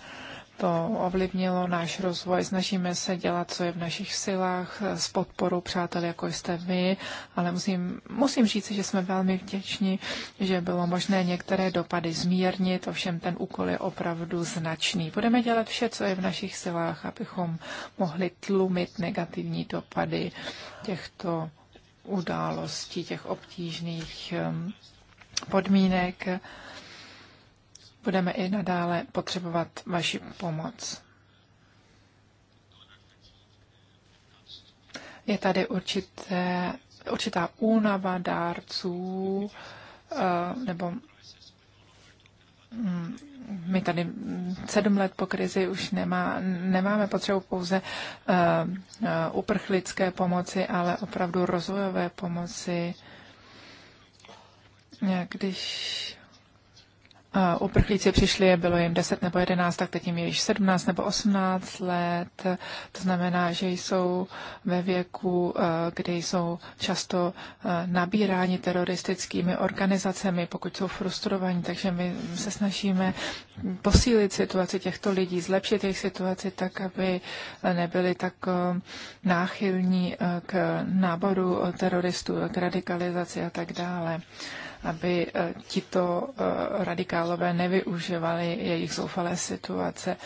to ovlivnilo náš rozvoj. Snažíme se dělat, co je v našich silách, s podporou přátel, jako jste vy, ale musím, musím říct, že jsme velmi vděční, že bylo možné některé dopady zmírnit, ovšem ten úkol je opravdu značný. Budeme dělat vše, co je v našich silách, abychom mohli tlumit negativní dopady těchto událostí, těch obtížných um, podmínek budeme i nadále potřebovat vaši pomoc. Je tady určité, určitá únava dárců, eh, nebo mm, my tady sedm let po krizi už nemá, nemáme potřebu pouze eh, eh, uprchlické pomoci, ale opravdu rozvojové pomoci. Když uprchlíci přišli, bylo jim 10 nebo 11, tak teď jim je již 17 nebo 18 let. To znamená, že jsou ve věku, eh, kdy jsou často eh, nabíráni teroristickými organizacemi, pokud jsou frustrovaní, takže my se snažíme posílit situaci těchto lidí, zlepšit jejich situaci tak, aby nebyli tak eh, náchylní k náboru teroristů, k radikalizaci a tak dále aby eh, tito eh, radikálové nevyužívali jejich zoufalé situace.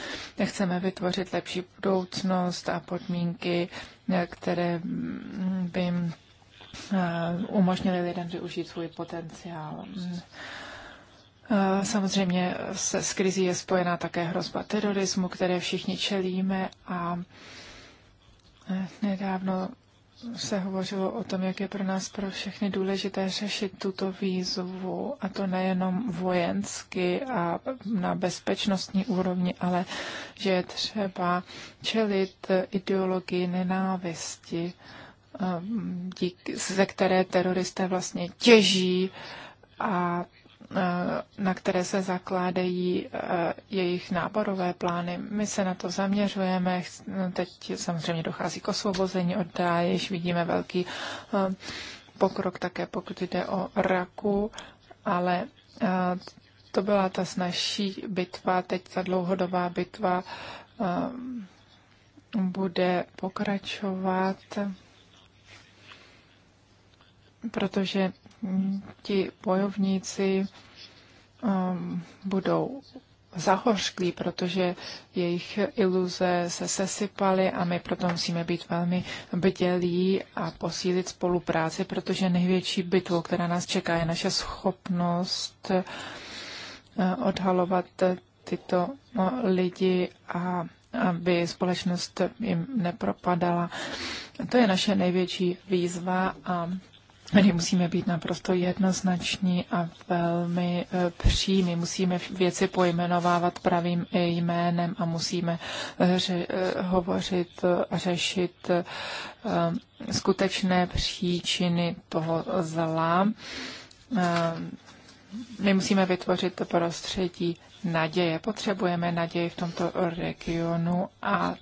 Chceme vytvořit lepší budoucnost a podmínky, eh, které mm, by jim mm, umožnili lidem využít svůj potenciál. Samozřejmě se s krizí je spojená také hrozba terorismu, které všichni čelíme a nedávno se hovořilo o tom, jak je pro nás pro všechny důležité řešit tuto výzvu, a to nejenom vojensky a na bezpečnostní úrovni, ale že je třeba čelit ideologii nenávisti, eh, díky, ze které teroristé vlastně těží a Eh, na které se zakládají eh, jejich náborové plány. My se na to zaměřujeme. Teď samozřejmě dochází k osvobození od Dáješ. Vidíme velký eh, pokrok také, pokud jde o raku, ale to byla ta snažší bitva. Teď ta dlouhodobá bitva bude pokračovat protože ti bojovníci um, budou zahořklí, protože jejich iluze se sesypaly a my proto musíme být velmi bdělí a posílit spolupráci, protože největší bitvou, která nás čeká, je naše schopnost uh, odhalovat tyto uh, lidi a aby společnost jim nepropadala. To je naše největší výzva a my musíme být naprosto jednoznační a velmi e, přímí. Musíme věci pojmenovávat pravým jménem a musíme e, ře- e, hovořit a řešit skutečné příčiny toho zla. My musíme vytvořit prostředí naděje. Potřebujeme naději v tomto regionu a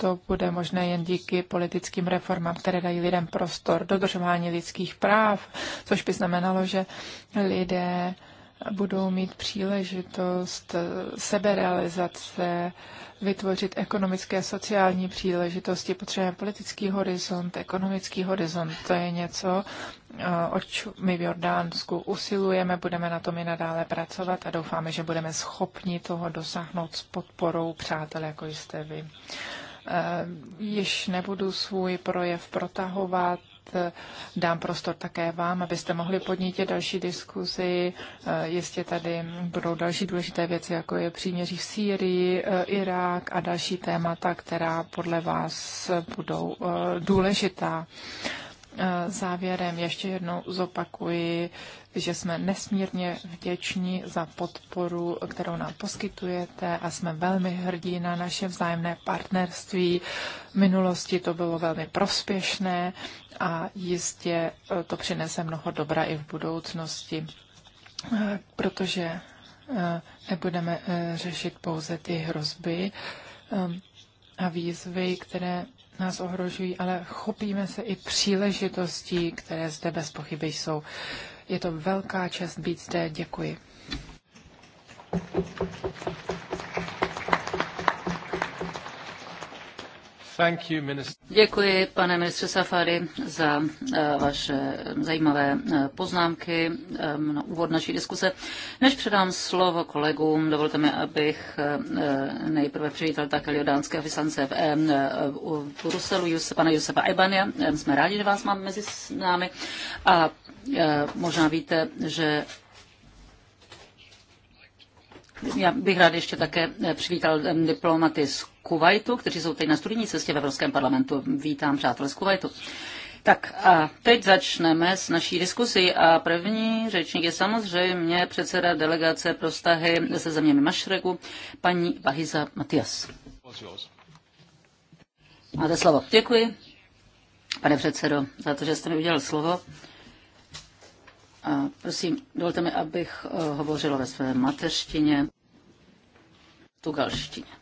to bude možné jen díky politickým reformám, které dají lidem prostor, dodržování lidských práv, což by znamenalo, že lidé budou mít příležitost seberealizace, vytvořit ekonomické a sociální příležitosti. Potřebujeme politický horizont, ekonomický horizont. To je něco, eh, oč my v Jordánsku usilujeme, budeme na tom i nadále pracovat a doufáme, že budeme schopni toho dosáhnout s podporou přátel, jako jste vy. Eh, již nebudu svůj projev protahovat. Dám prostor také vám, abyste mohli podnítit další diskuzi. Eh, jistě tady budou další důležité věci, jako je příměří v Sýrii, eh, Irák a další témata, která podle vás budou důležitá. Eh, závěrem ještě jednou zopakuji, že jsme nesmírně vděční za podporu, kterou nám poskytujete a jsme velmi hrdí na naše vzájemné partnerství. V minulosti to bylo velmi prospěšné a jistě eh, to přinese mnoho dobra i v budoucnosti, eh, protože nebudeme řešit pouze ty hrozby a výzvy, které nás ohrožují, ale chopíme se i příležitostí, které zde bez pochyby jsou. Je to velká čest být zde. Děkuji. Děkuji, pane ministře Safari, za eh, vaše zajímavé eh, poznámky eh, na úvod naší diskuse. Než předám slovo kolegům, dovolte mi, abych nejprve přivítal také liodánského vysance v, v Bruselu, pana Josefa Ebania. Jsme rádi, že vás máme mezi námi a možná víte, že já bych rád ještě také přivítal diplomaty z Kuwaitu, kteří jsou teď na studijní cestě v Evropském parlamentu. Vítám přátelé z Kuwaitu. Tak a teď začneme s naší diskusí a první řečník je samozřejmě předseda delegace pro vztahy se zeměmi Mašreku, paní Bahiza Matias. Máte slovo. Děkuji, pane předsedo, za to, že jste mi udělal slovo. A prosím, dovolte mi, abych eh, hovořila ve své mateřštině, tugalštině.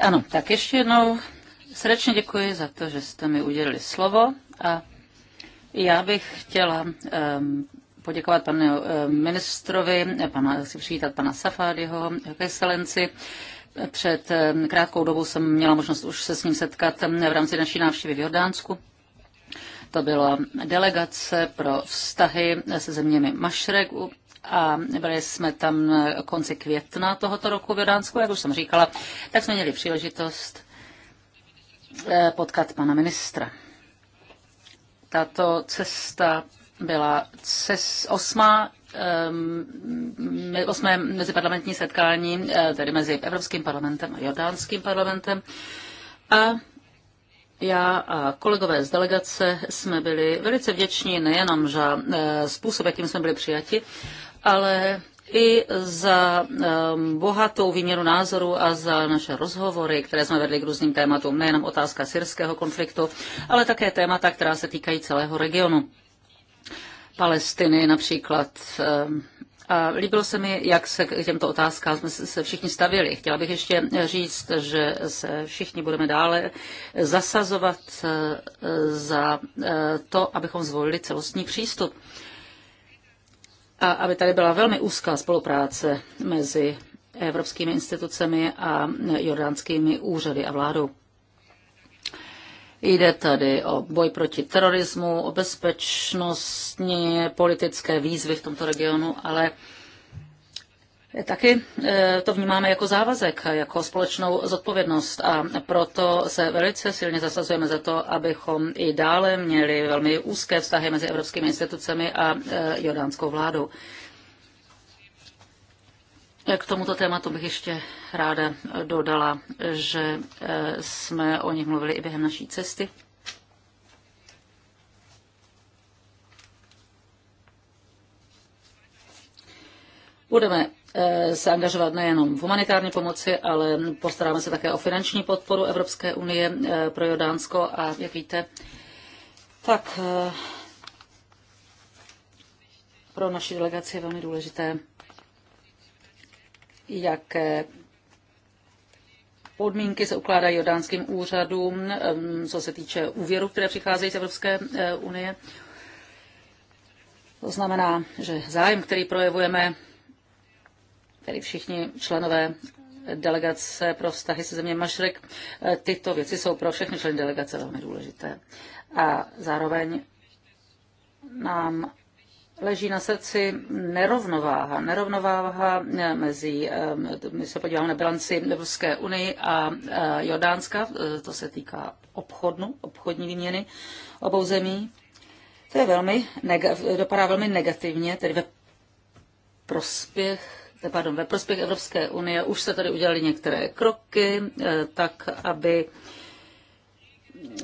Ano, tak ještě jednou srdečně děkuji za to, že jste mi udělili slovo a já bych chtěla um, poděkovat panu ministrovi, pana, si přivítat pana Safad, jeho excelenci. Před krátkou dobou jsem měla možnost už se s ním setkat v rámci naší návštěvy v Jordánsku. To byla delegace pro vztahy se zeměmi Mašreku a byli jsme tam konci května tohoto roku v Jordánsku, jak už jsem říkala, tak jsme měli příležitost eh, potkat pana ministra. Tato cesta byla cest osma ehm, osmé meziparlamentní setkání, eh, tedy mezi Evropským parlamentem a Jordánským parlamentem. A já a kolegové z delegace jsme byli velice vděční nejenom za eh, způsob, jakým jsme byli přijati, ale i za um, bohatou výměnu názorů a za naše rozhovory, které jsme vedli k různým tématům, nejenom otázka syrského konfliktu, ale také témata, která se týkají celého regionu. Palestiny například. Um, a líbilo se mi, jak se k těmto otázkám jsme se všichni stavili. Chtěla bych ještě říct, že se všichni budeme dále zasazovat uh, za uh, to, abychom zvolili celostní přístup a aby tady byla velmi úzká spolupráce mezi evropskými institucemi a jordánskými úřady a vládou. Jde tady o boj proti terorismu, o bezpečnostní politické výzvy v tomto regionu, ale Taky eh, to vnímáme jako závazek, jako společnou zodpovědnost a proto se velice silně zasazujeme za to, abychom i dále měli velmi úzké vztahy mezi evropskými institucemi a eh, jordánskou vládou. K tomuto tématu bych ještě ráda dodala, že eh, jsme o nich mluvili i během naší cesty. Budeme Eh, se angažovat nejenom v humanitární pomoci, ale postaráme se také o finanční podporu Evropské unie eh, pro Jordánsko a jak víte, tak eh, pro naši delegaci je velmi důležité, jaké podmínky se ukládají jordánským úřadům, co se týče úvěru, které přicházejí z Evropské unie. To znamená, že zájem, který projevujeme tedy všichni členové delegace pro vztahy se země Mašrek. Eh, tyto věci jsou pro všechny členy delegace velmi důležité. A zároveň nám leží na srdci nerovnováha. Nerovnováha eh, mezi, eh, my se podíváme na bilanci Evropské unii a Jordánska, to se týká obchodnu, obchodní výměny obou zemí. To je velmi, dopadá velmi negativně, tedy ve prospěch Eh, pardon, ve prospěch Evropské unie už se tady udělali některé kroky, eh, tak aby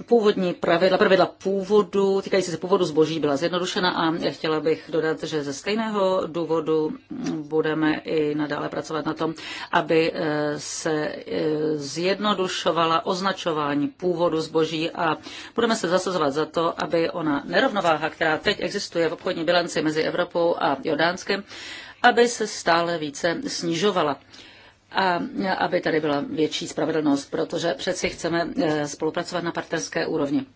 původní pravidla, pravidla původu, týkající se původu zboží, byla zjednodušena a chtěla bych dodat, že ze stejného důvodu budeme i nadále pracovat na tom, aby eh, se zjednodušovala označování původu zboží a budeme se zasazovat za to, aby ona nerovnováha, která teď existuje v obchodní bilanci mezi Evropou a Jordánskem, aby se stále více snižovala a aby tady byla větší spravedlnost, protože přeci chceme eh, spolupracovat na partnerské úrovni.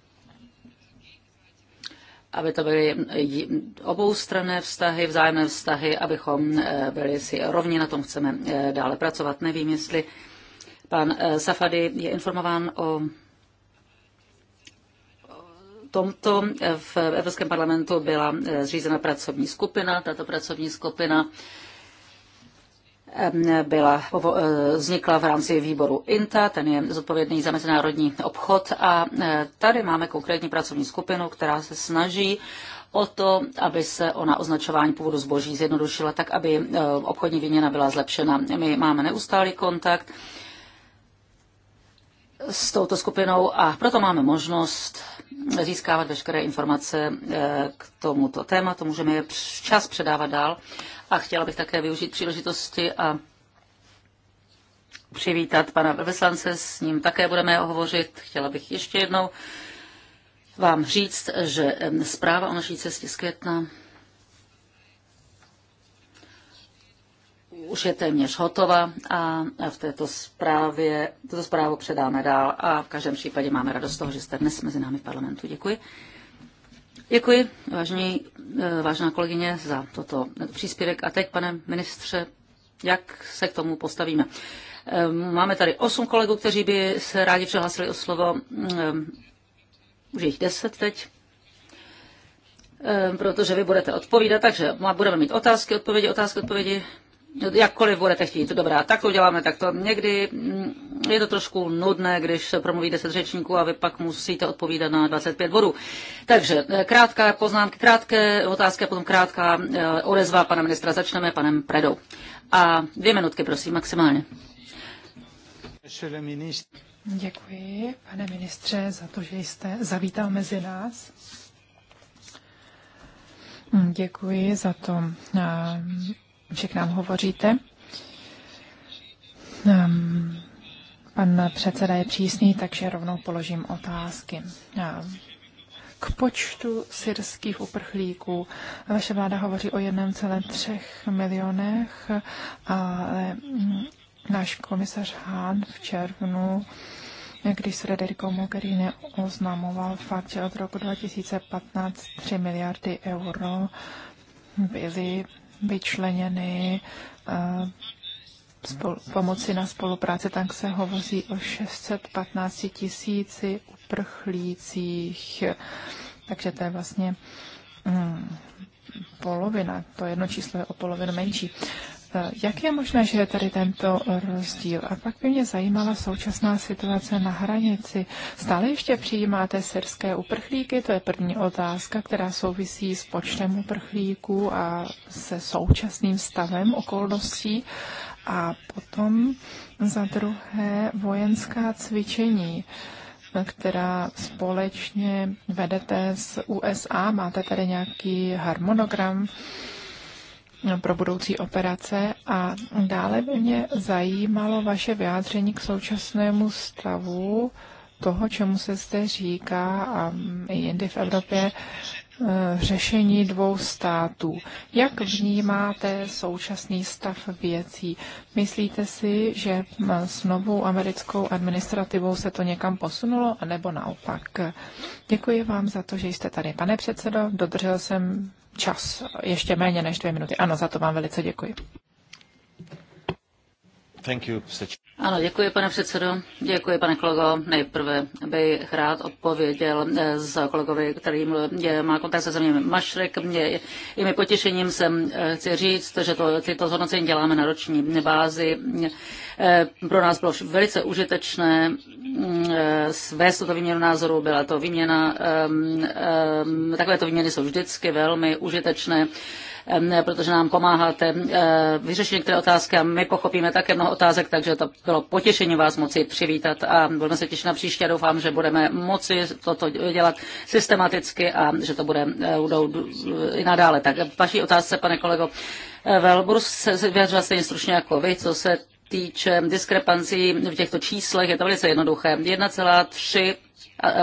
Aby to byly eh, oboustranné vztahy, vzájemné vztahy, abychom eh, byli si rovni, na tom chceme dále pracovat. Nevím, jestli pan Safady je informován o tomto eh, v Evropském parlamentu byla eh, zřízena pracovní skupina. Tato pracovní skupina byla, eh, vznikla v rámci výboru INTA, ten je zodpovědný za mezinárodní obchod a tady máme konkrétní pracovní skupinu, která se snaží o to, aby se ona označování původu zboží zjednodušila tak, aby obchodní výměna byla zlepšena. My máme neustálý kontakt s touto skupinou a proto máme možnost získávat veškeré informace eh, k tomuto tématu. Můžeme je čas předávat dál a chtěla bych také využít příležitosti a přivítat pana Veslance, s ním také budeme hovořit. Chtěla bych ještě jednou vám říct, že eh, zpráva o naší cestě z května už je téměř hotova a v této zprávě, tuto zprávu předáme dál a v každém případě máme radost z toho, že jste dnes mezi námi v parlamentu. Děkuji. Děkuji, vážení, eh, vážná kolegyně, za toto příspěvek. A teď, pane ministře, jak se k tomu postavíme? Eh, máme tady osm kolegů, kteří by se rádi přihlásili o slovo. Eh, už jich deset teď protože vy budete odpovídat, takže budeme mít otázky, odpovědi, otázky, odpovědi jakkoliv budete chtít, dobrá, tak to uděláme takto. Někdy mm, je to trošku nudné, když promluví 10 řečníků a vy pak musíte odpovídat na 25 bodů. Takže eh, krátká poznámka, krátké otázky a potom krátká eh, odezva pana ministra. Začneme panem Predou. A dvě minutky, prosím, maximálně. Děkuji, pane ministře, za to, že jste zavítal mezi nás. Děkuji za to eh, že k nám hovoříte. Um, pan předseda je přísný, takže rovnou položím otázky. Um, k počtu syrských uprchlíků. Vaše vláda hovoří o 1,3 milionech, ale mm, náš komisař Hahn v červnu když Federico Mogherini oznamoval fakt, že od roku 2015 3 miliardy euro byly vyčleněny eh, pomoci na spolupráci, tak se hovoří o 615 tisíci uprchlících. Takže to je vlastně mm, polovina, to jedno číslo je o polovinu menší. Eh, jak je možné, že je tady tento rozdíl? A pak by mě zajímala současná situace na hranici. Stále ještě přijímáte syrské uprchlíky? To je první otázka, která souvisí s počtem uprchlíků a se současným stavem okolností. A potom za druhé vojenská cvičení eh, která společně vedete s USA. Máte tady nějaký harmonogram? pro budoucí operace a dále by mě zajímalo vaše vyjádření k současnému stavu toho, čemu se zde říká a i jindy v Evropě e, řešení dvou států. Jak vnímáte současný stav věcí? Myslíte si, že s novou americkou administrativou se to někam posunulo, nebo naopak? Děkuji vám za to, že jste tady, pane předsedo. Dodržel jsem čas. Ještě méně než dvě minuty. Ano, za to vám velice děkuji ano, děkuji, pane předsedo. Děkuji, pane kolego. Nejprve bych rád odpověděl eh, z kolegovi, který má kontakt se zeměmi Mašrek. Mě, I mi potěšením jsem eh, chci říct, že to, tyto zhodnocení děláme na roční bázi. Eh, pro nás bylo velice užitečné mm, svést tuto výměnu názoru. Byla to výměna, takovéto výměny jsou vždycky velmi užitečné protože nám pomáháte eh, vyřešit některé otázky a my pochopíme také mnoho otázek, takže to bylo potěšení vás moci přivítat a budeme se těšit na příště a doufám, že budeme moci toto dělat systematicky a že to bude eh, budou i nadále. Tak vaší otázce, pane kolego, eh, Velbur se vyjadřila stejně stručně jako vy, co se týče diskrepancí v těchto číslech, je to velice jednoduché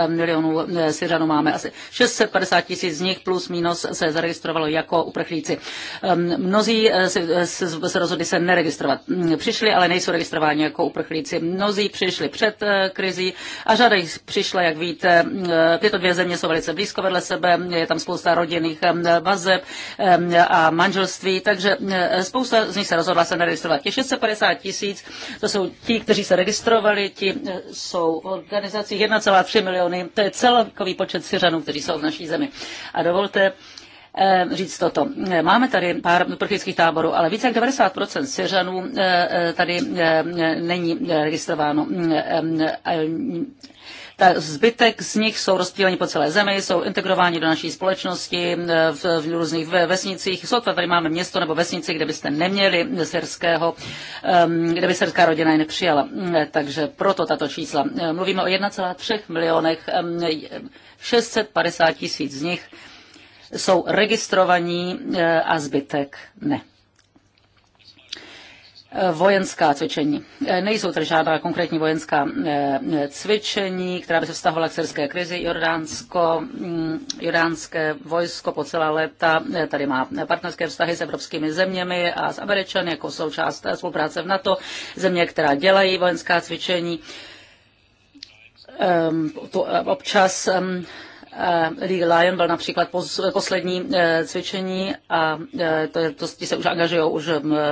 milionů e, Syřanů máme asi 650 tisíc z nich plus minus se zaregistrovalo jako uprchlíci. Ehm, mnozí e, e, se, rozhodli se neregistrovat. Mm, přišli, ale nejsou registrováni jako uprchlíci. Mnozí přišli před krizí a řada jich přišla, jak víte. Tyto dvě země jsou velice blízko vedle sebe, je tam spousta rodinných ehm, vazeb ehm, a manželství, takže spousta z nich se rozhodla se neregistrovat. Těch 650 tisíc, to jsou ti, kteří se registrovali, ti jsou v organizacích 1, 3 miliony. To je celkový počet Syřanů, kteří jsou v naší zemi. A dovolte, eh, říct toto. Eh, máme tady pár uprchlických táborů, ale více jak 90% Syřanů eh, tady není registrováno. Mm, mm, ta zbytek z nich jsou rozptýleni po celé zemi, jsou integrováni do naší společnosti eh, v, v různých vesnicích. Sotva tady máme město nebo vesnici, kde byste neměli syrského, ehm, kde by syrská rodina je nepřijala. Eh, takže proto tato čísla. Eh, mluvíme o 1,3 milionech, 650 ehm, tisíc z nich jsou registrovaní a zbytek ne. Eh, vojenská cvičení. Eh, nejsou tady žádná konkrétní vojenská eh, cvičení, která by se vztahovala k syrské krizi. Jordánsko, mm, jordánské vojsko po celá léta tady má partnerské vztahy s evropskými zeměmi a s Američany jako součást spolupráce v NATO, země, která dělají vojenská cvičení. Ehm, to občas ehm, Eh, Legal Lion byl například poslední eh, cvičení a eh, to, to, ti se už angažují už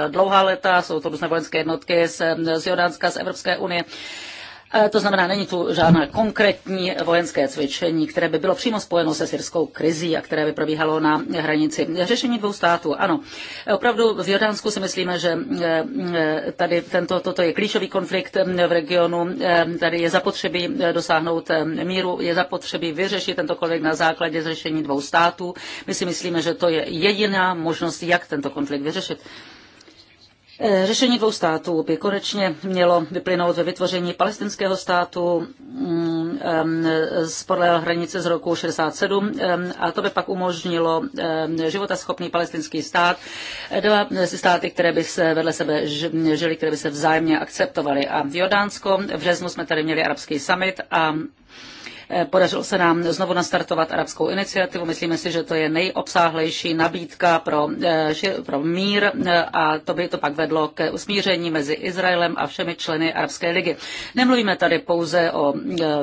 dlouhá léta, jsou to různé vojenské jednotky z, z Jordánska, z Evropské unie. E, to znamená, není tu žádné konkrétní vojenské cvičení, které by bylo přímo spojeno se syrskou krizí a které by probíhalo na hranici. Řešení dvou států, ano. Opravdu v Jordánsku si myslíme, že e, e, tady tento, toto je klíčový konflikt v regionu. Tady je zapotřebí dosáhnout míru, je zapotřebí vyřešit tento konflikt na základě řešení dvou států. My si myslíme, že to je jediná možnost, jak tento konflikt vyřešit. Eh, řešení dvou států by konečně mělo vyplynout ve vytvoření palestinského státu mm, z podle hranice z roku 67 a to by pak umožnilo životaschopný palestinský stát, dva státy, které by se vedle sebe žili, které by se vzájemně akceptovaly. A v Jordánsko v březnu jsme tady měli arabský summit a Eh, podařilo se nám znovu nastartovat arabskou iniciativu. Myslíme si, že to je nejobsáhlejší nabídka pro, eh, pro mír eh, a to by to pak vedlo k usmíření mezi Izraelem a všemi členy Arabské ligy. Nemluvíme tady pouze o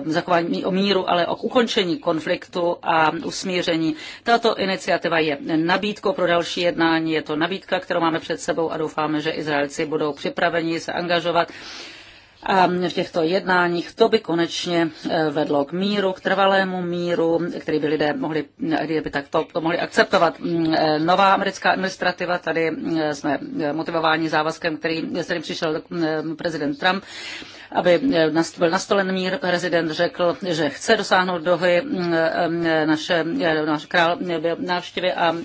zachování o míru, ale o ukončení konfliktu a usmíření. Tato iniciativa je nabídkou pro další jednání, je to nabídka, kterou máme před sebou a doufáme, že Izraelci budou připraveni se angažovat a v těchto jednáních to by konečně e, vedlo k míru, k trvalému míru, který by lidé mohli, lidé e, by tak to mohli akceptovat. Mm, e, nová americká administrativa, tady jsme motivováni závazkem, který, s přišel prezident Trump, aby byl nastolen mír. Prezident řekl, že chce dosáhnout dohy mm, naše, naše král návštěvy a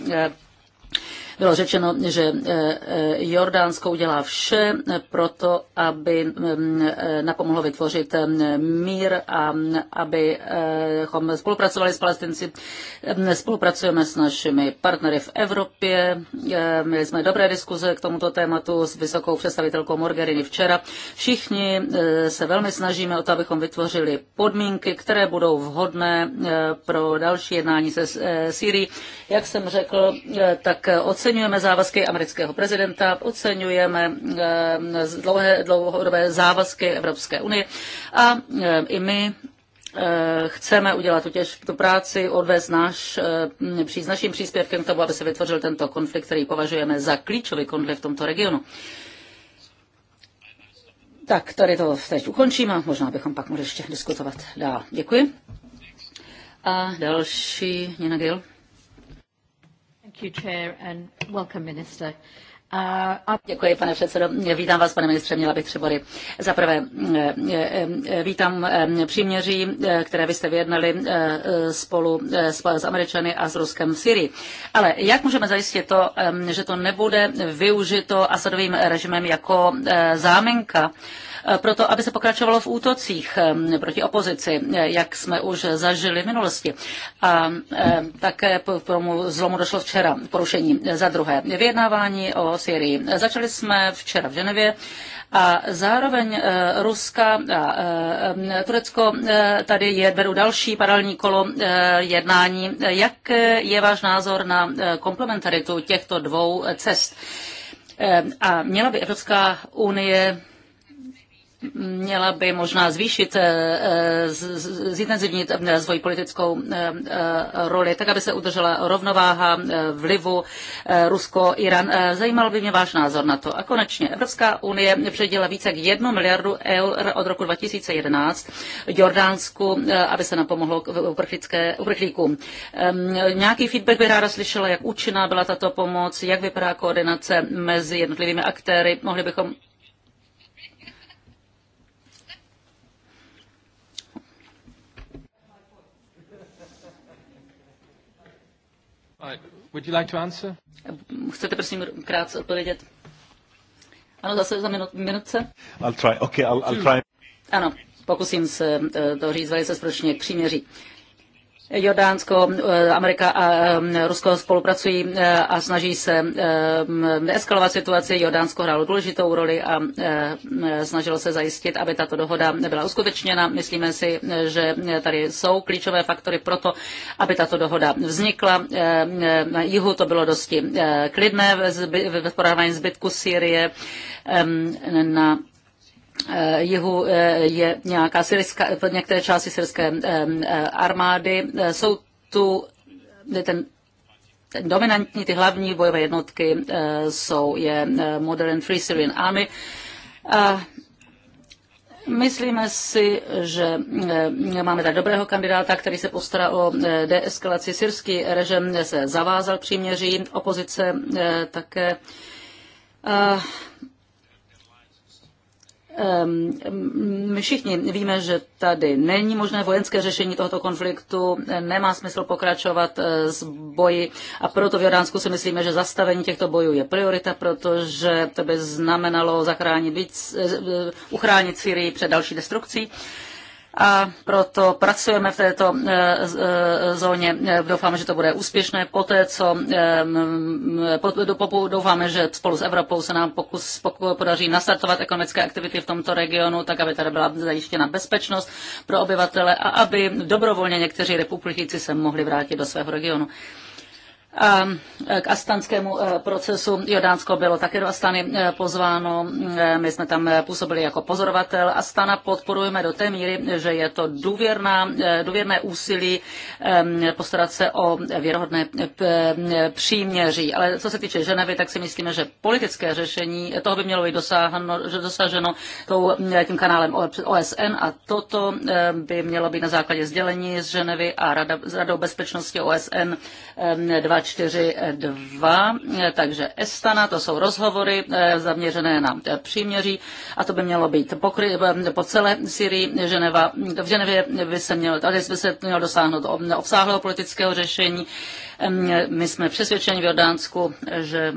bylo řečeno, že e, e, Jordánsko udělá vše pro to, aby e, napomohlo vytvořit mír a abychom spolupracovali s palestinci. Spolupracujeme s našimi partnery v Evropě. Měli jsme dobré diskuze k tomuto tématu s vysokou představitelkou Morgerini včera. Všichni se velmi snažíme o to, abychom vytvořili podmínky, které budou vhodné pro další jednání se Syrií. Jak jsem řekl, tak od Oceňujeme závazky amerického prezidenta, oceňujeme eh, dlouhé, dlouhodobé závazky Evropské unie a eh, i my eh, chceme udělat tu, těž, tu práci, odvést náš, při, s naším příspěvkem k tomu, aby se vytvořil tento konflikt, který považujeme za klíčový konflikt v tomto regionu. Tak, tady to teď ukončím a možná bychom pak mohli ještě diskutovat dál. Děkuji. A další, Nina Gill. Uh, Děkuji, pane předsedo. Vítám vás, pane ministře. Měla bych tři body. Za prvé, eh, eh, eh, vítám příměří, které byste vyjednali spolu s Američany a s Ruskem v Syrii. Ale jak můžeme zajistit to, že to nebude využito Asadovým režimem jako záminka? Eh, proto aby se pokračovalo v útocích eh, proti opozici, eh, jak jsme už zažili v minulosti. A také k tomu zlomu došlo včera, porušení za druhé. Vyjednávání o Syrii. Začali jsme včera v Ženevě a zároveň Ruska a Turecko tady je, vedou další paralelní kolo jednání. Jak je váš názor na komplementaritu těchto dvou cest? A měla by Evropská unie měla by možná zvýšit, eh, eh, zintenzivnit eh, svoji politickou roli, tak aby se udržela rovnováha vlivu Rusko-Iran. Zajímal by mě váš názor na to. A konečně Evropská unie předěla více jak 1 miliardu eur od roku 2011 Jordánsku, aby se napomohlo k uprchlíkům. Nějaký feedback by ráda slyšela, jak účinná byla tato pomoc, jak vypadá koordinace mezi jednotlivými aktéry. Mohli bychom Would you like to answer? Chcete prosím krátce odpovědět? Ano, zase za minut, minutce. I'll try. Okay, I'll, I'll try. Ano, pokusím se eh, to říct velice stručně k příměří. Uh, Jordánsko, eh, Amerika a Rusko spolupracují eh, a snaží se neeskalovat situaci. Jordánsko hrálo důležitou roli a eh, snažilo se zajistit, aby tato dohoda nebyla uskutečněna. Myslíme si, že tady jsou klíčové faktory pro to, aby tato dohoda vznikla. Na jihu to bylo dosti klidné v porovnání zbytku Syrie Na Eh, jihu eh, je nějaká syrská, některé části syrské eh, armády. Jsou tu ten ten dominantní, ty hlavní bojové jednotky jsou je Modern Free Syrian Army. A Myslíme si, že máme tak dobrého kandidáta, který se postará o deeskalaci. Syrský režim se zavázal příměří, opozice také. Ehm, my všichni víme, že tady není možné vojenské řešení tohoto konfliktu, e, nemá smysl pokračovat e, s boji a proto v Jordánsku si myslíme, že zastavení těchto bojů je priorita, protože to by znamenalo zachránit, víc, e, uchránit Syrii před další destrukcí a proto pracujeme v této eh, eh, zóně. Eh, doufáme, že to bude úspěšné. Poté, co doufáme, že spolu s Evropou se nám pokus, podaří nastartovat ekonomické aktivity v tomto regionu, tak aby tady byla zajištěna bezpečnost pro obyvatele a aby dobrovolně někteří republikíci se mohli vrátit do svého regionu. Ehm, k astanskému eh, procesu Jordánsko bylo také do Astany eh, pozváno. Eh, my jsme tam působili jako pozorovatel. Astana podporujeme do té míry, že je to důvěrná, důvěrné úsilí ehm, postarat se o věrohodné příměří. Ale co se týče Ženevy, tak si myslíme, že politické řešení toho by mělo být dosáhno, že dosaženo tou, tím kanálem OSN a toto ehm, by mělo být na základě sdělení z Ženevy a Rada, Radou bezpečnosti OSN 2 242, takže Estana, to jsou rozhovory eh, zaměřené na eh, příměří a to by mělo být pokry, eh, po celé Syrii, Ženeva, v Ženevě by se mělo, tady by se mělo dosáhnout obsáhlého politického řešení. My jsme přesvědčeni v Jordánsku, že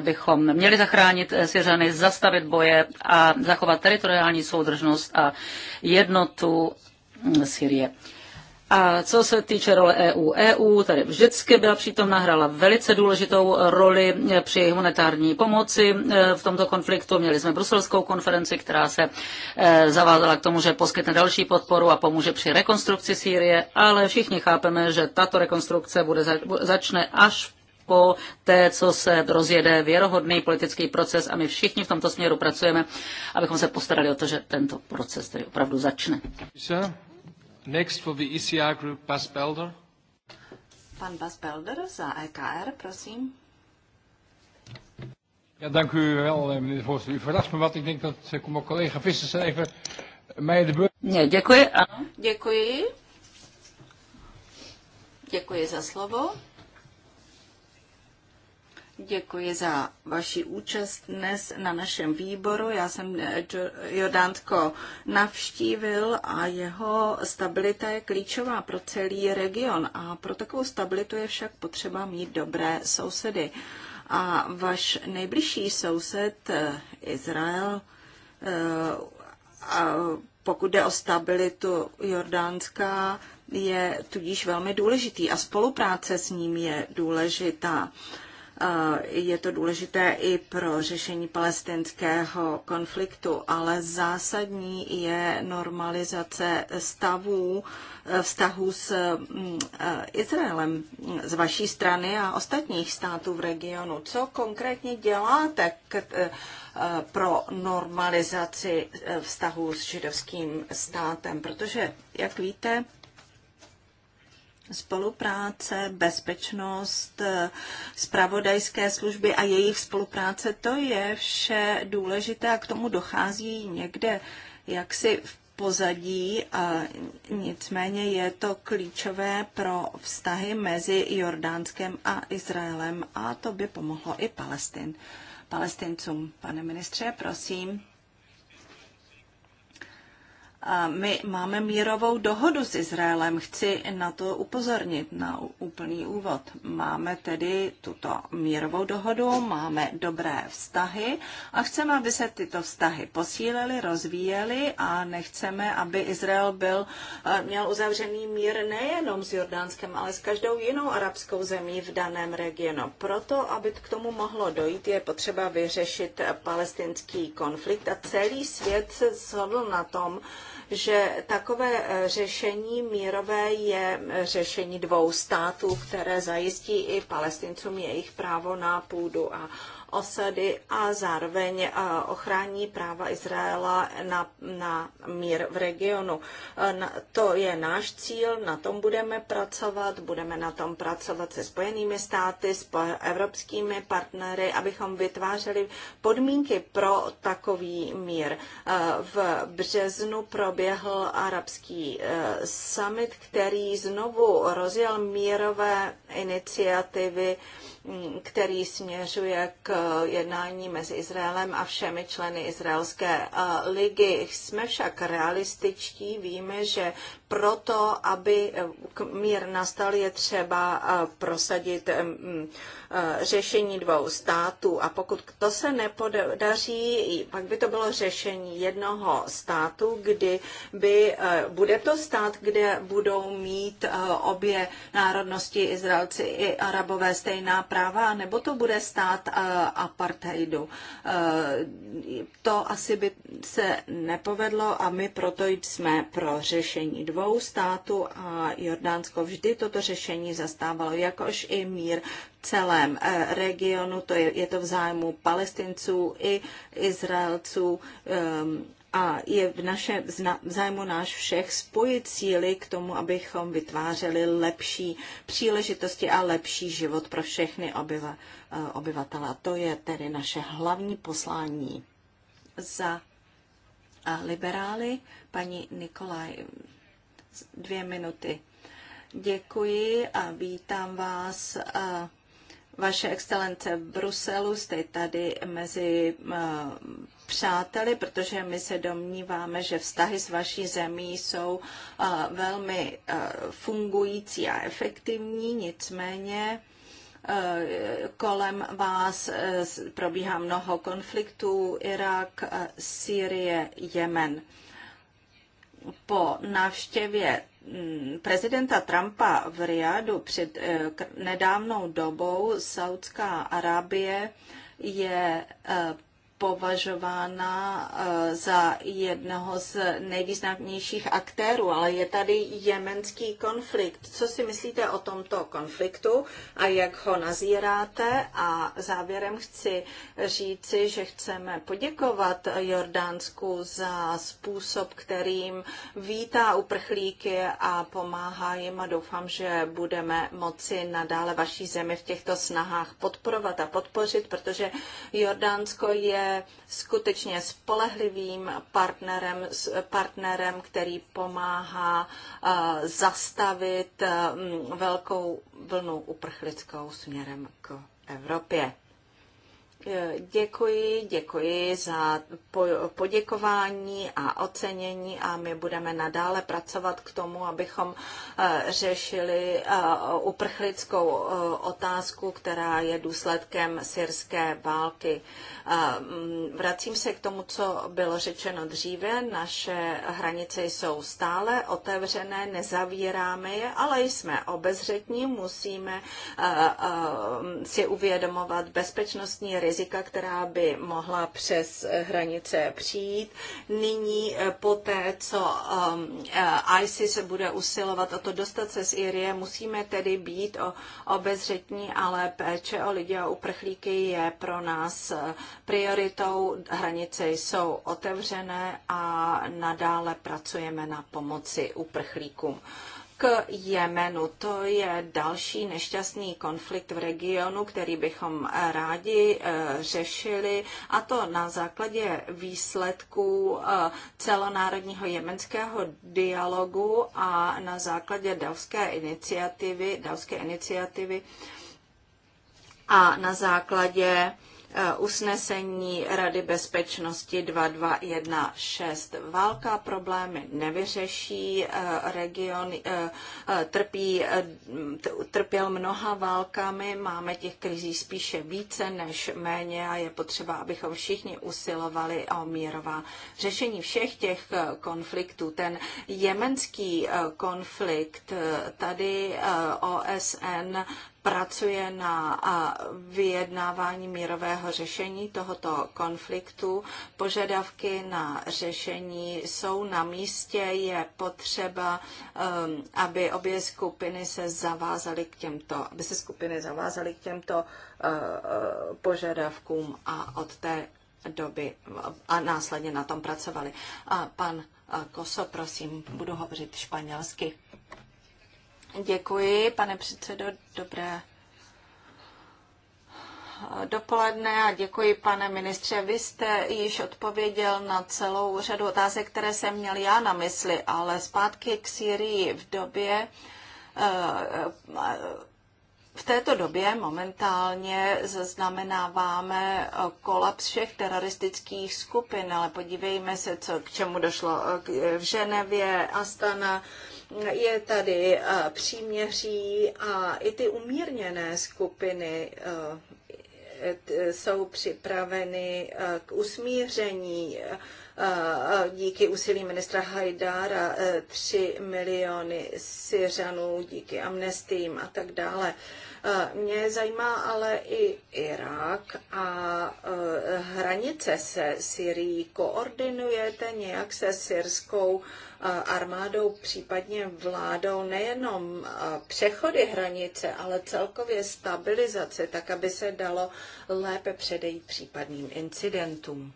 bychom měli zachránit Syřany, zastavit boje a zachovat teritoriální soudržnost a jednotu mm, Syrie. A co se týče role EU, EU tady vždycky byla přítomna, hrála velice důležitou roli při humanitární pomoci e, v tomto konfliktu. Měli jsme bruselskou konferenci, která se e, zavázala k tomu, že poskytne další podporu a pomůže při rekonstrukci Sýrie, ale všichni chápeme, že tato rekonstrukce bude, začne až po té, co se rozjede věrohodný politický proces a my všichni v tomto směru pracujeme, abychom se postarali o to, že tento proces tedy opravdu začne. Next for the ECR group, Bas Belder. Pan Bas Belder za EKR, prosím. Ja, dank u wel, eh, meneer de voorzitter. U verrast me wat. Ik denk dat uh, eh, mijn collega Vissers even mij de beurt... Ne, děkuji. Děkuji. Děkuji za slovo. Děkuji za vaši účast dnes na našem výboru. Já jsem eh, Jordánsko navštívil a jeho stabilita je klíčová pro celý region a pro takovou stabilitu je však potřeba mít dobré sousedy. A vaš nejbližší soused eh, Izrael eh, a pokud jde o stabilitu Jordánska, je tudíž velmi důležitý a spolupráce s ním je důležitá. Je to důležité i pro řešení palestinského konfliktu, ale zásadní je normalizace stavů, e, vztahů s mm, e, Izraelem z vaší strany a ostatních států v regionu. Co konkrétně děláte k, e, pro normalizaci vztahů s židovským státem? Protože, jak víte, spolupráce, bezpečnost, eh, spravodajské služby a jejich spolupráce, to je vše důležité a k tomu dochází někde jaksi v pozadí, a nicméně je to klíčové pro vztahy mezi Jordánskem a Izraelem a to by pomohlo i Palestin. Palestincům. Pane ministře, prosím. My máme mírovou dohodu s Izraelem, chci na to upozornit na úplný úvod. Máme tedy tuto mírovou dohodu, máme dobré vztahy a chceme, aby se tyto vztahy posílily, rozvíjely a nechceme, aby Izrael byl, měl uzavřený mír nejenom s Jordánskem, ale s každou jinou arabskou zemí v daném regionu. Proto, aby k tomu mohlo dojít, je potřeba vyřešit palestinský konflikt a celý svět se shodl na tom, že takové eh, řešení mírové je eh, řešení dvou států, které zajistí i palestincům jejich právo na půdu a osady a zároveň eh, ochrání práva Izraela na, na mír v regionu. Eh, to je náš cíl, na tom budeme pracovat, budeme na tom pracovat se Spojenými státy, s evropskými partnery, abychom vytvářeli podmínky pro takový mír. Eh, v březnu proběhl arabský summit, který znovu rozjel mírové iniciativy který směřuje k jednání mezi Izraelem a všemi členy Izraelské eh, ligy. Jsme však realističtí, víme, že proto, aby eh, mír nastal, je třeba eh, prosadit eh, řešení dvou států. A pokud to se nepodaří, pak by to bylo řešení jednoho státu, kdy by, bude to stát, kde budou mít obě národnosti Izraelci i Arabové stejná práva, nebo to bude stát apartheidu. To asi by se nepovedlo a my proto jsme pro řešení dvou dvou států a Jordánsko vždy toto řešení zastávalo, jakož i mír celém eh, regionu, to je, je to v zájmu palestinců i Izraelců um, a je v našem v zájmu náš všech spojit síly k tomu, abychom vytvářeli lepší příležitosti a lepší život pro všechny obyva, eh, obyvatele. to je tedy naše hlavní poslání za eh, liberály. Paní Nikolaj, dvě minuty. Děkuji a vítám vás. Vaše excelence v Bruselu, jste tady mezi přáteli, protože my se domníváme, že vztahy s vaší zemí jsou velmi fungující a efektivní, nicméně kolem vás probíhá mnoho konfliktů, Irák, Sýrie, Jemen po návštěvě mm, prezidenta Trumpa v Riadu před eh, nedávnou dobou Saudská Arábie je eh, považována eh, za jednoho z nejvýznamnějších aktérů, ale je tady jemenský konflikt. Co si myslíte o tomto konfliktu a jak ho nazíráte? A závěrem chci říci, že chceme poděkovat Jordánsku za způsob, kterým vítá uprchlíky a pomáhá jim a doufám, že budeme moci nadále vaší zemi v těchto snahách podporovat a podpořit, protože Jordánsko je skutečně spolehlivým partnerem, partnerem který pomáhá eh, zastavit eh, velkou vlnu uprchlickou směrem k Evropě. Eh, děkuji, děkuji za poděkování a ocenění a my budeme nadále pracovat k tomu, abychom eh, řešili eh, uprchlickou otázku, která je důsledkem syrské války. Vracím se k tomu, co bylo řečeno dříve. Naše hranice jsou stále otevřené, nezavíráme je, ale jsme obezřetní, musíme si uvědomovat bezpečnostní rizika rizika, která by mohla přes hranice přijít. Nyní eh, po té, co um, eh, ISIS bude usilovat o to dostat se z Irie, musíme tedy být obezřetní, ale péče o lidi a uprchlíky je pro nás eh, prioritou. Hranice jsou otevřené a nadále pracujeme na pomoci uprchlíkům k Jemenu. To je další nešťastný konflikt v regionu, který bychom rádi eh, řešili, a to na základě výsledků eh, celonárodního jemenského dialogu a na základě davské iniciativy, davské iniciativy a na základě Eh, usnesení Rady bezpečnosti 2216. Válka problémy nevyřeší, eh, region eh, trpí, trpěl mnoha válkami, máme těch krizí spíše více než méně a je potřeba, abychom všichni usilovali o mírová řešení všech těch konfliktů. Ten jemenský konflikt tady OSN pracuje na vyjednávání mírového řešení tohoto konfliktu. Požadavky na řešení jsou na místě. Je potřeba, um, aby obě skupiny se zavázaly k těmto, aby se skupiny zavázaly k těmto uh, uh, požadavkům a od té doby a následně na tom pracovali. A pan uh, Koso, prosím, budu hovořit španělsky. Děkuji, pane předsedo. Dobré eh, dopoledne a děkuji, pane ministře. Vy jste již odpověděl na celou řadu otázek, které jsem měl já na mysli, ale zpátky k Syrii v době eh, eh, v této době momentálně zaznamenáváme kolaps všech teroristických skupin, ale podívejme se, co, k čemu došlo v Ženevě, Astana, je tady eh, příměří a i ty umírněné skupiny eh, jsou připraveny eh, k usmíření díky úsilí ministra Hajdára 3 miliony Syřanů díky amnestím a tak dále. Mě zajímá ale i Irák a hranice se Syrií. Koordinujete nějak se syrskou armádou, případně vládou nejenom přechody hranice, ale celkově stabilizace, tak aby se dalo lépe předejít případným incidentům.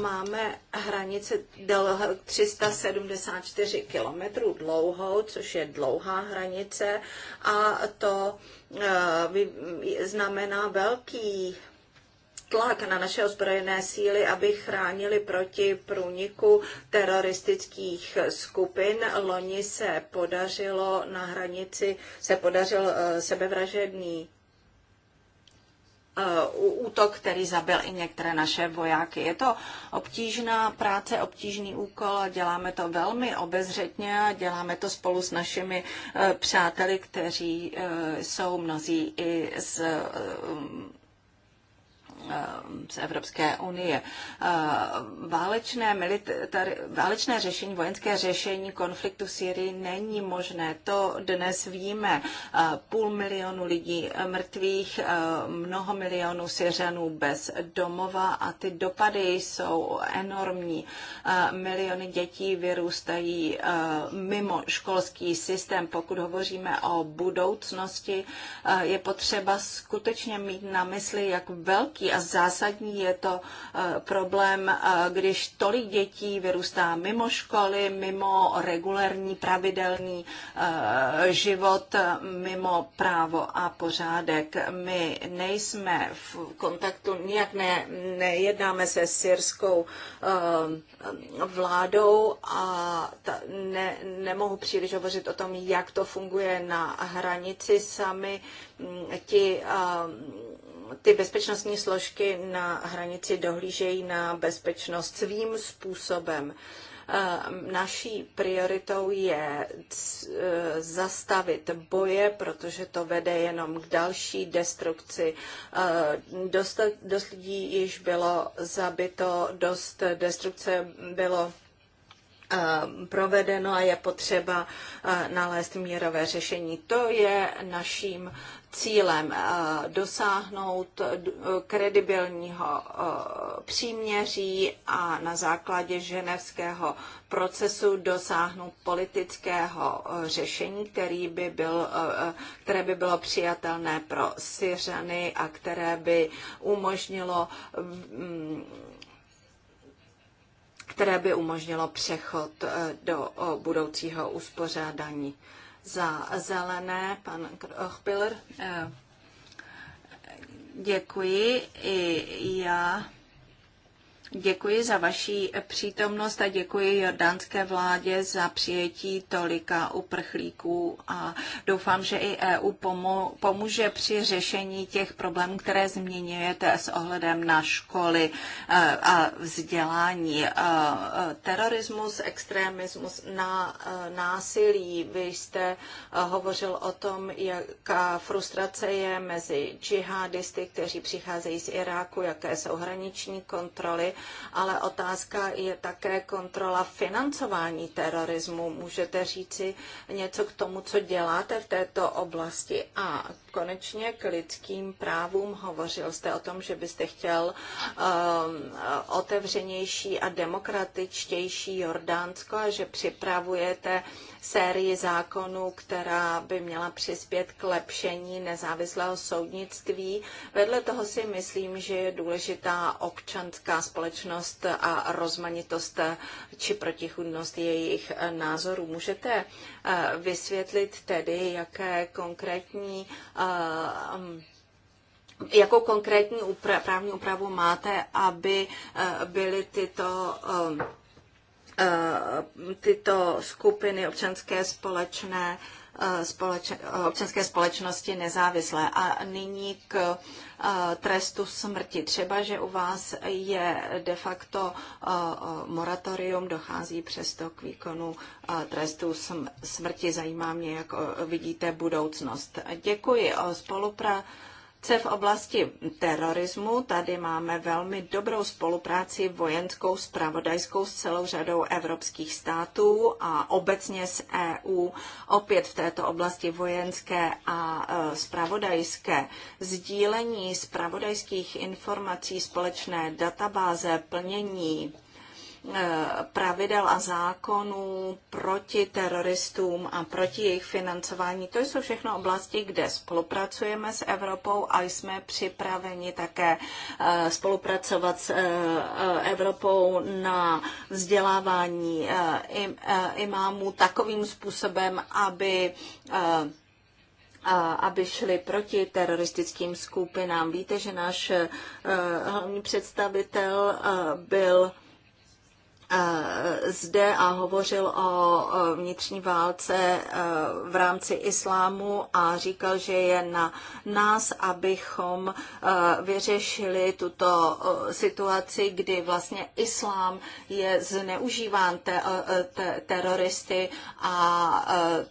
máme hranici 374 kilometrů dlouhou, což je dlouhá hranice a to e, znamená velký tlak na naše ozbrojené síly, aby chránili proti průniku teroristických skupin. Loni se podařilo na hranici, se podařil eh, sebevražedný eh, útok, který zabil i některé naše vojáky. Je to obtížná práce, obtížný úkol, děláme to velmi obezřetně a děláme to spolu s našimi eh, přáteli, kteří jsou mnozí i z Eh, z Evropské unie. Eh, válečné, militar, válečné řešení, vojenské řešení konfliktu v Syrii není možné. To dnes víme. Eh, půl milionu lidí mrtvých, mnoho milionů Syřanů bez domova a ty dopady jsou enormní. Miliony dětí vyrůstají mimo školský systém. Pokud hovoříme o budoucnosti, je potřeba skutečně mít na mysli, jak velký a zásadní. Je to eh, problém, eh, když tolik dětí vyrůstá mimo školy, mimo regulární, pravidelný eh, život, mimo právo a pořádek. My nejsme v kontaktu, nijak ne, nejednáme se syrskou vládou a ta, ne, nemohu příliš hovořit o tom, jak to funguje na hranici. Sami mm, ti ty bezpečnostní složky na hranici dohlížejí na bezpečnost svým způsobem. Eh, naší prioritou je eh, zastavit boje, protože to vede jenom k další destrukci. Eh, dost, dost lidí již bylo zabito, dost destrukce bylo provedeno a je potřeba nalézt mírové řešení. To je naším cílem eh, dosáhnout eh, eh, kredibilního příměří a na základě ženevského procesu dosáhnout politického řešení, který by byl, které by bylo přijatelné pro Syřany a které by umožnilo mm, které by umožnilo přechod do budoucího uspořádání za zelené, pan Krochpiller. Eh, děkuji. I já Děkuji za vaši přítomnost a děkuji jordánské vládě za přijetí tolika uprchlíků a doufám, že i EU pomůže při řešení těch problémů, které změňujete s ohledem na školy e, a vzdělání. E, e, terorismus, extremismus, násilí. Vy jste hovořil o tom, jaká frustrace je mezi džihadisty, kteří přicházejí z Iráku, jaké jsou hraniční kontroly ale otázka je také kontrola financování terorismu. Můžete říci něco k tomu, co děláte v této oblasti? A konečně k lidským právům. Hovořil jste o tom, že byste chtěl um, otevřenější a demokratičtější Jordánsko a že připravujete sérii zákonů, která by měla přispět k lepšení nezávislého soudnictví. Vedle toho si myslím, že je důležitá občanská společnost a rozmanitost či protichudnost jejich názorů. Můžete eh, vysvětlit tedy, jaké konkrétní eh, Ehm, um, jakou konkrétní upra- právní úpravu máte, aby eh, byly tyto ehm, eh, tyto skupiny občanské společné občanské společnosti nezávislé. A nyní k eh, trestu smrti. Třeba, že u vás je de facto eh, moratorium, dochází přesto k výkonu eh, trestu smrti. Zajímá mě, jak vidíte budoucnost. Děkuji o spolupráci v oblasti terorismu. Tady máme velmi dobrou spolupráci vojenskou, spravodajskou s celou řadou evropských států a obecně s EU. Opět v této oblasti vojenské a e, spravodajské. Sdílení spravodajských informací, společné databáze, plnění Eh, pravidel a zákonů proti teroristům a proti jejich financování. To jsou všechno oblasti, kde spolupracujeme s Evropou a jsme připraveni také eh, spolupracovat s eh, Evropou na vzdělávání imámů takovým způsobem, aby aby šli proti teroristickým skupinám. Víte, že náš hlavní představitel byl Eh, zde a hovořil o vnitřní válce eh, v rámci islámu a říkal, že je na nás, abychom eh, vyřešili tuto situaci, kdy vlastně islám je zneužíván te- te- teroristy a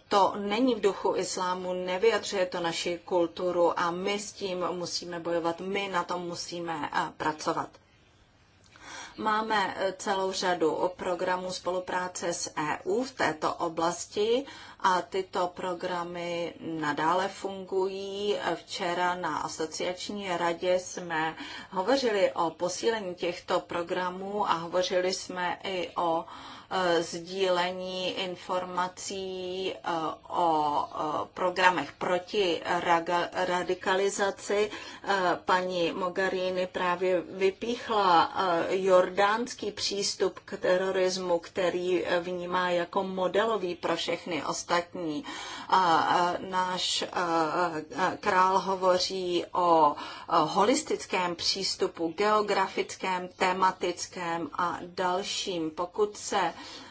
to není v duchu islámu, nevyjadřuje to naši kulturu a my s tím musíme bojovat, my na tom musíme pracovat. Máme e, celou řadu programů spolupráce s EU v této oblasti a tyto programy nadále fungují. Včera na asociační radě jsme hovořili o posílení těchto programů a hovořili jsme i o uh, Eh, sdílení informací eh, o eh, programech proti radikalizaci. Paní Mogherini právě vypíchla jordánský přístup k terorismu, který vnímá jako modelový pro všechny ostatní. Náš král hovoří o holistickém přístupu, geografickém, tematickém a dalším. Pokud se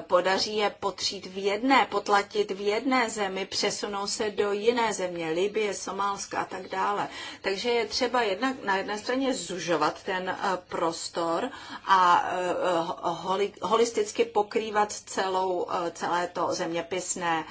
podaří je potřít v jedné, potlatit v jedné zemi, přesunou se do jiné země, Libie, Somálska a tak dále. Takže je třeba jednak, na jedné straně zužovat ten eh, prostor a eh, eh, holi, holisticky pokrývat celou, celé to zeměpisné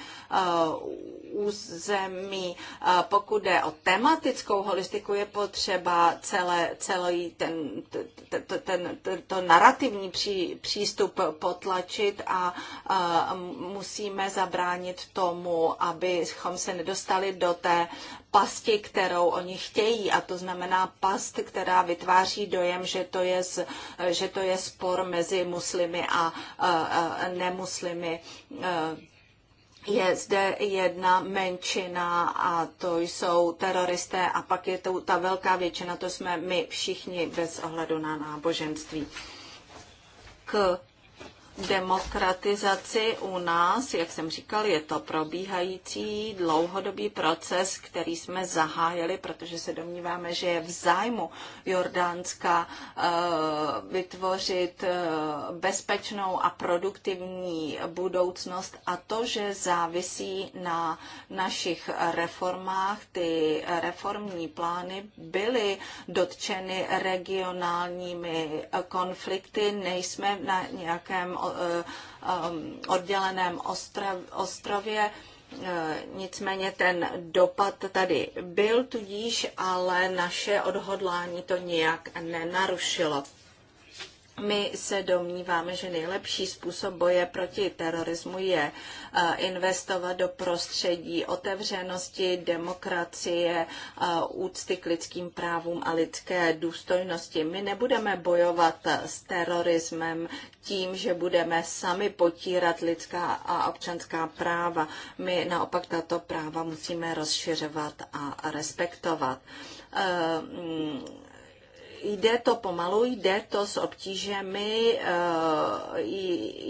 území. Pokud jde o tematickou holistiku, je potřeba celé, celý ten, ten, ten, ten to narrativní pří, přístup potlačit řešit a, musíme zabránit tomu, abychom se nedostali do té pasti, kterou oni chtějí. A to znamená past, která vytváří dojem, že to je, že to je spor mezi muslimy a, nemuslimy. je zde jedna menšina a to jsou teroristé a pak je to ta velká většina, to jsme my všichni bez ohledu na náboženství. K demokratizaci u nás, jak jsem říkal, je to probíhající dlouhodobý proces, který jsme zahájili, protože se domníváme, že je v zájmu Jordánska eh, vytvořit eh, bezpečnou a produktivní budoucnost a to, že závisí na našich reformách. Ty reformní plány byly dotčeny regionálními konflikty, nejsme na nějakém E, um, odděleném ostrově. E, nicméně ten dopad tady byl, tudíž ale naše odhodlání to nijak nenarušilo. My se domníváme, že nejlepší způsob boje proti terorismu je eh, investovat do prostředí otevřenosti, demokracie, eh, úcty k lidským právům a lidské důstojnosti. My nebudeme bojovat s terorismem tím, že budeme sami potírat lidská a občanská práva. My naopak tato práva musíme rozšiřovat a respektovat eh, mm, Jde to pomalu, jde to s obtížemi, eh,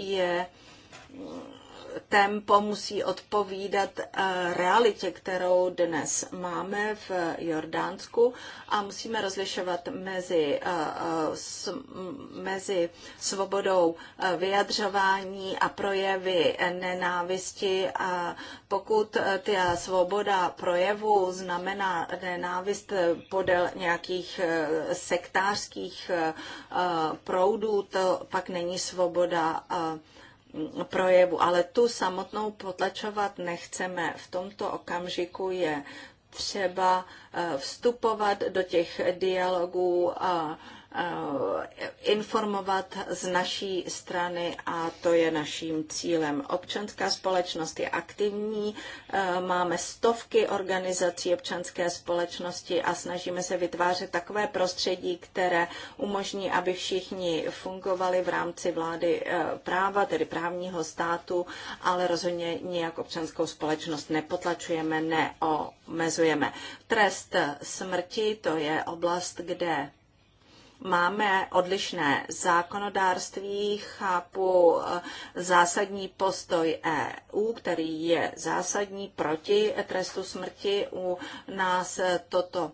je tempo musí odpovídat eh, realitě, kterou dnes máme v Jordánsku a musíme rozlišovat mezi, eh, eh, mezi svobodou vyjadřování a projevy nenávisti a pokud ta svoboda projevu znamená nenávist podél nějakých sektářských proudů, to pak není svoboda projevu, ale tu samotnou potlačovat nechceme. V tomto okamžiku je třeba eh, vstupovat do těch dialogů a Eh, informovat z naší strany a to je naším cílem. Občanská společnost je aktivní, eh, máme stovky organizací občanské společnosti a snažíme se vytvářet takové prostředí, které umožní, aby všichni fungovali v rámci vlády eh, práva, tedy právního státu, ale rozhodně nijak občanskou společnost nepotlačujeme, neomezujeme. Trest smrti to je oblast, kde máme odlišné zákonodárství, chápu eh, zásadní postoj EU, který je zásadní proti trestu smrti. U nás eh, toto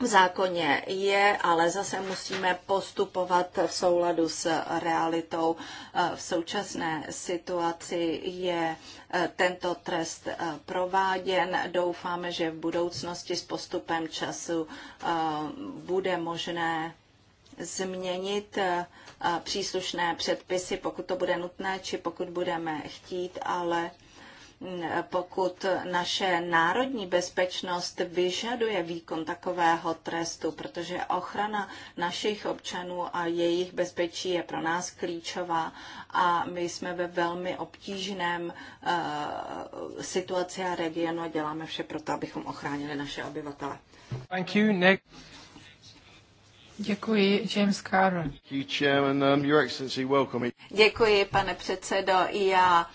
v zákoně je, ale zase musíme postupovat v souladu s realitou. Eh, v současné situaci je tento trest prováděn. Doufáme, že v budoucnosti s postupem času bude možné změnit eh, eh, příslušné předpisy, pokud to bude nutné, či pokud budeme chtít, ale mm, pokud naše národní bezpečnost vyžaduje výkon takového trestu, protože ochrana našich občanů a jejich bezpečí je pro nás klíčová a my jsme ve velmi obtížném uh, situaci a regionu a děláme vše pro to, abychom ochránili naše obyvatele. Thank you, Nick. Děkuji, James Carroll. Um, děkuji, pane předsedo. Já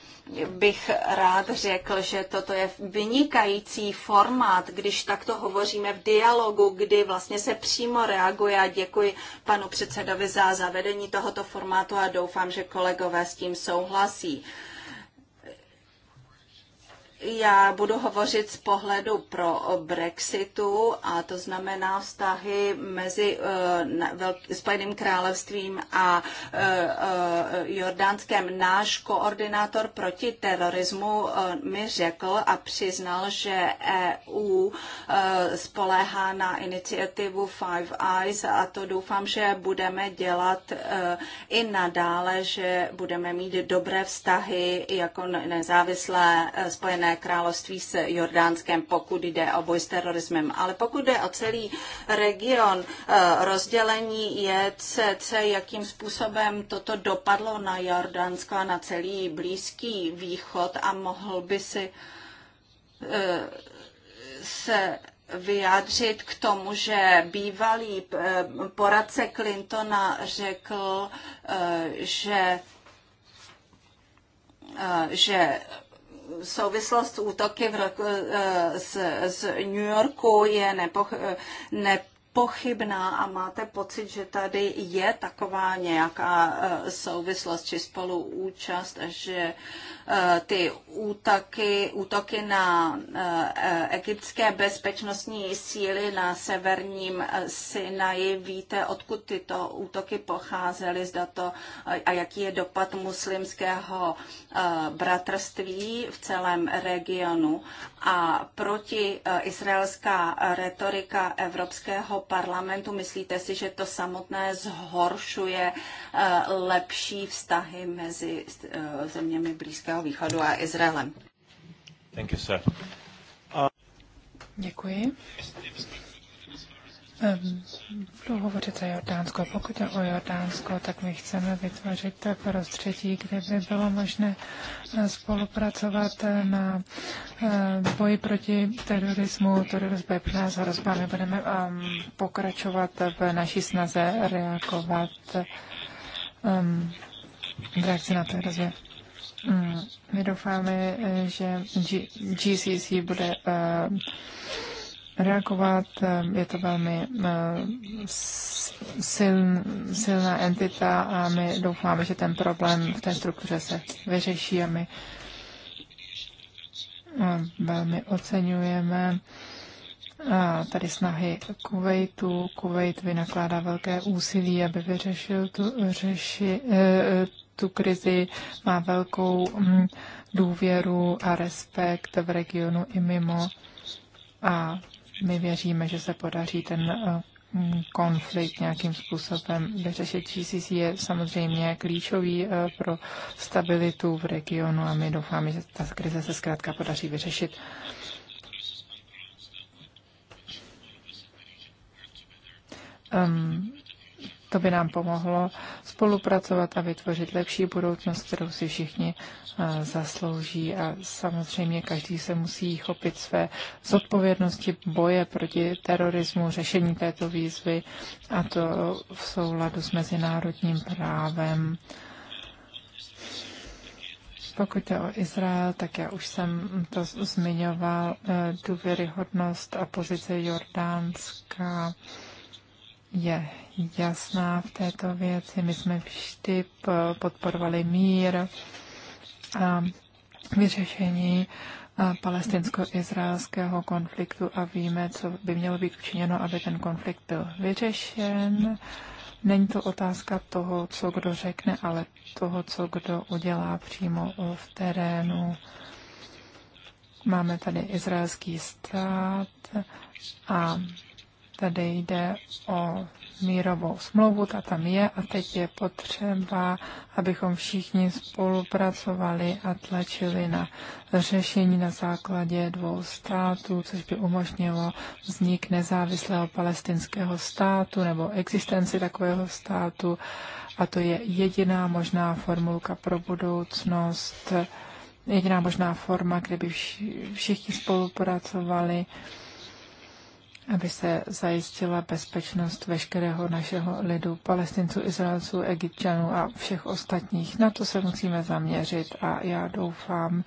bych rád řekl, že toto je vynikající formát, když takto hovoříme v dialogu, kdy vlastně se přímo reaguje a děkuji panu předsedovi za zavedení tohoto formátu a doufám, že kolegové s tím souhlasí. Já budu hovořit z pohledu pro Brexitu a to znamená vztahy mezi uh, Spojeným královstvím a uh, uh, Jordánskem. Náš koordinátor proti terorismu uh, mi řekl a přiznal, že EU uh, spoléhá na iniciativu Five Eyes a to doufám, že budeme dělat uh, i nadále, že budeme mít dobré vztahy jako nezávislé uh, Spojené Spojené království s Jordánskem, pokud jde o boj s terorismem. Ale pokud jde o celý region, eh, rozdělení je CC, jakým způsobem toto dopadlo na Jordánsko a na celý Blízký východ a mohl by si eh, se vyjádřit k tomu, že bývalý eh, poradce Clintona řekl, že že souvislost s útoky v roku, eh, z, z New Yorku je nepoch, nepochybná a máte pocit, že tady je taková nějaká eh, souvislost či spoluúčast, že Eh, ty útoky, útoky na eh, egyptské bezpečnostní síly na severním eh, Sinaji. Víte, odkud tyto útoky pocházely, zda to a jaký je dopad muslimského bratrství v celém regionu. A proti izraelská retorika Evropského parlamentu, myslíte si, že to samotné zhoršuje lepší vztahy mezi zeměmi Blízkého Blízkého východu a Izraelem. Thank you, sir. Uh... Děkuji. Ehm, budu hovořit o Jordánsko. Pokud je o Jordánsko, tak my chceme vytvořit prostředí, kde by bylo možné eh, spolupracovat eh, na eh, boji proti terorismu. Terorismus je pro nás hrozba. My budeme ehm, pokračovat v naší snaze reagovat ehm, v reakci na terorismu. Mm, my doufáme, že GCC bude eh, reagovat. Eh, je to velmi eh, siln, silná entita a my doufáme, že ten problém v té struktuře se vyřeší a my velmi oceňujeme a tady snahy Kuwaitu. Kuwait vynakládá velké úsilí, aby vyřešil tu, řeši, tu krizi, má velkou mm, důvěru a respekt v regionu i mimo. A my věříme, že se podaří ten eh, mm, konflikt nějakým způsobem vyřešit. GCC je samozřejmě klíčový eh, pro stabilitu v regionu a my doufáme, že ta krize se zkrátka podaří vyřešit. Um, to by nám pomohlo spolupracovat a vytvořit lepší budoucnost, kterou si všichni eh, zaslouží. A samozřejmě každý se musí chopit své zodpovědnosti boje proti terorismu, řešení této výzvy a to v souladu s mezinárodním právem. Pokud je o Izrael, tak já už jsem to zmiňoval, eh, důvěryhodnost a pozice Jordánska je jasná v této věci. My jsme vždy podporovali mír a vyřešení palestinsko-izraelského konfliktu a víme, co by mělo být učiněno, aby ten konflikt byl vyřešen. Není to otázka toho, co kdo řekne, ale toho, co kdo udělá přímo v terénu. Máme tady izraelský stát a Tady jde o mírovou smlouvu, ta tam je a teď je potřeba, abychom všichni spolupracovali a tlačili na řešení na základě dvou států, což by umožnilo vznik nezávislého palestinského státu nebo existenci takového státu. A to je jediná možná formulka pro budoucnost, jediná možná forma, kde by všichni spolupracovali aby se zajistila bezpečnost veškerého našeho lidu, palestinců, Izraelců, egyptčanů a všech ostatních. Na to se musíme zaměřit a já doufám,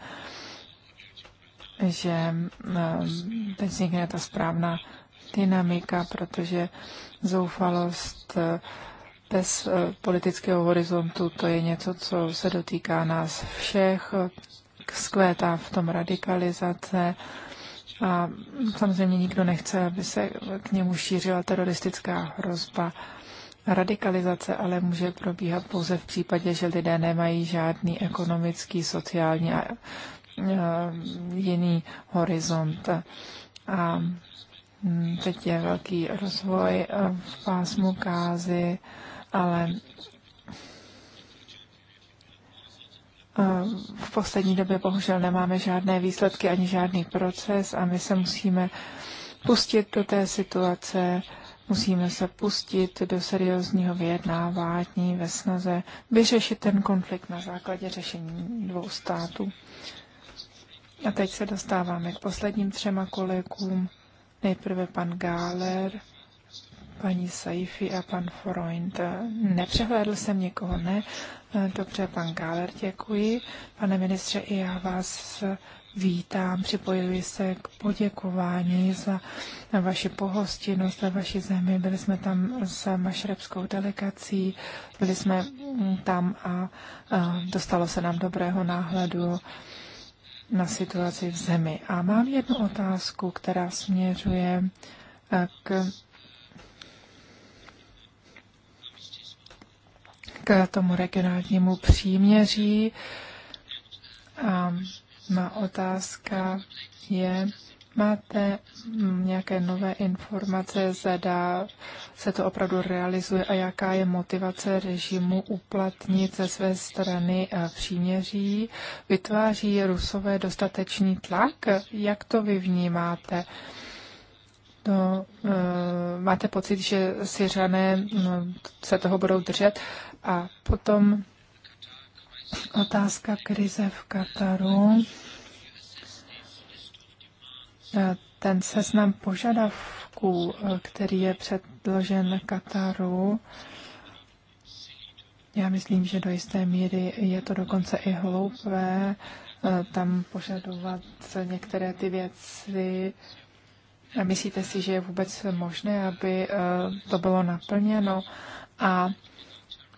že teď vznikne ta správná dynamika, protože zoufalost e, bez e, politického horizontu to je něco, co se dotýká nás všech, skvétá e, v tom radikalizace, a samozřejmě nikdo nechce, aby se k němu šířila teroristická hrozba. Radikalizace ale může probíhat pouze v případě, že lidé nemají žádný ekonomický, sociální a eh, jiný horizont. A hm, teď je velký rozvoj eh, v pásmu kázy, ale V poslední době bohužel nemáme žádné výsledky ani žádný proces a my se musíme pustit do té situace, musíme se pustit do seriózního vyjednávání ve snaze vyřešit ten konflikt na základě řešení dvou států. A teď se dostáváme k posledním třema kolegům. Nejprve pan Gáler, paní Saifi a pan Freund. Nepřehlédl jsem někoho, ne? Dobře, pan Káler děkuji. Pane ministře, i já vás vítám, připojuji se k poděkování za vaši pohostinnost, za vaší zemi. Byli jsme tam s mašrebskou delegací, byli jsme tam a, a dostalo se nám dobrého náhledu na situaci v zemi. A mám jednu otázku, která směřuje e, k k tomu regionálnímu příměří. A má otázka je, máte nějaké nové informace, zda se to opravdu realizuje a jaká je motivace režimu uplatnit ze své strany e, příměří? Vytváří rusové dostatečný tlak? Jak to vy vnímáte? No, e, máte pocit, že řané no, se toho budou držet? A potom otázka krize v Kataru. E, ten seznam požadavků, e, který je předložen Kataru, já myslím, že do jisté míry je to dokonce i hloupé e, tam požadovat některé ty věci. Myslíte si, že je vůbec možné, aby to bylo naplněno? A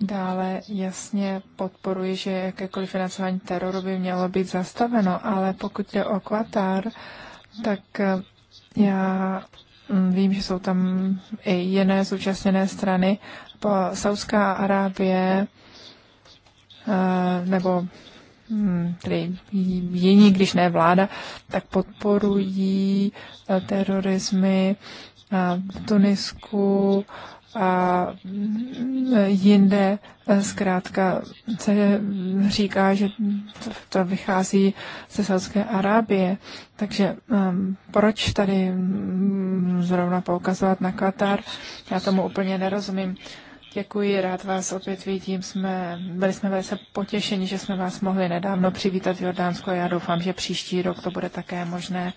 Dále jasně podporuji, že jakékoliv financování teroru by mělo být zastaveno, ale pokud jde o Qatar, tak eh, já mm, vím, že jsou tam i jiné zúčastněné strany. Po Saudská Arábie eh, nebo mm, tedy jiní, když ne vláda, tak podporují eh, terorismy v Tunisku, a mm, jinde eh, zkrátka se říká, že to vychází ze Saudské Arábie. Takže ehm, proč tady mm, zrovna poukazovat na Katar? Já tomu úplně nerozumím. Děkuji, rád vás opět vidím. Jsme, byli jsme velice potěšeni, že jsme vás mohli nedávno přivítat v Jordánsku a já doufám, že příští rok to bude také možné.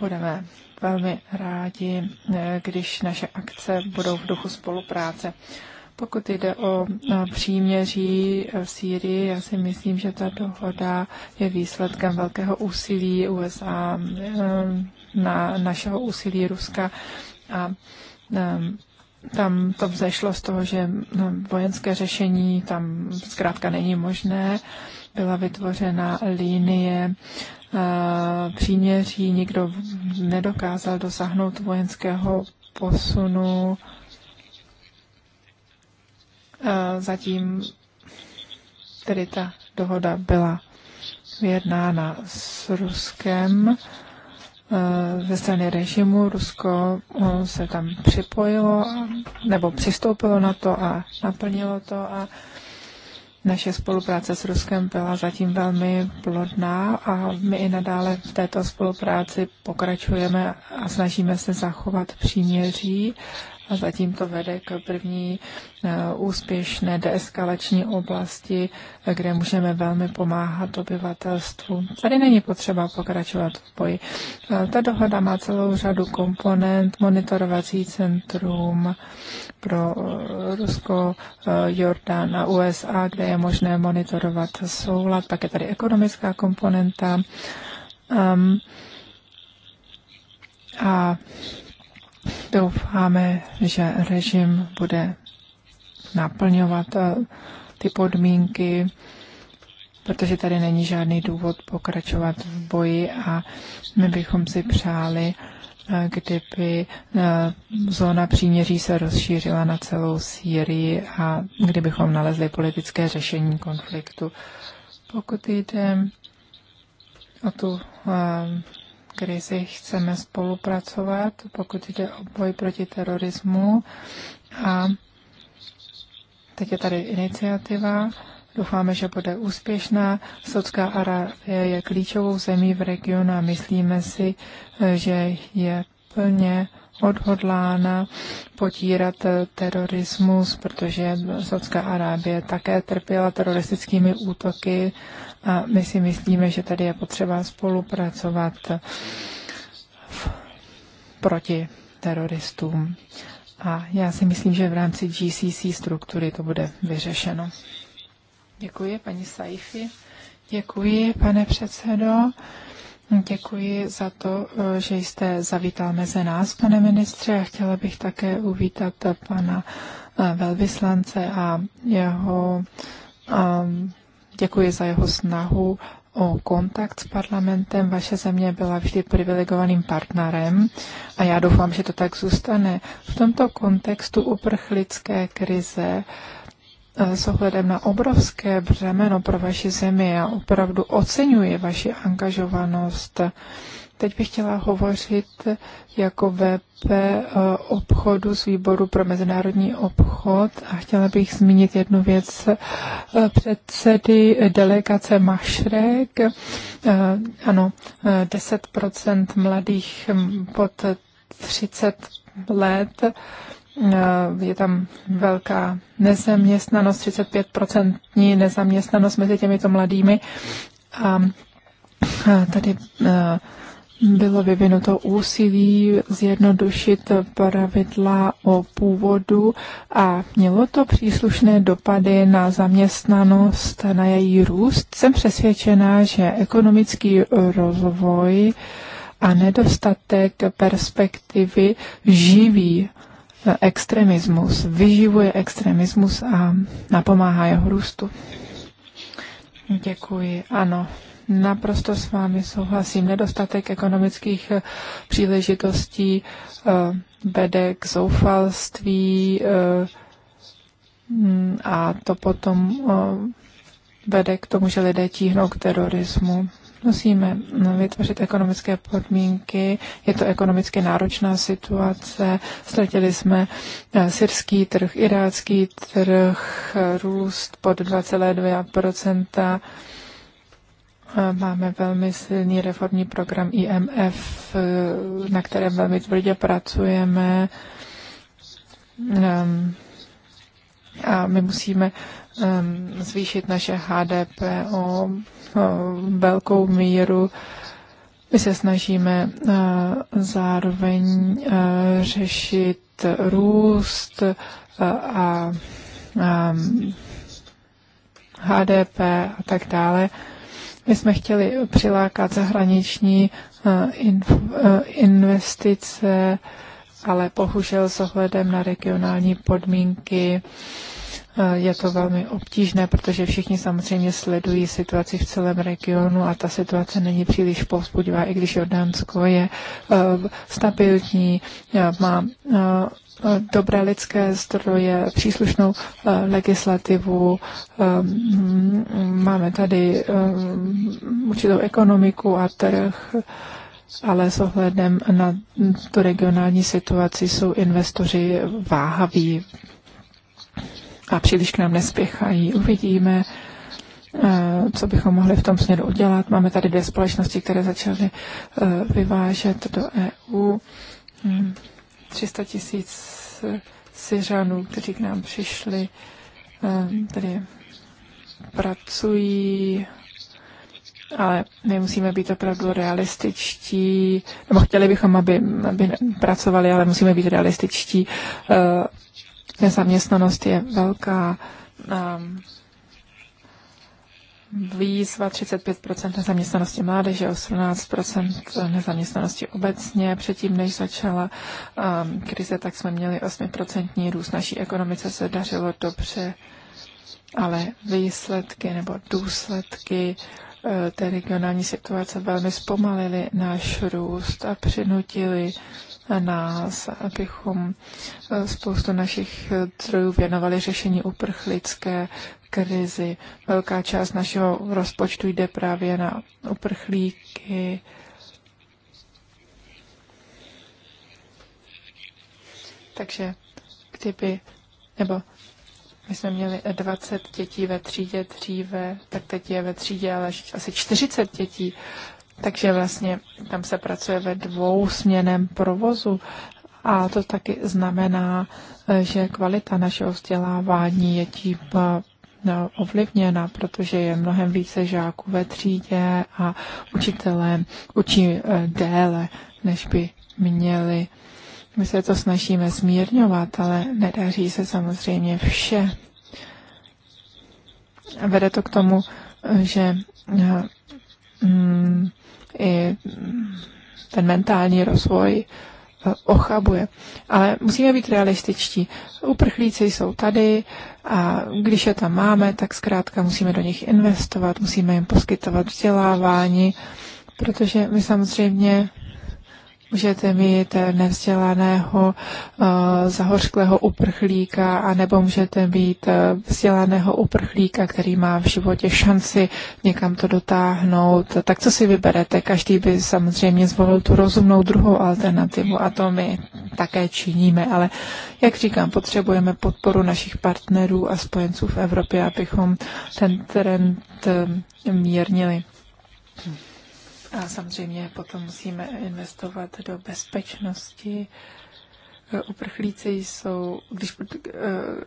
Budeme velmi rádi, eh, když naše akce budou v duchu spolupráce. Pokud jde o eh, příměří eh, v Sýrii, já si myslím, že ta dohoda je výsledkem velkého úsilí USA na našeho úsilí Ruska a tam to vzešlo z toho, že vojenské řešení tam zkrátka není možné. Byla vytvořena linie Eh, příměří nikdo nedokázal dosáhnout vojenského posunu. Eh, zatím tedy ta dohoda byla vyjednána s Ruskem eh, ze strany režimu. Rusko se tam připojilo nebo přistoupilo na to a naplnilo to a naše spolupráce s Ruskem byla zatím velmi plodná a my i nadále v této spolupráci pokračujeme a snažíme se zachovat příměří a Zatím to vede k první eh, úspěšné deeskalační oblasti, eh, kde můžeme velmi pomáhat obyvatelstvu. Tady není potřeba pokračovat v boji. Eh, ta dohoda má celou řadu komponent, monitorovací centrum pro Rusko, Jordán a USA, kde je možné monitorovat soulad, pak je tady ekonomická komponenta. Um, a Doufáme, že režim bude naplňovat eh, ty podmínky, protože tady není žádný důvod pokračovat v boji a my bychom si přáli, eh, kdyby eh, zóna příměří se rozšířila na celou Sýrii a kdybychom nalezli politické řešení konfliktu. Pokud jde o tu krizi chceme spolupracovat, pokud jde o boj proti terorismu. A teď je tady iniciativa, Doufáme, že bude úspěšná. Saudská Arábie je klíčovou zemí v regionu a myslíme si, že je plně odhodlána potírat eh, terorismus, protože Saudská Arábie také trpěla teroristickými útoky a my si myslíme, že tady je potřeba spolupracovat proti teroristům. A já si myslím, že v rámci GCC struktury to bude vyřešeno. Děkuji, paní Saifi. Děkuji, pane předsedo. Děkuji za to, eh, že jste zavítal mezi nás, pane ministře. A chtěla bych také uvítat pana eh, velvyslance a jeho um, děkuji za jeho snahu o kontakt s parlamentem. Vaše země byla vždy privilegovaným partnerem a já doufám, že to tak zůstane. V tomto kontextu uprchlické krize uh, Eh, s ohledem na obrovské břemeno pro vaši zemi. a opravdu oceňuji vaši angažovanost. Teď bych chtěla hovořit jako VP eh, obchodu z výboru pro mezinárodní obchod a chtěla bych zmínit jednu věc eh, předsedy delegace Mašrek. Ano, 10% mladých mm, pod 30 let Eh, je tam velká nezaměstnanost, 35% nezaměstnanost mezi těmito mladými. A tady eh, bylo vyvinuto úsilí zjednodušit pravidla o původu a mělo to příslušné dopady na zaměstnanost, na její růst. Jsem přesvědčená, že ekonomický rozvoj a nedostatek perspektivy živí extremismus, vyživuje extremismus a napomáhá jeho růstu. Děkuji, ano. Naprosto s vámi souhlasím. Nedostatek ekonomických eh, příležitostí eh, vede k zoufalství eh, mm, a to potom vede k tomu, že lidé tíhnou k terorismu. Musíme no, vytvořit ekonomické podmínky, je to ekonomicky náročná situace, ztratili jsme eh, syrský trh, irácký trh, eh, růst pod 2,2%, eh, Máme velmi silný reformní program IMF, na kterém velmi tvrdě pracujeme. Ehm, a my musíme ehm, zvýšit naše HDP o velkou míru my se snažíme e, zároveň e, řešit růst e, a HDP a tak dále. My jsme chtěli přilákat zahraniční investice, ale bohužel s ohledem na regionální podmínky Eh, je to velmi obtížné, protože všichni samozřejmě sledují situaci v celém regionu a ta situace není příliš povzbudivá, i když Jordánsko je eh, stabilní, eh, má dobré lidské zdroje, příslušnou legislativu, máme tady určitou ekonomiku a trh ale s ohledem na tu regionální situaci jsou investoři váhaví a příliš k nám nespěchají. Uvidíme, eh, co bychom mohli v tom směru udělat. Máme tady dvě společnosti, které začaly eh, vyvážet do EU 300 hmm, tisíc Syřanů, kteří k nám přišli, eh, tedy pracují, ale my musíme být opravdu realističtí, nebo chtěli bychom, aby, aby pracovali, ale musíme být realističtí Nezaměstnanost je velká. Um, výzva 35% nezaměstnanosti mládeže, 18% nezaměstnanosti obecně. Předtím, než začala um, krize, tak jsme měli 8% růst. Naší ekonomice se dařilo dobře, ale výsledky nebo důsledky uh, té regionální situace velmi zpomalily náš růst a přinutili uh, nás, abychom eh, spoustu našich eh, zdrojů věnovali řešení uprchlické krizi. Velká část našeho rozpočtu jde právě na uprchlíky. Takže kdyby, nebo my jsme měli 20 dětí ve třídě dříve, tak teď je ve třídě ale asi 40 dětí. Takže vlastně tam se pracuje ve dvou směném provozu a to taky znamená, že kvalita našeho vzdělávání je tím eh, no, ovlivněna, protože je mnohem více žáků ve třídě a učitelé učí eh, déle, než by měli. My se to snažíme zmírňovat, ale nedaří se samozřejmě vše. Vede to k tomu, eh, že mm, i ten mentální rozvoj e, ochabuje. Ale musíme být realističtí. Uprchlíci jsou tady a když je tam máme, tak zkrátka musíme do nich investovat, musíme jim poskytovat vzdělávání, protože my samozřejmě Můžete mít nevzdělaného eh, zahořklého uprchlíka, anebo můžete mít eh, vzdělaného uprchlíka, který má v životě šanci někam to dotáhnout. Tak co si vyberete? Každý by samozřejmě zvolil tu rozumnou druhou alternativu a to my také činíme, ale jak říkám, potřebujeme podporu našich partnerů a spojenců v Evropě, abychom ten trend eh, mírnili. A samozřejmě potom musíme investovat do bezpečnosti. Uprchlíci jsou, když, eh,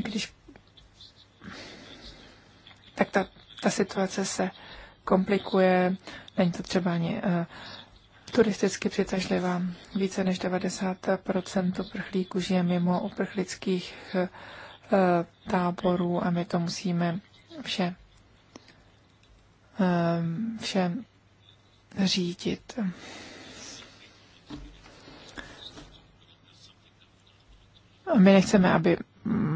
když tak ta, ta situace se komplikuje, není to třeba ani eh, turisticky přitažlivá. Více než 90% uprchlíků žije mimo uprchlických eh, táborů a my to musíme vše Ehm, vše řídit. My nechceme, aby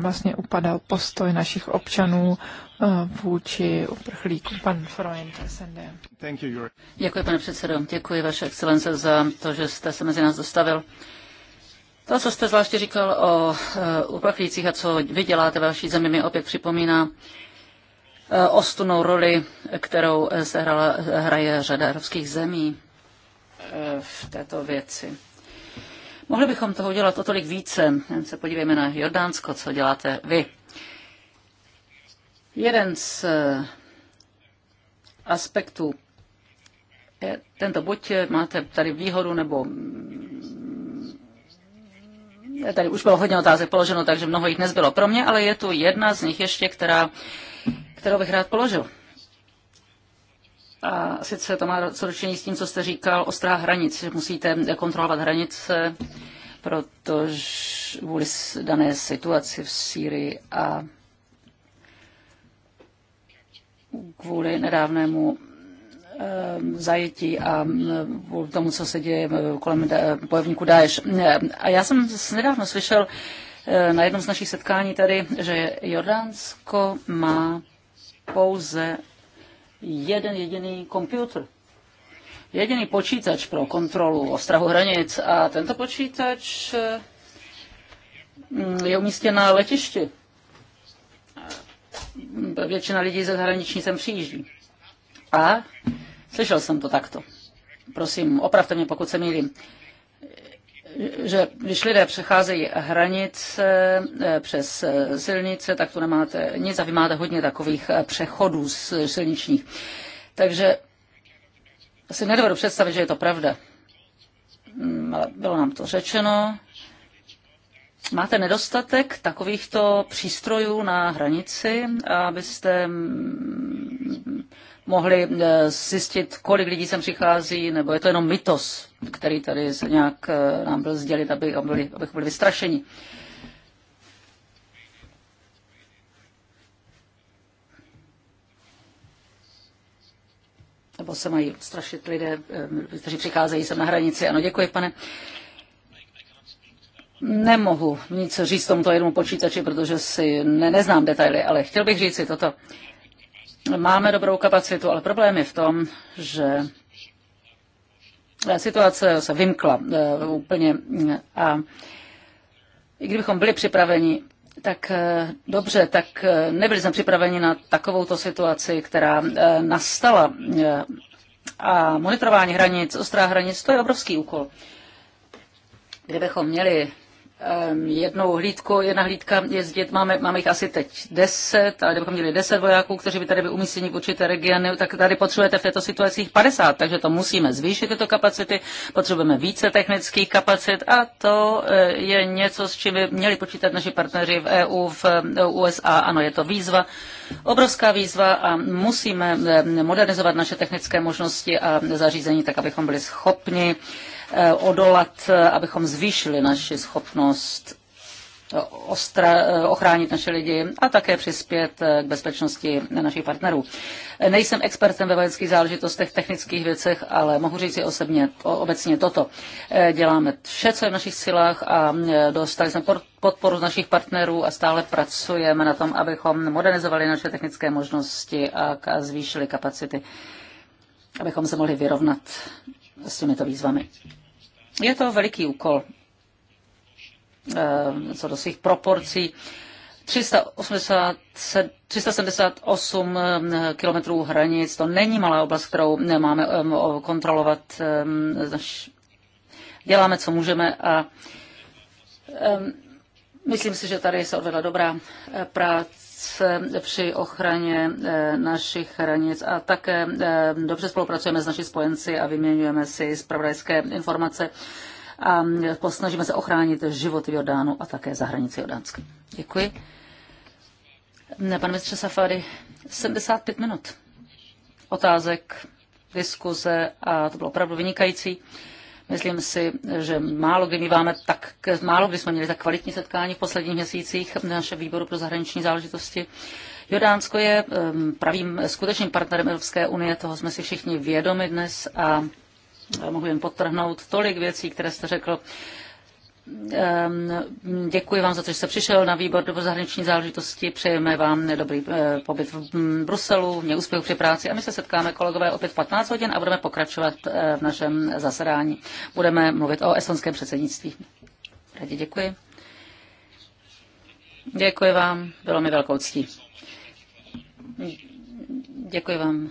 vlastně upadal postoj našich občanů ehm, vůči uprchlíkům. Pan Freund, SND. Děkuji, pane předsedo. Děkuji, vaše excelence, za to, že jste se mezi nás dostavil. To, co jste zvláště říkal o eh, uprchlících a co vy děláte ve vaší zemi, mi opět připomíná Eh, ostunou roli, kterou eh, se hrala, eh, hraje řada evropských zemí v této věci. Mohli bychom toho udělat o tolik více. Jen se podívejme na Jordánsko, co děláte vy. Jeden z aspektů je tento, buď máte tady výhodu, nebo mm, tady už bylo hodně otázek položeno, takže mnoho jich nezbylo pro mě, ale je tu jedna z nich ještě, která kterou bych rád položil. A sice to má co dočení s tím, co jste říkal, ostrá hranic, že musíte kontrolovat hranice, protože kvůli dané situaci v Sýrii a kvůli nedávnému ehm, zajetí a tomu, co se děje kolem bojovníku Daesh. A já jsem nedávno slyšel eh, na jednom z našich setkání tady, že Jordánsko má pouze jeden jediný počítač jediný počítač pro kontrolu ostrahu hranic a tento počítač eh, je umístěn na letišti. Eh, většina lidí ze zahraničí sem přijíždí. A slyšel jsem to takto. Prosím, opravte mě, pokud se mýlím že když lidé přecházejí hranice eh, přes eh, silnice, tak tu nemáte nic a vy máte hodně takových eh, přechodů z silničních. Takže si nedovedu představit, že je to pravda. Mm, ale bylo nám to řečeno. Máte nedostatek takovýchto přístrojů na hranici, abyste mm, mohli zjistit, kolik lidí sem přichází, nebo je to jenom mytos který tady se nějak eh, nám byl sdělit, aby byli, abychom byli vystrašeni. Nebo se mají strašit lidé, eh, kteří přicházejí sem na hranici. Ano, děkuji, pane. Nemohu nic říct tomuto jednomu počítači, protože si ne, neznám detaily, ale chtěl bych říct si toto. Máme dobrou kapacitu, ale problém je v tom, že Eh, situace se vymkla eh, úplně a i kdybychom byli připraveni, tak eh, dobře, tak nebyli jsme připraveni na takovouto situaci, která nastala. A monitorování hranic, ostrá hranic, to je obrovský úkol. Kdybychom měli jednou hlídku, jedna hlídka jezdit, máme, máme jich asi teď deset, ale kdybychom měli deset vojáků, kteří by tady byli umístěni v určité regiony, tak tady potřebujete v této situacích 50, takže to musíme zvýšit tyto kapacity, potřebujeme více technických kapacit a to eh, je něco, s čím by měli počítat naši partneři v EU, v eh, USA. Ano, je to výzva, obrovská výzva a musíme eh, modernizovat naše technické možnosti a zařízení tak, abychom byli schopni Eh, odolat, eh, abychom zvýšili naši schopnost eh, ostra, ochránit naše lidi a také přispět k bezpečnosti našich partnerů. Nejsem expertem ve vojenských záležitostech, technických věcech, ale mohu říct si osobně, obecně toto. Děláme vše, co je v našich silách a dostali jsme podporu z našich partnerů a stále pracujeme na tom, abychom modernizovali naše technické možnosti a zvýšili kapacity, abychom se mohli vyrovnat s těmito výzvami. Je to veliký úkol eh, co do svých proporcí. 378 eh, kilometrů hranic, to není malá oblast, kterou máme eh, kontrolovat. Děláme, co můžeme a myslím si, že tady se odvedla dobrá práce při ochraně eh, našich hranic a také eh, dobře spolupracujeme s naši spojenci a vyměňujeme si zpravodajské informace a posnažíme se ochránit životy v Jordánu a také za hranici Jordánské. Děkuji. Pane ministře Safari, 75 minut otázek, diskuze a to bylo opravdu vynikající. Myslím si, že málo kdy máme tak, málo kdy jsme měli tak kvalitní setkání v posledních měsících na našem výboru pro zahraniční záležitosti. Jordánsko je pravým skutečným partnerem Evropské unie, toho jsme si všichni vědomi dnes a mohu jen podtrhnout tolik věcí, které jste řekl Ehm, děkuji vám za to, že jste přišel na výbor do zahraniční záležitosti. Přejeme vám dobrý eh, pobyt v mm, Bruselu, mě úspěch při práci a my se setkáme, kolegové, opět v 15 hodin a budeme pokračovat eh, v našem zasedání. Budeme mluvit o estonském předsednictví. Radě děkuji. Děkuji vám, bylo mi velkou ctí. Děkuji vám.